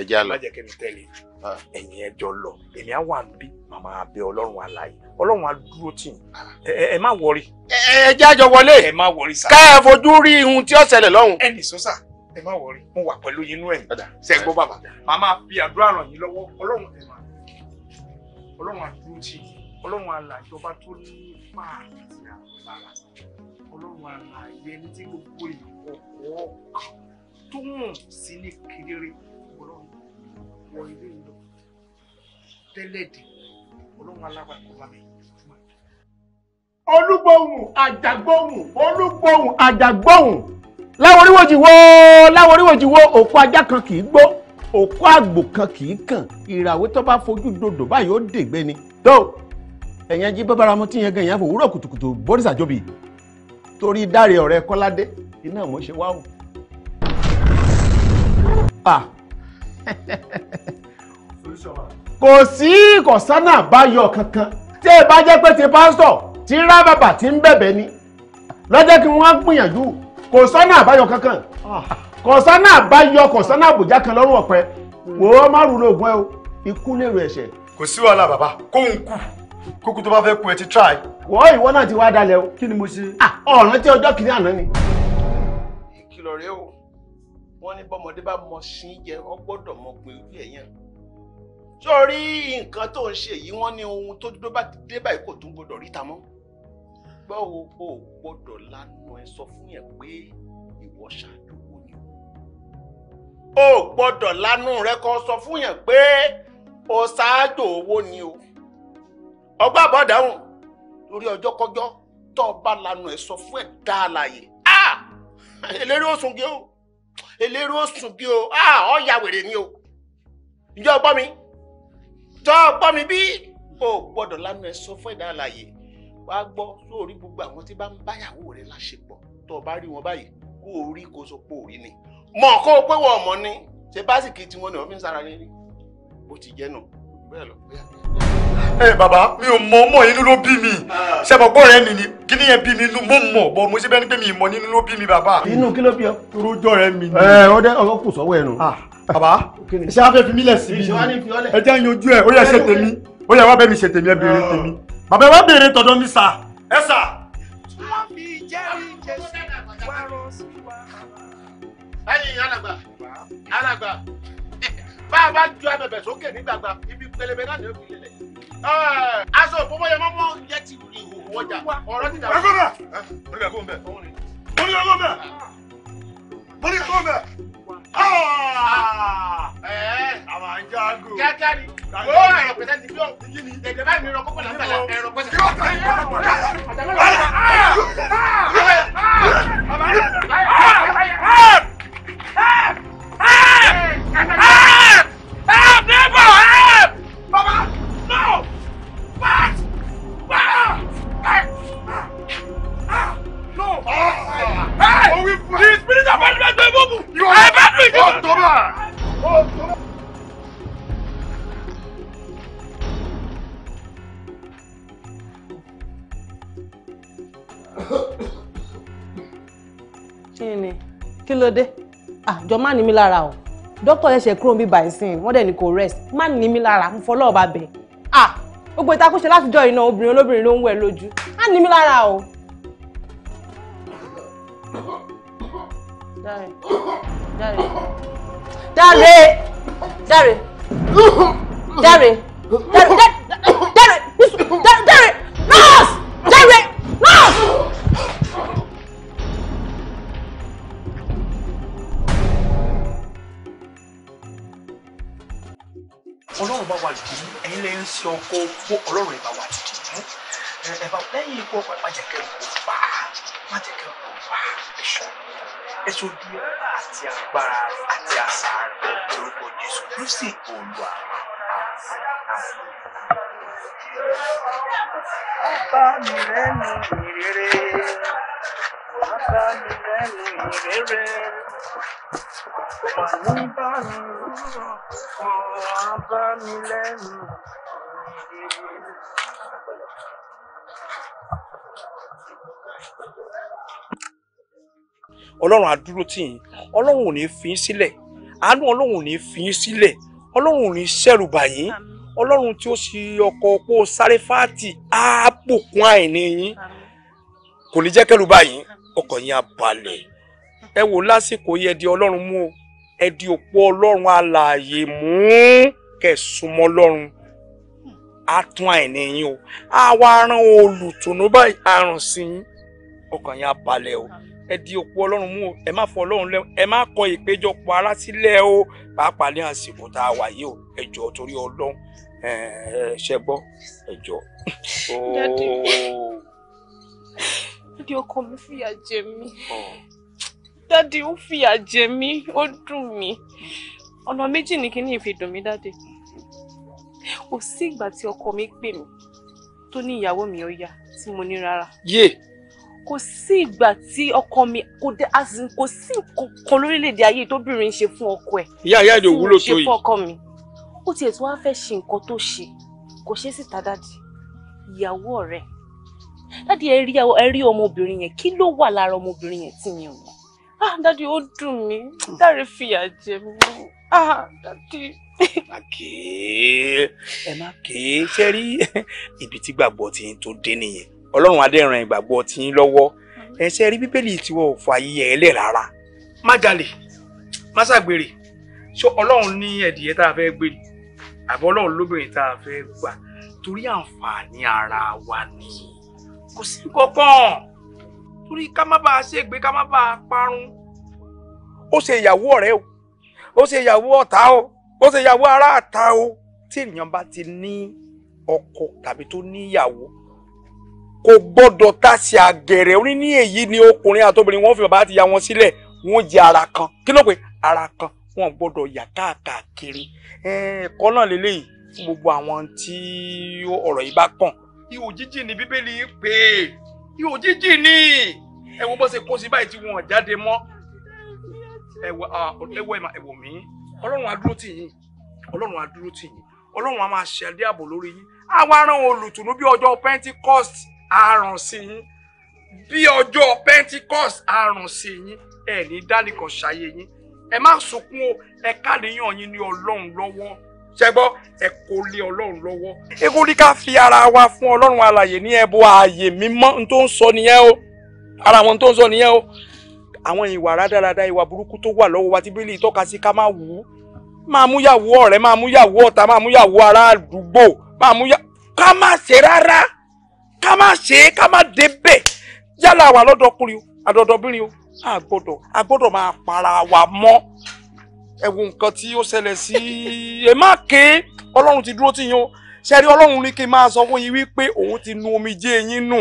ẹ jẹ́ àlọ́. májẹ̀kẹ́ni tẹ̀lé Ah, ẹ̀yin ẹjọ́ lọ èmi á wà níbí màmá abẹ ọlọ́run àlàyé ọlọ́run á dúró tì yín ẹ má wọrí. ẹ jẹ́ àjọ wọlé ẹ má wọrí sá. ká ẹ fojú rí ihun tí ó ṣẹlẹ̀ lọ́hùn. ẹ nìṣó sá ẹ má wọrí mo wà pẹ̀lú yín nú ẹ̀yìn ṣe gbọ́ bàbá màmá fi àdúrà ràn yín lọ́wọ́ ọlọ́run ẹ̀ máa ọlọ́run á dúró tì yín ọlọ́run àlàyé ọba tó ní máa ọlọ́run àlàyé ẹni tí gbogbo èèyàn ọ̀kọ̀ọ̀kan tó hàn sí ní kedere ọlọ́run wọ ilé ìwé tẹ́lẹ̀dì olóhùn alágbàkọ́bá olúgbòhùn àjàgbòhùn olúgbòhùn àjàgbòhùn láwọn oríwòjì wo láwọn oríwòjì wo òkú ajá kan kì í gbó òkú àgbò kan kì í kàn ìràwé tó bá fojú dòdò báyìí ó dègbé ni. tó ẹ̀yẹn jí bábára mu tíyẹn gan ìyàfọ̀ òwúrọ̀ kùtùkùtù bọ́dísà jóbi torí dáre ọ̀rẹ́ kọ́ládé iná mo ṣe wá ah. kò sí kọ̀sánà báyọ̀ kankan tí ẹ bá jẹ́ pé ti pásítọ̀ tí rá bàbà tí ń bẹ̀bẹ̀ ni lọ́jọ́ kí wọ́n gbìyànjú kò àbáyọ kankan ah, kò àbáyọ kò kan lọ́rùn ọ̀pẹ wò ó má rúlò ikú lèrò ẹ̀ṣẹ̀. kò sí wàhálà bàbá kókó bá fẹ́ kú ẹ ti try. wọ́n ìwọ náà ti wá dalẹ̀ o. kí ni mo ṣe. Ah, ọ̀ràn tí sórí nǹkan tó ń ṣe yìí wọ́n ní ohun tó dúró bá ti dé báyìí kò tún gbọdọ̀ ríta mọ́ gbọ́ o ò lanu ẹ sọ fún yẹn pé ìwọ ṣàdúgbò ni o ò gbọdọ̀ lanu rẹ kó sọ fún yẹn pé o ṣáájò owó ni o ọgbà bọ́dáhùn lórí ọjọ́ kọjọ́ tó o bá lanu ẹ sọ fún ẹ dá a láàyè eléré òsùn gé o eléré òsùn gé o ọ ya wèrè ni o ǹjẹ́ mi tọ́ gbọ́ mi bí o gbọ́dọ̀ lánà ẹ sọ fún ẹ̀dá àlàyé wàá gbọ́ sórí gbogbo àwọn tí bá ń báyàwó rẹ láṣepọ̀ tó o bá rí wọn báyìí kó o rí kó o sọ pé o ni mọ̀ kó o pé wọ́n ọmọ ni ṣe básìkì tiwọn ni wọ́n fi ń sára rírí bó ti jẹ́ nù ẹ bàbá mi ò mọ ọmọ inú ló bí mi ah. ṣe mọ gbọ́rọ̀ ẹni ni kí ni yẹn bí mi mo mọ̀ bọ́ mo ṣe bẹ́ẹ̀ ni pé mi ìmọ̀ nínú ló bí mi bàbá. inú kí ló bí ọ. torojọ́ rẹ mi ni. ẹ ọdẹ ọkọ kù sọ́wọ́ ẹnu bàbá ṣé a fẹ́ fi mí lẹ̀ sí mi ẹ jẹ́ yanjú ẹ̀ ó yẹ ṣe tèmi ó yẹ wá bẹ́ẹ̀ mi ṣe tèmi ẹ béèrè tèmi bàbá ẹ wá béèrè mi sà ẹ sà. ẹ̀yin alàgbà alàgbà bá a bá ju abẹ̀bẹ̀ sókè nígbàgbà ibi pẹlẹbẹ náà ni ó fi lélẹ̀ aṣọ òpópó yẹn mọ́mọ́ yẹ ti rí òwò ọjà ọ̀rọ̀ ti dà. ọ̀rẹ́ kò bẹ̀ ọ̀rẹ́ kò bẹ̀ ọ̀rẹ́ kò bẹ̀ ọ̀rẹ́ kò bẹ̀ àwọn àjàgò. kíákíá ni ó ẹ̀rọ pẹ̀sẹ̀ ti bí òun ẹ̀jẹ̀ báyìí ni ìrọ̀kọ́kọ́ náà gbàdá ẹ̀rọ pẹ̀sẹ̀. yóò tẹ̀ ẹ́ yóò tẹ̀ ẹ́ yóò tẹ̀ ẹ́ yóò tẹ̀ ẹ́ yóò tẹ̀ ẹ́ yóò tẹ̀ ẹ́ Don't we fight? The spirit of Batman is moving. You are a battery. Oh, Toba. Oh, kí ló dé àjọ ah, má ní mi lára o dókítà ẹsẹ kúrò bí bàyìí sìn wọn dẹ ni kò rest má ní mi lára mo fọlọ́ọ̀bá bẹ̀ ah gbogbo ìtakùn ṣe látijọ́ iná obìnrin olóbìnrin ló ń wẹ̀ lójú má ní mi lára o. Dare. Dare. Dare. Dare. Dare. Dare. Dare. Dare. Dare. Nurse. Dare. Nurse. Ọlọ́run bá wà lùdí ẹ̀yin lẹ́yìn sí ọkọ̀ owó Ọlọ́run ẹ̀ bá wà lùdí ẹ̀ bá lẹ́yìn ikú ọkọ̀ ẹ̀ má jẹ́ kẹ́rù kó fà á má jẹ́ kẹ́rù kó fà á ẹ̀ ṣọ́ ẹ ṣojú àti agbára àti àṣà rẹ̀ lórúkọ Jésù Kristi Olúwa. Bàbá mi lẹ́nu ìrere, bàbá mi lẹ́nu ìrere, màmú bá mi rọ̀, mi lẹ́nu ìrere ọlọ́run á dúró tì yín ọlọ́run ò ní fi yín sílẹ̀ àánú ọlọ́run ò ní fi yín sílẹ̀ ọlọ́run ò ní ṣẹ̀rù bà yín ọlọ́run tí ó ṣe ọkọ̀ opó sáréfáàtì á bùkún àìní yín kò ní jẹ́ kẹ́rù bà yín ọkàn yín á balẹ̀ ẹ wò lásìkò yẹ di ọlọ́run mú o ẹ di òpó ọlọ́run alààyè mú kẹsùnmọ́ ọlọ́run á àìní yín o á wá olùtùnú báyìí á sí yín ọkàn yín á o. Amen ẹ di òpó ọlọ́run mú o ẹ má fọ ọlọ́run lẹ́wọ̀n ẹ má kọ ìpéjọpọ̀ ara sílẹ̀ o pàápàá ní àsìkò tá a wà yìí o ẹ jọ̀ọ́ torí ọlọ́run ẹ ṣe gbọ́ ẹ jọ̀ọ́. dádì ọkọ mi fìyà jẹ mí dádì ó fìyà jẹ mí ó dùn mí ọ̀nà méjì ni kí ni ìfi dùn mí dádì kò sí ìgbà tí ọkọ mi pè mí tó ní ìyàwó mi ó yá tí mo ní rárá. yé. Yeah kò sí ìgbà tí ọkọ mi kò dé asin kò sí nǹkan lórílẹ̀‐èdè ayé tóbìnrin ń ṣe fún ọkọ ẹ̀. ìyá ìyá ìdè òwúlò tó yìí tí mo ṣe fún ọkọ mi ó tiẹ̀ tí wọ́n á fẹ́ ṣe nǹkan tó ṣe kò ṣe síta dáàdì ìyàwó ọ̀rẹ́ dáàdì ẹ rí ẹ rí ọmọbìnrin yẹn kí ló wà lára ọmọbìnrin yẹn tí mi ò ah dáàdì ó dùn mí dáre fìyà jẹ mí ah dáàdì. àkèé ẹ má kéé ṣe rí ibi tí gbàgbọ́ ti tó dé nìyẹn ọlọ́run adẹ́ran ìgbàgbọ́ ti yín lọ́wọ́ ẹ̀ṣẹ̀ rí bíbélì tiwọ́ fà yí ẹ̀ẹ́lẹ̀ rárá má jalè má ṣàgbèrè ṣé ọlọ́run ní ẹ̀dìyẹ tá a fẹ́ gbé ni àbí ọlọ́run lóbìnrin tá a fẹ́ gbà torí àǹfààní ara wa ni kò sí kankan torí ká má bàa ṣègbé ká má bàa parun ó ṣe ìyàwó ọ̀rẹ́ o ó ṣe ìyàwó ọ̀tá o ó ṣe ìyàwó aráàta o tí ènìyàn bá ti ní ọkọ tàbí tó níyàwó kò gbọ́dọ̀ tá a ṣe àgẹ̀rẹ̀ ó ní ní èyí ni ọkùnrin àtobìnrin wọn fi bàbá àti ìyá wọn sílẹ̀ wọn jẹ ara kan kí ló pé ara kan wọn gbọ́dọ̀ yà káàkiri ẹ̀kọ́ náà lélẹ́yìí fún gbogbo àwọn tí ọ̀rọ̀ yìí bá kàn ihò jíjì ni bíbélì pè é ihò jíjì ni ẹ wo bó ṣe kó sí báyìí tí wọn jáde mọ́ ẹ wọ ẹ wọ mí ọlọ́run á dúró tì yín ọlọ́run á dúró tì yín ọlọ́run á máa ṣe àdé lórí yín àwa aràn olùtùnú bí ọjọ́ Pentecost àrùn sí yín bí ọjọ́ Pentecost àrùn sí yín ẹ ní dánìkan ṣàyè yín ẹ má sunkún o ẹ káàdéyàn yín ní Ọlọ́run lọ́wọ́ ṣẹgbọ́ ẹ kò lé Ọlọ́run lọ́wọ́. ewu ní ká fi ara wa fún Ọlọ́run alàyè ní ẹbọ ààyè mímọ́ n tó ń sọ nìyẹn o ara wọn tó ń sọ nìyẹn o àwọn ìwà rádaràda ìwà burúkú tó wà lọ́wọ́ wa tí bíbélì tọ́ka sí ká má wù ú máa mú yàwó ọ̀rẹ́ máa mú yàwó ọ̀tá máa mú yàwó ará àdúgbò máa mú yàwó ká má ṣe rárá ká má ṣe é ká má débẹ̀ yálà wà lọ́dọ̀ọkùnrin o àdọ̀dọ̀bìnrin o àgbọ̀dọ̀ àgbọ̀dọ̀ máa para wa mọ́ ẹ̀wù nǹkan tí ó ṣẹlẹ̀ sí ẹ má ké ọlọ́run ti dúró tì yín o ṣẹ́rí ọlọ́run ní kí n máa sọ fún yín wípé òun ti nu omijé yín nù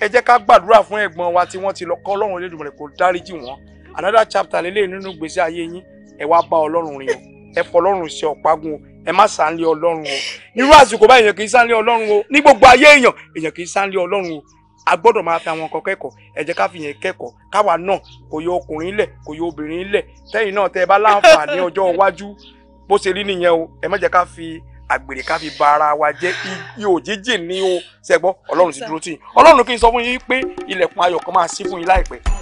ẹ jẹ́ ká gbàdúrà fún ẹ̀gbọ́n wa tí wọ́n ti lọ kọ́ ọlọ́run Olódùmarè kó dáríjì wọ́n another chapter lélẹ́yìn nínú ìgbésí ayé yín ẹ wá bá ọlọ́run rìn o ẹ fọ ọlọ́run ṣe ọ̀págun ẹ má sánlé ọlọ́run o irú àsìkò báyìí èèyàn kì í sánlé ọlọ́run o ní gbogbo ayé èèyàn èèyàn kì í sánlé ọlọ́run o a gbọ́dọ̀ máa fi àwọn nǹkan kẹ́kọ̀ọ́ ẹ jẹ́ ká fi yẹn kẹ́kọ̀ọ́ káwa náà kò yọ ọkùnrin lẹ̀ kò yọ obìnrin lẹ̀ tẹ́yìn náà tẹ́ ẹ bá láǹfààní ọjọ́ iwájú bó ṣe rí nìyẹn o ẹ má jẹ́ ká fi àgbèrè ká fi ba ara wa jẹ́ ihò jíjìn ní o ṣẹ́gbọ́ ọlọ́run ti dúró tì yín ọlọ́run kì í sọ fún yín pé ilẹ̀kùn ayọ̀ kan máa ṣí fún yín láìpẹ́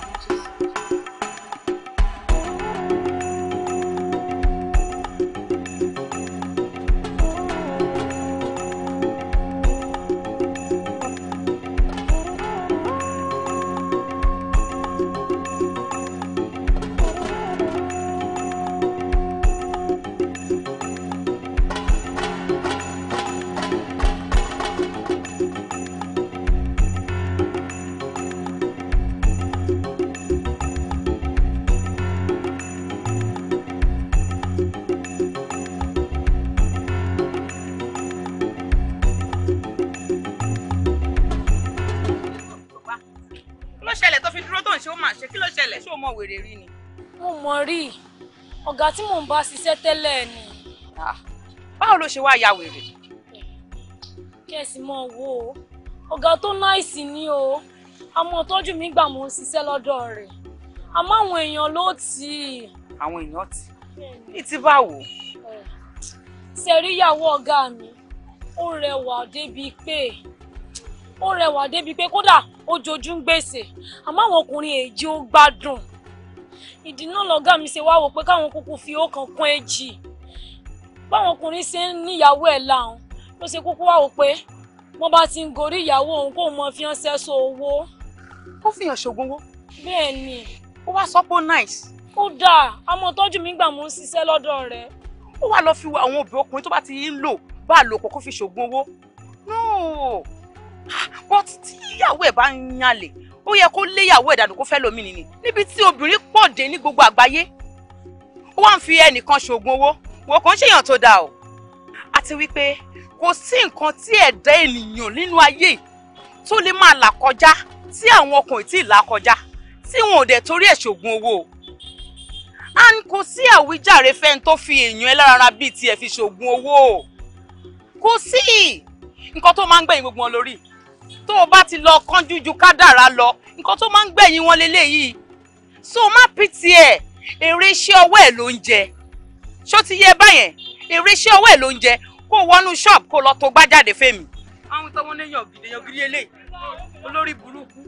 ìgbà tí mò ń bá ṣiṣẹ́ tẹ́lẹ̀ ni. Ah, báwo ló ṣe wá ya wèrè. kẹ̀sì mọ̀ wo ọ̀gá tó náìsì ni o àmọ́ tọ́jú mi gbà mò ń ṣiṣẹ́ lọ́dọ̀ rẹ̀ àmọ́ àwọn èèyàn ló tì í. àwọn èèyàn tì í ní ti báwo. ṣe rí ìyàwó ọ̀gá mi ó rẹwà débi pé ó rẹwà débi pé kódà ó jojú ń gbèsè àmọ́ àwọn ọkùnrin èjì ó gbádùn ìdínà lọ̀gá mi ṣe wá wò pé káwọn kúkú fi ọkàn kún èjì báwọn ọkùnrin ṣe ń níyàwó ẹ̀ láwọn ló ṣe kúkú wá wò pé wọ́n bá ti ń gorí ìyàwó òun kó mọ fi hàn sẹ́sọ owó. ó fi hàn ṣògùn owó. bẹ́ẹ̀ ni. ó wá sọ pé nice. ó dáa àmọ́ tọ́jú mi gbà mò ń ṣiṣẹ́ lọ́dọ̀ rẹ̀. ó wà lọ fi àwọn obì ọkùnrin tó bá ti ń lò bá lò pọ̀ kó fi ṣògùn owó. no but tí ìyàwó ẹ̀ bá ń yan àlè ó yẹ kó léyàwó ẹ̀dànù kó fẹ́ lómi nìyí níbi tí obìnrin pọ̀ dé ní gbogbo àgbáyé ó wá ń fi ẹnìkan ṣoògùn owó wò kàn ṣèyàn tó dáa o àti wípé kò sí nǹkan tí ẹ̀dá ènìyàn nínú ayé tó lè máa là kọjá tí àwọn ọkùnrin tí ì là kọjá tí wọn ò dẹ̀ torí ẹ̀ ṣoògùn owó o à ń kò sí àwíjàre fẹ́ni tó fi èèyàn ẹlẹ́ranra bíi tiẹ̀ fi ṣoògùn owó o kò sí nǹkan tó máa ń gbẹ̀yìn gbogbo wọn lórí tó o bá ti lọ kánjú ju kádàrá lọ nǹkan tó máa ń gbẹ̀yìn wọn leléyìí so má pìtì ẹ̀ èrè iṣẹ́ ọwọ́ ẹ̀ ló ń jẹ ṣó ti yẹ báyẹn èrè iṣẹ́ ọwọ́ ẹ̀ ló ń jẹ kó wọnú shop kó lọ tó gbá jáde fèmí. àwọn tó wọn léèyàn gidi èèyàn gidi eléyìí olórí burúkú.